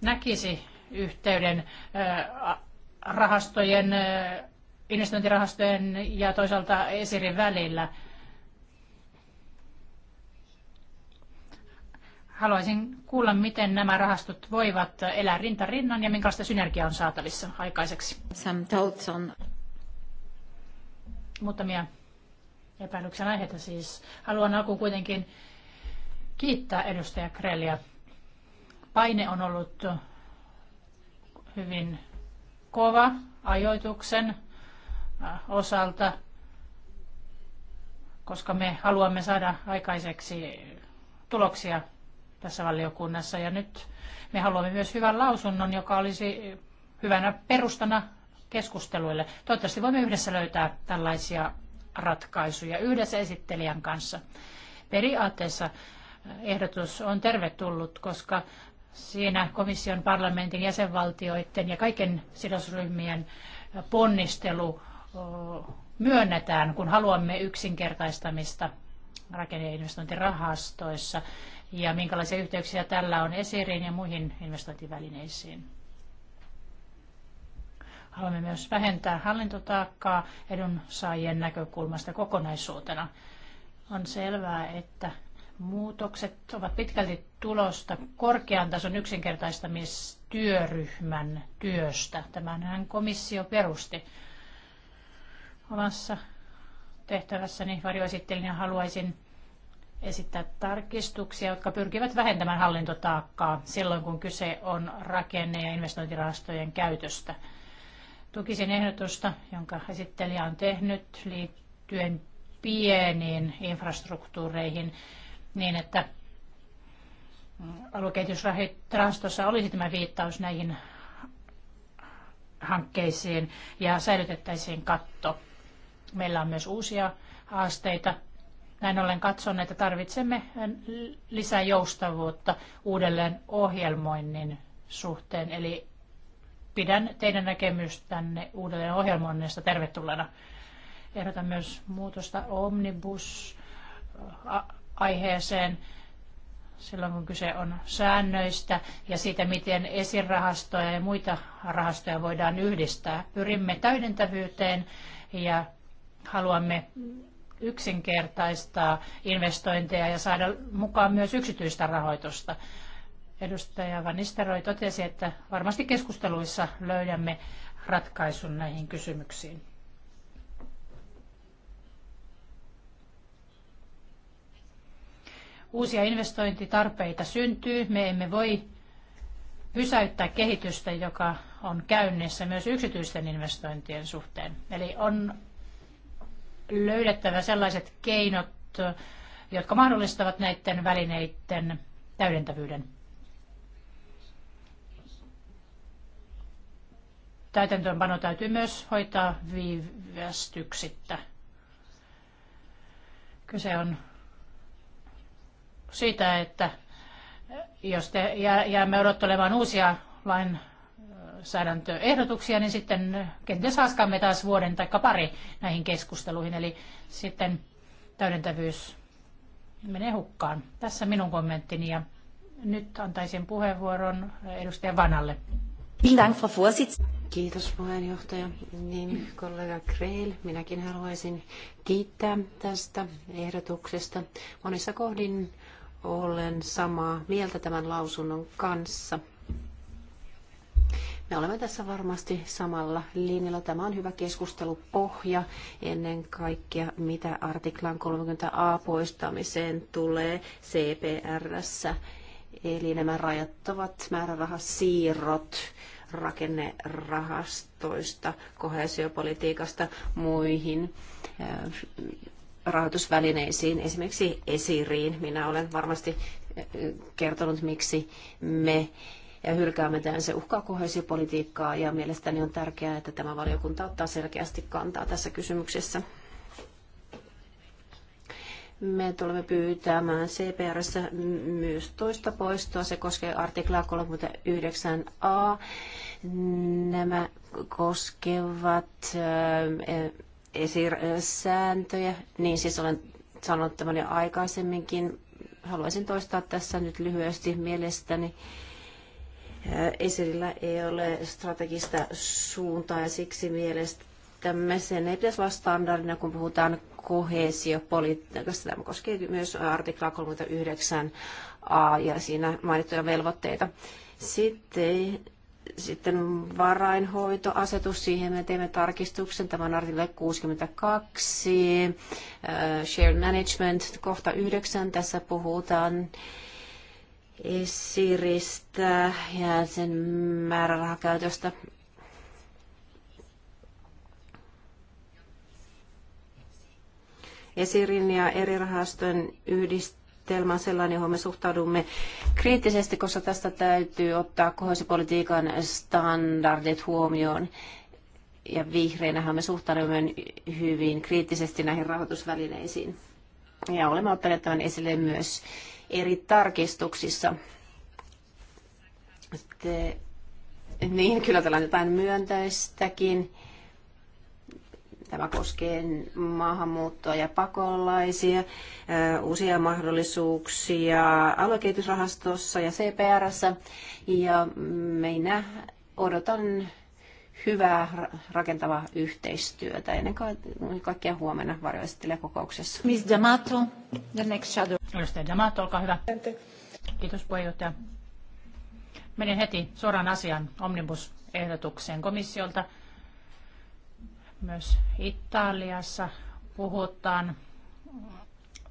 näkisi yhteyden rahastojen, investointirahastojen ja toisaalta esirin välillä. Haluaisin kuulla, miten nämä rahastot voivat elää rinta rinnan ja minkälaista synergiaa on saatavissa aikaiseksi. Some thoughts on... Muutamia epäilyksen aiheita siis. Haluan alkuun kuitenkin kiittää edustaja Krelia. Paine on ollut hyvin kova ajoituksen äh, osalta, koska me haluamme saada aikaiseksi tuloksia tässä valiokunnassa. Ja nyt me haluamme myös hyvän lausunnon, joka olisi hyvänä perustana keskusteluille. Toivottavasti voimme yhdessä löytää tällaisia ratkaisuja yhdessä esittelijän kanssa. Periaatteessa ehdotus on tervetullut, koska Siinä komission, parlamentin, jäsenvaltioiden ja kaiken sidosryhmien ponnistelu myönnetään, kun haluamme yksinkertaistamista rakenne- ja investointirahastoissa ja minkälaisia yhteyksiä tällä on esiriin ja muihin investointivälineisiin. Haluamme myös vähentää hallintotaakkaa edunsaajien näkökulmasta kokonaisuutena. On selvää, että Muutokset ovat pitkälti tulosta korkean tason yksinkertaistamistyöryhmän työstä. Tämänhän komissio perusti omassa tehtävässäni varjoesittelijänä haluaisin esittää tarkistuksia, jotka pyrkivät vähentämään hallintotaakkaa silloin, kun kyse on rakenne- ja investointirahastojen käytöstä. Tukisin ehdotusta, jonka esittelijä on tehnyt liittyen pieniin infrastruktuureihin niin, että aluekehitysrahastossa olisi tämä viittaus näihin hankkeisiin ja säilytettäisiin katto. Meillä on myös uusia haasteita. Näin ollen katson, että tarvitsemme lisää joustavuutta uudelleen ohjelmoinnin suhteen. Eli pidän teidän näkemystänne uudelleen ohjelmoinnista tervetulleena. Ehdotan myös muutosta omnibus aiheeseen silloin, kun kyse on säännöistä ja siitä, miten esirahastoja ja muita rahastoja voidaan yhdistää. Pyrimme täydentävyyteen ja haluamme yksinkertaistaa investointeja ja saada mukaan myös yksityistä rahoitusta. Edustaja Van Nisteroi totesi, että varmasti keskusteluissa löydämme ratkaisun näihin kysymyksiin. Uusia investointitarpeita syntyy. Me emme voi pysäyttää kehitystä, joka on käynnissä myös yksityisten investointien suhteen. Eli on löydettävä sellaiset keinot, jotka mahdollistavat näiden välineiden täydentävyyden. Täytäntöönpano täytyy myös hoitaa viivästyksittä. Kyse on siitä, että jos te jäämme odottelemaan uusia lainsäädäntöehdotuksia, niin sitten kenties haskaamme taas vuoden tai pari näihin keskusteluihin. Eli sitten täydentävyys menee hukkaan. Tässä minun kommenttini ja nyt antaisin puheenvuoron edustaja Vanalle. Kiitos puheenjohtaja. Niin, kollega Kreil, minäkin haluaisin kiittää tästä ehdotuksesta. Monissa kohdin olen samaa mieltä tämän lausunnon kanssa. Me olemme tässä varmasti samalla linjalla. Tämä on hyvä keskustelupohja ennen kaikkea, mitä artiklan 30a poistamiseen tulee CPRssä. Eli nämä rajattavat määrärahasiirrot rakennerahastoista, kohesiopolitiikasta muihin äh, rahoitusvälineisiin, esimerkiksi esiriin. Minä olen varmasti eh, kertonut, miksi me ja eh, hylkäämme tämän. Se uhkaa kohesiopolitiikkaa ja mielestäni on tärkeää, että tämä valiokunta ottaa selkeästi kantaa tässä kysymyksessä. Me tulemme pyytämään CPRS myös toista poistoa. Se koskee artiklaa 39a. Nämä koskevat eh, ESIR-sääntöjä, niin siis olen sanonut tämän jo aikaisemminkin. Haluaisin toistaa tässä nyt lyhyesti mielestäni. ESIRillä ei ole strategista suuntaa ja siksi mielestämme sen ei pitäisi olla standardina, kun puhutaan kohesiopolitiikasta. Tämä koskee myös artikla 39a ja siinä mainittuja velvoitteita. Sitten sitten varainhoitoasetus, siihen me teemme tarkistuksen. Tämä on artikla 62. Äh, shared management, kohta 9. Tässä puhutaan Esiristä ja sen määrärahakäytöstä. Esirin ja eri rahastojen yhdist- suunnitelma on sellainen, johon me suhtaudumme kriittisesti, koska tästä täytyy ottaa kohdallisuuspolitiikan standardit huomioon. Ja vihreinähän me suhtaudumme hyvin kriittisesti näihin rahoitusvälineisiin. Ja olemme ottaneet tämän esille myös eri tarkistuksissa. Sitten, niin, kyllä tällä on jotain myönteistäkin Tämä koskee maahanmuuttoa ja pakolaisia, uusia mahdollisuuksia aluekehitysrahastossa ja CPRssä. Ja meinä odotan hyvää rakentavaa yhteistyötä ennen kaikkea huomenna kokouksessa. Miss D'Amato, the next shadow. Edustaja D'Amato, olkaa hyvä. Kiitos puheenjohtaja. Menen heti suoraan asian omnibus-ehdotukseen komissiolta myös Italiassa puhutaan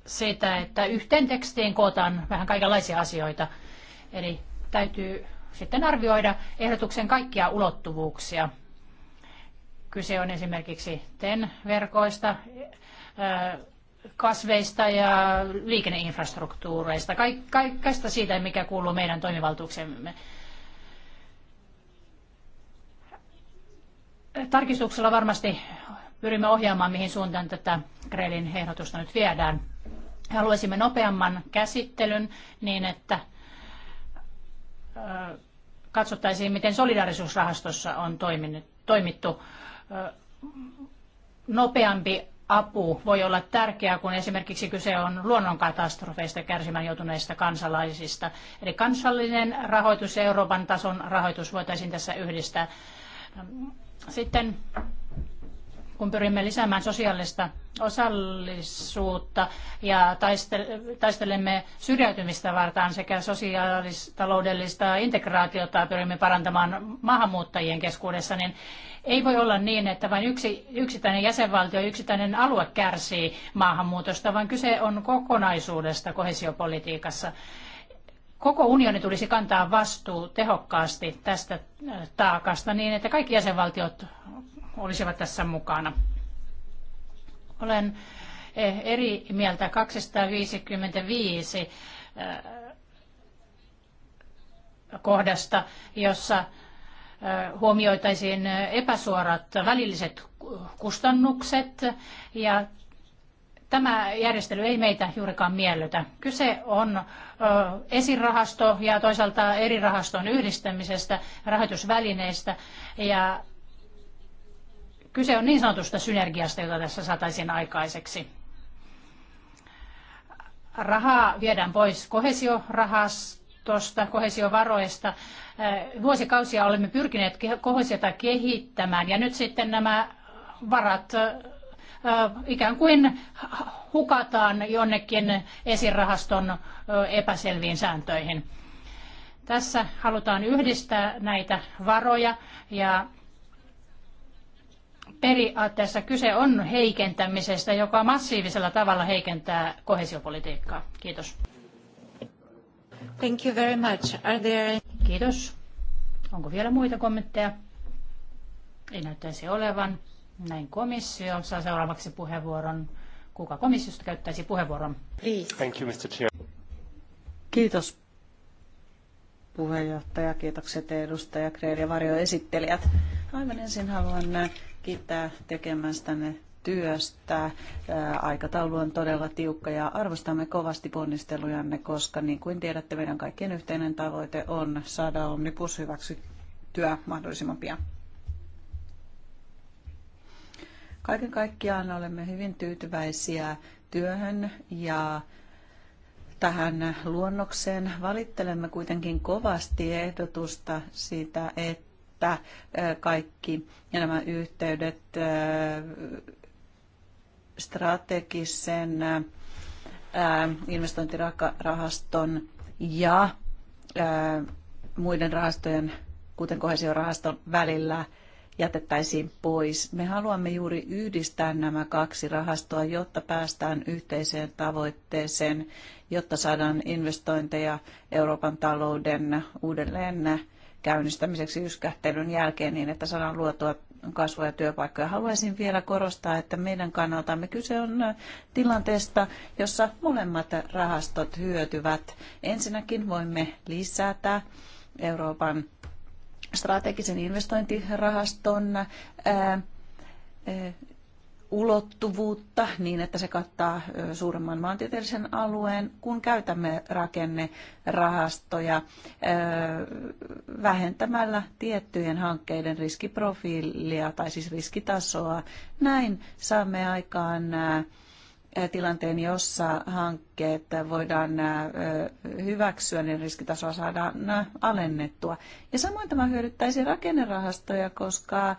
sitä, että yhteen tekstiin kootaan vähän kaikenlaisia asioita. Eli täytyy sitten arvioida ehdotuksen kaikkia ulottuvuuksia. Kyse on esimerkiksi TEN-verkoista, kasveista ja liikenneinfrastruktuureista, kaikesta siitä, mikä kuuluu meidän toimivaltuuksemme. tarkistuksella varmasti pyrimme ohjaamaan, mihin suuntaan tätä Grelin ehdotusta nyt viedään. Haluaisimme nopeamman käsittelyn niin, että katsottaisiin, miten solidarisuusrahastossa on toimittu. Nopeampi apu voi olla tärkeää, kun esimerkiksi kyse on luonnonkatastrofeista kärsimään joutuneista kansalaisista. Eli kansallinen rahoitus ja Euroopan tason rahoitus voitaisiin tässä yhdistää. Sitten kun pyrimme lisäämään sosiaalista osallisuutta ja taistelemme syrjäytymistä vartaan sekä sosiaalistaloudellista integraatiota pyrimme parantamaan maahanmuuttajien keskuudessa, niin ei voi olla niin, että vain yksi yksittäinen jäsenvaltio, yksittäinen alue kärsii maahanmuutosta, vaan kyse on kokonaisuudesta kohesiopolitiikassa koko unioni tulisi kantaa vastuu tehokkaasti tästä äh, taakasta niin, että kaikki jäsenvaltiot olisivat tässä mukana. Olen eh, eri mieltä 255 äh, kohdasta, jossa äh, huomioitaisiin epäsuorat välilliset kustannukset ja tämä järjestely ei meitä juurikaan miellytä. Kyse on esirahasto ja toisaalta eri rahaston yhdistämisestä, rahoitusvälineistä. Ja kyse on niin sanotusta synergiasta, jota tässä saataisiin aikaiseksi. Rahaa viedään pois kohesiorahastosta, kohesiovaroista. Vuosikausia olemme pyrkineet kohesiota kehittämään ja nyt sitten nämä varat ikään kuin hukataan jonnekin esirahaston epäselviin sääntöihin. Tässä halutaan yhdistää näitä varoja ja periaatteessa kyse on heikentämisestä, joka massiivisella tavalla heikentää kohesiopolitiikkaa. Kiitos. Thank you very much. Are there... Kiitos. Onko vielä muita kommentteja? Ei näyttäisi olevan. Näin komissio saa seuraavaksi puheenvuoron. Kuka komissiosta käyttäisi puheenvuoron? Please. Thank you, Mr. Chair. Kiitos puheenjohtaja, kiitokset edustaja Kreel ja esittelijät. Aivan ensin haluan äh, kiittää tekemästänne työstä. Äh, aikataulu on todella tiukka ja arvostamme kovasti ponnistelujanne, koska niin kuin tiedätte, meidän kaikkien yhteinen tavoite on saada omnibus hyväksyttyä mahdollisimman pian. Kaiken kaikkiaan olemme hyvin tyytyväisiä työhön ja tähän luonnokseen. Valittelemme kuitenkin kovasti ehdotusta siitä, että kaikki nämä yhteydet strategisen investointirahaston ja muiden rahastojen, kuten kohesiorahaston välillä – jätettäisiin pois. Me haluamme juuri yhdistää nämä kaksi rahastoa, jotta päästään yhteiseen tavoitteeseen, jotta saadaan investointeja Euroopan talouden uudelleen käynnistämiseksi yskähtelyn jälkeen niin, että saadaan luotua kasvua ja työpaikkoja. Haluaisin vielä korostaa, että meidän kannaltamme kyse on tilanteesta, jossa molemmat rahastot hyötyvät. Ensinnäkin voimme lisätä Euroopan strategisen investointirahaston ulottuvuutta niin, että se kattaa suuremman maantieteellisen alueen, kun käytämme rakennerahastoja vähentämällä tiettyjen hankkeiden riskiprofiilia tai siis riskitasoa. Näin saamme aikaan tilanteen, jossa hankkeet voidaan hyväksyä, niin riskitasoa saadaan alennettua. Ja samoin tämä hyödyttäisi rakennerahastoja, koska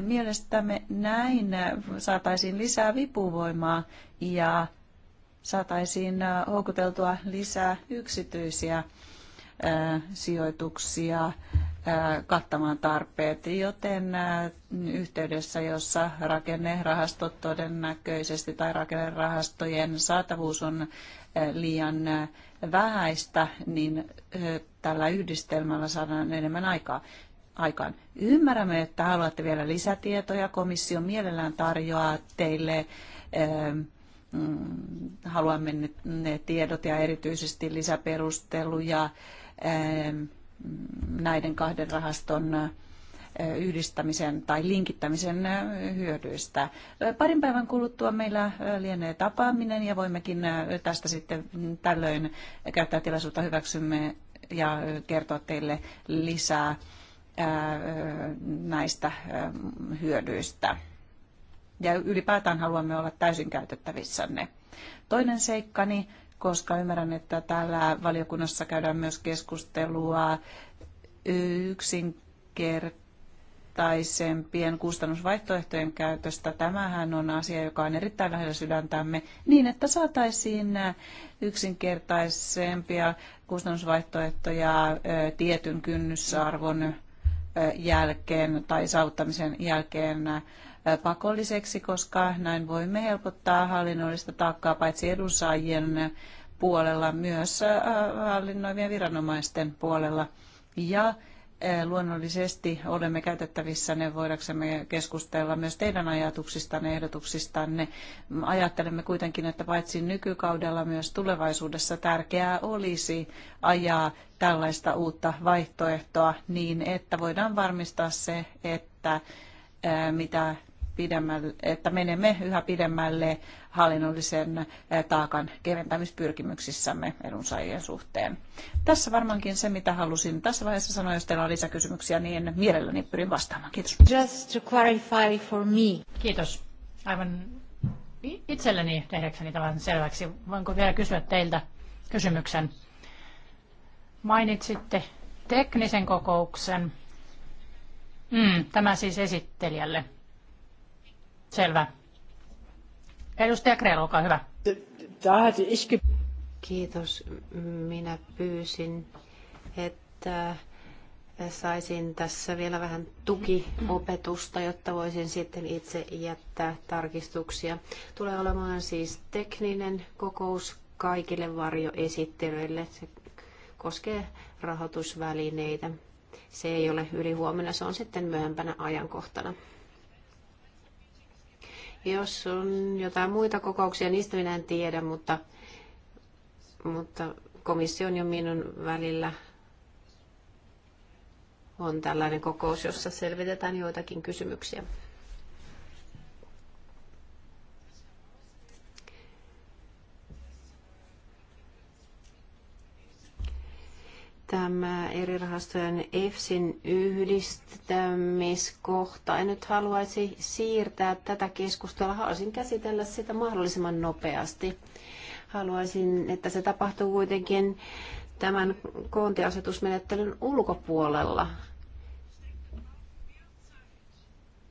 mielestämme näin saataisiin lisää vipuvoimaa ja saataisiin houkuteltua lisää yksityisiä sijoituksia kattamaan tarpeet, joten yhteydessä, jossa rakennerahastot todennäköisesti tai rakennerahastojen saatavuus on liian vähäistä, niin tällä yhdistelmällä saadaan enemmän aikaa. Aikaan. Ymmärrämme, että haluatte vielä lisätietoja. Komissio mielellään tarjoaa teille mm, haluamme ne, tiedot ja erityisesti lisäperusteluja näiden kahden rahaston yhdistämisen tai linkittämisen hyödyistä. Parin päivän kuluttua meillä lienee tapaaminen ja voimmekin tästä sitten tällöin käyttää tilaisuutta hyväksymme ja kertoa teille lisää näistä hyödyistä. Ja ylipäätään haluamme olla täysin käytettävissänne. Toinen seikkani niin koska ymmärrän, että täällä valiokunnassa käydään myös keskustelua yksinkertaisempien kustannusvaihtoehtojen käytöstä. Tämähän on asia, joka on erittäin lähellä sydäntämme, niin että saataisiin yksinkertaisempia kustannusvaihtoehtoja tietyn kynnysarvon jälkeen tai saavuttamisen jälkeen pakolliseksi, koska näin voimme helpottaa hallinnollista taakkaa paitsi edunsaajien puolella, myös äh, hallinnoivien viranomaisten puolella. Ja äh, luonnollisesti olemme käytettävissä ne voidaksemme keskustella myös teidän ajatuksistanne, ehdotuksistanne. Ajattelemme kuitenkin, että paitsi nykykaudella myös tulevaisuudessa tärkeää olisi ajaa tällaista uutta vaihtoehtoa niin, että voidaan varmistaa se, että äh, mitä pidemmälle, että menemme yhä pidemmälle hallinnollisen eh, taakan keventämispyrkimyksissämme edunsaajien suhteen. Tässä varmaankin se, mitä halusin tässä vaiheessa sanoa. Jos teillä on lisäkysymyksiä, niin mielelläni pyrin vastaamaan. Kiitos. Just to clarify for me. Kiitos. Aivan itselleni tehdäkseni tämän selväksi. Voinko vielä kysyä teiltä kysymyksen? Mainitsitte teknisen kokouksen. Mm, tämä siis esittelijälle. Selvä. Edustaja Kreel, olkaa hyvä. Kiitos. Minä pyysin, että saisin tässä vielä vähän tukiopetusta, jotta voisin sitten itse jättää tarkistuksia. Tulee olemaan siis tekninen kokous kaikille varjoesittelyille. Se koskee rahoitusvälineitä. Se ei ole yli huomenna, se on sitten myöhempänä ajankohtana. Jos on jotain muita kokouksia, niistä minä en tiedä, mutta, mutta komission ja minun välillä on tällainen kokous, jossa selvitetään joitakin kysymyksiä. tämä eri rahastojen EFSin yhdistämiskohta. En nyt haluaisi siirtää tätä keskustelua. Haluaisin käsitellä sitä mahdollisimman nopeasti. Haluaisin, että se tapahtuu kuitenkin tämän koontiasetusmenettelyn ulkopuolella.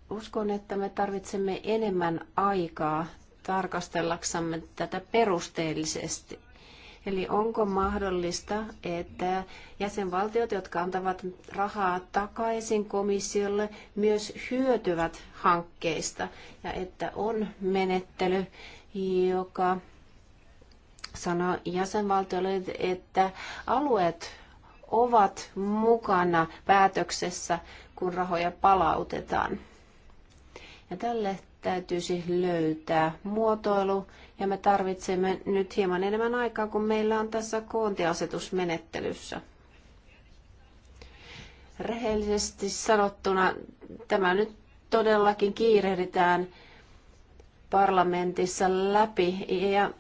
Uskon, että me tarvitsemme enemmän aikaa tarkastellaksamme tätä perusteellisesti Eli onko mahdollista, että jäsenvaltiot, jotka antavat rahaa takaisin komissiolle, myös hyötyvät hankkeista ja että on menettely, joka sanoo jäsenvaltioille, että alueet ovat mukana päätöksessä, kun rahoja palautetaan. Ja tälle täytyisi löytää muotoilu, ja me tarvitsemme nyt hieman enemmän aikaa, kun meillä on tässä koontiasetusmenettelyssä. Rehellisesti sanottuna tämä nyt todellakin kiirehditään parlamentissa läpi ja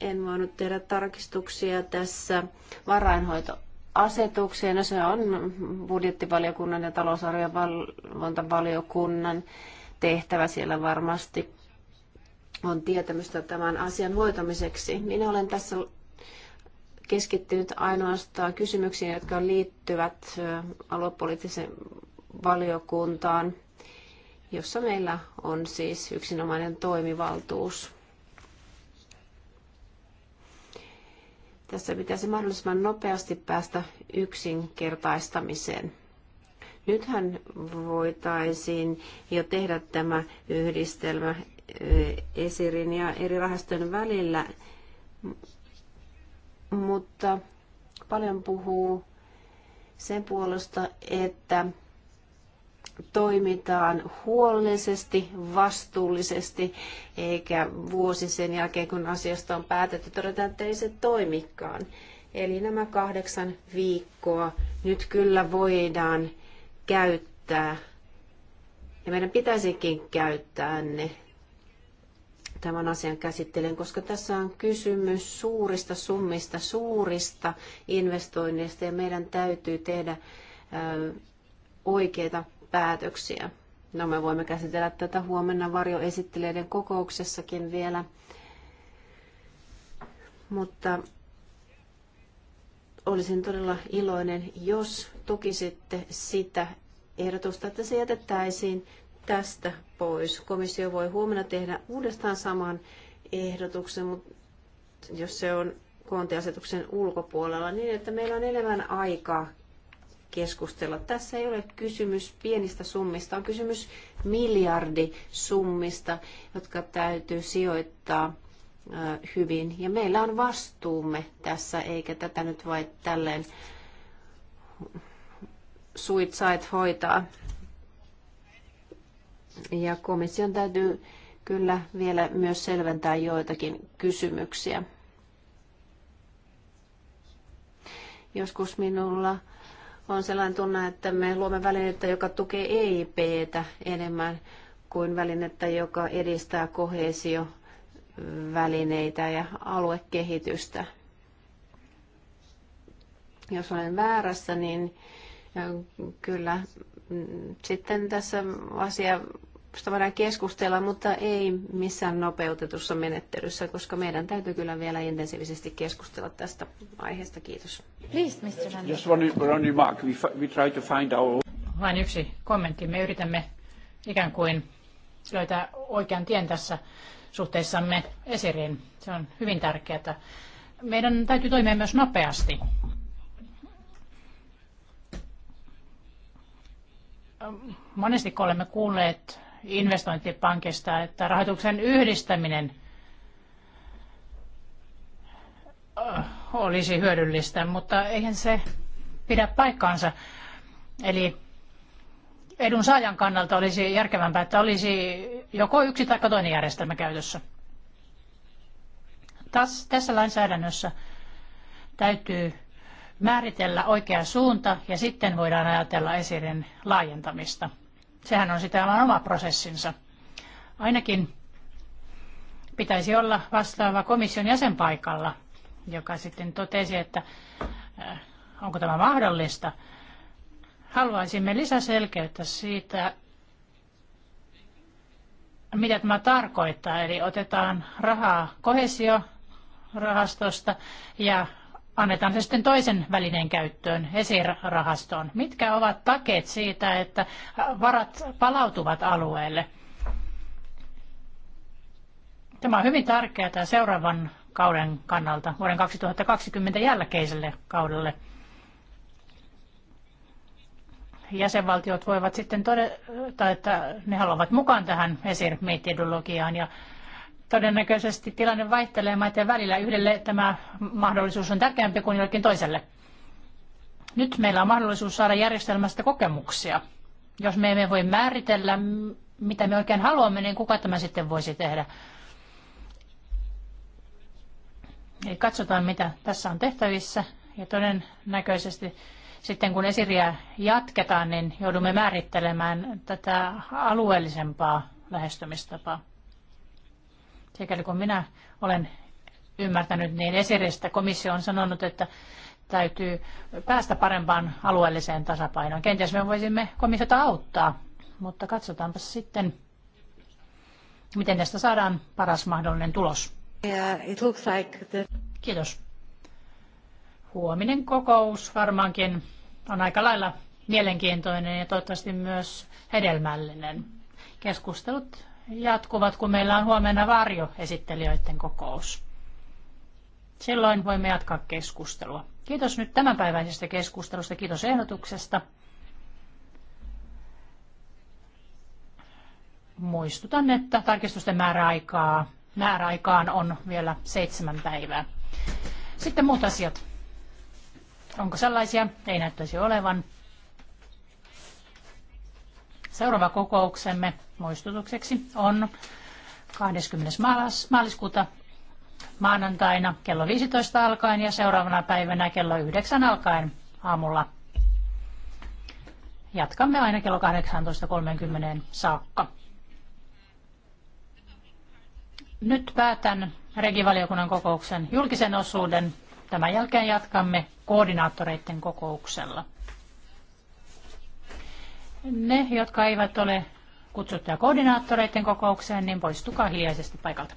en voinut tehdä tarkistuksia tässä varainhoitoasetukseen. No se on budjettivaliokunnan ja talousarviovalvontavaliokunnan tehtävä. Siellä varmasti on tietämystä tämän asian hoitamiseksi. Minä olen tässä keskittynyt ainoastaan kysymyksiin, jotka liittyvät aluepoliittiseen valiokuntaan, jossa meillä on siis yksinomainen toimivaltuus. Tässä pitäisi mahdollisimman nopeasti päästä yksinkertaistamiseen. Nythän voitaisiin jo tehdä tämä yhdistelmä esirin ja eri rahastojen välillä, mutta paljon puhuu sen puolesta, että toimitaan huolellisesti, vastuullisesti, eikä vuosi sen jälkeen, kun asiasta on päätetty, todeta, että ei se toimikaan. Eli nämä kahdeksan viikkoa nyt kyllä voidaan käyttää, ja meidän pitäisikin käyttää ne tämän asian käsittelen, koska tässä on kysymys suurista summista, suurista investoinneista ja meidän täytyy tehdä oikeita päätöksiä. No me voimme käsitellä tätä huomenna varjoesittelijöiden kokouksessakin vielä. Mutta olisin todella iloinen, jos tukisitte sitä ehdotusta, että se jätettäisiin tästä pois. Komissio voi huomenna tehdä uudestaan saman ehdotuksen, mutta jos se on koontiasetuksen ulkopuolella, niin että meillä on enemmän aikaa keskustella. Tässä ei ole kysymys pienistä summista, on kysymys miljardisummista, jotka täytyy sijoittaa hyvin. Ja meillä on vastuumme tässä, eikä tätä nyt vain tälleen suitsait hoitaa. Ja komission täytyy kyllä vielä myös selventää joitakin kysymyksiä. Joskus minulla on sellainen tunne, että me luomme välinettä, joka tukee EIPtä enemmän kuin välinettä, joka edistää kohesiovälineitä ja aluekehitystä. Jos olen väärässä, niin kyllä sitten tässä asia josta voidaan keskustella, mutta ei missään nopeutetussa menettelyssä, koska meidän täytyy kyllä vielä intensiivisesti keskustella tästä aiheesta. Kiitos. Please, Mr. Randy. Just one remark. We, we try to find our... Vain yksi kommentti. Me yritämme ikään kuin löytää oikean tien tässä suhteessamme esiriin. Se on hyvin tärkeää. Meidän täytyy toimia myös nopeasti. monesti kun olemme kuulleet investointipankista, että rahoituksen yhdistäminen äh, olisi hyödyllistä, mutta eihän se pidä paikkaansa. Eli edunsaajan kannalta olisi järkevämpää, että olisi joko yksi tai toinen järjestelmä käytössä. Täs, tässä lainsäädännössä täytyy määritellä oikea suunta ja sitten voidaan ajatella esirin laajentamista. Sehän on sitä oma prosessinsa. Ainakin pitäisi olla vastaava komission jäsenpaikalla, joka sitten totesi, että äh, onko tämä mahdollista. Haluaisimme lisäselkeyttä siitä, mitä tämä tarkoittaa. Eli otetaan rahaa kohesio rahastosta ja annetaan se sitten toisen välineen käyttöön, esirahastoon. Mitkä ovat takeet siitä, että varat palautuvat alueelle? Tämä on hyvin tärkeää seuraavan kauden kannalta, vuoden 2020 jälkeiselle kaudelle. Jäsenvaltiot voivat sitten todeta, että ne haluavat mukaan tähän esir ja todennäköisesti tilanne vaihtelee maiden välillä. Yhdelle tämä mahdollisuus on tärkeämpi kuin jollekin toiselle. Nyt meillä on mahdollisuus saada järjestelmästä kokemuksia. Jos me emme voi määritellä, mitä me oikein haluamme, niin kuka tämä sitten voisi tehdä? Eli katsotaan, mitä tässä on tehtävissä. Ja todennäköisesti sitten kun esiriä jatketaan, niin joudumme määrittelemään tätä alueellisempaa lähestymistapaa. Sikäli kun minä olen ymmärtänyt, niin esiristä komissio on sanonut, että täytyy päästä parempaan alueelliseen tasapainoon. Kenties me voisimme komissiota auttaa, mutta katsotaanpa sitten, miten tästä saadaan paras mahdollinen tulos. Yeah, it looks like the... Kiitos. Huominen kokous varmaankin on aika lailla mielenkiintoinen ja toivottavasti myös hedelmällinen. Keskustelut jatkuvat, kun meillä on huomenna varjoesittelijöiden kokous. Silloin voimme jatkaa keskustelua. Kiitos nyt tämänpäiväisestä keskustelusta, kiitos ehdotuksesta. Muistutan, että tarkistusten määräaikaa, määräaikaan on vielä seitsemän päivää. Sitten muut asiat. Onko sellaisia? Ei näyttäisi olevan. Seuraava kokouksemme muistutukseksi on 20. maaliskuuta maanantaina kello 15 alkaen ja seuraavana päivänä kello 9 alkaen aamulla. Jatkamme aina kello 18.30 saakka. Nyt päätän regivaliokunnan kokouksen julkisen osuuden. Tämän jälkeen jatkamme koordinaattoreiden kokouksella. Ne, jotka eivät ole kutsuttuja koordinaattoreiden kokoukseen, niin poistukaa hiljaisesti paikalta.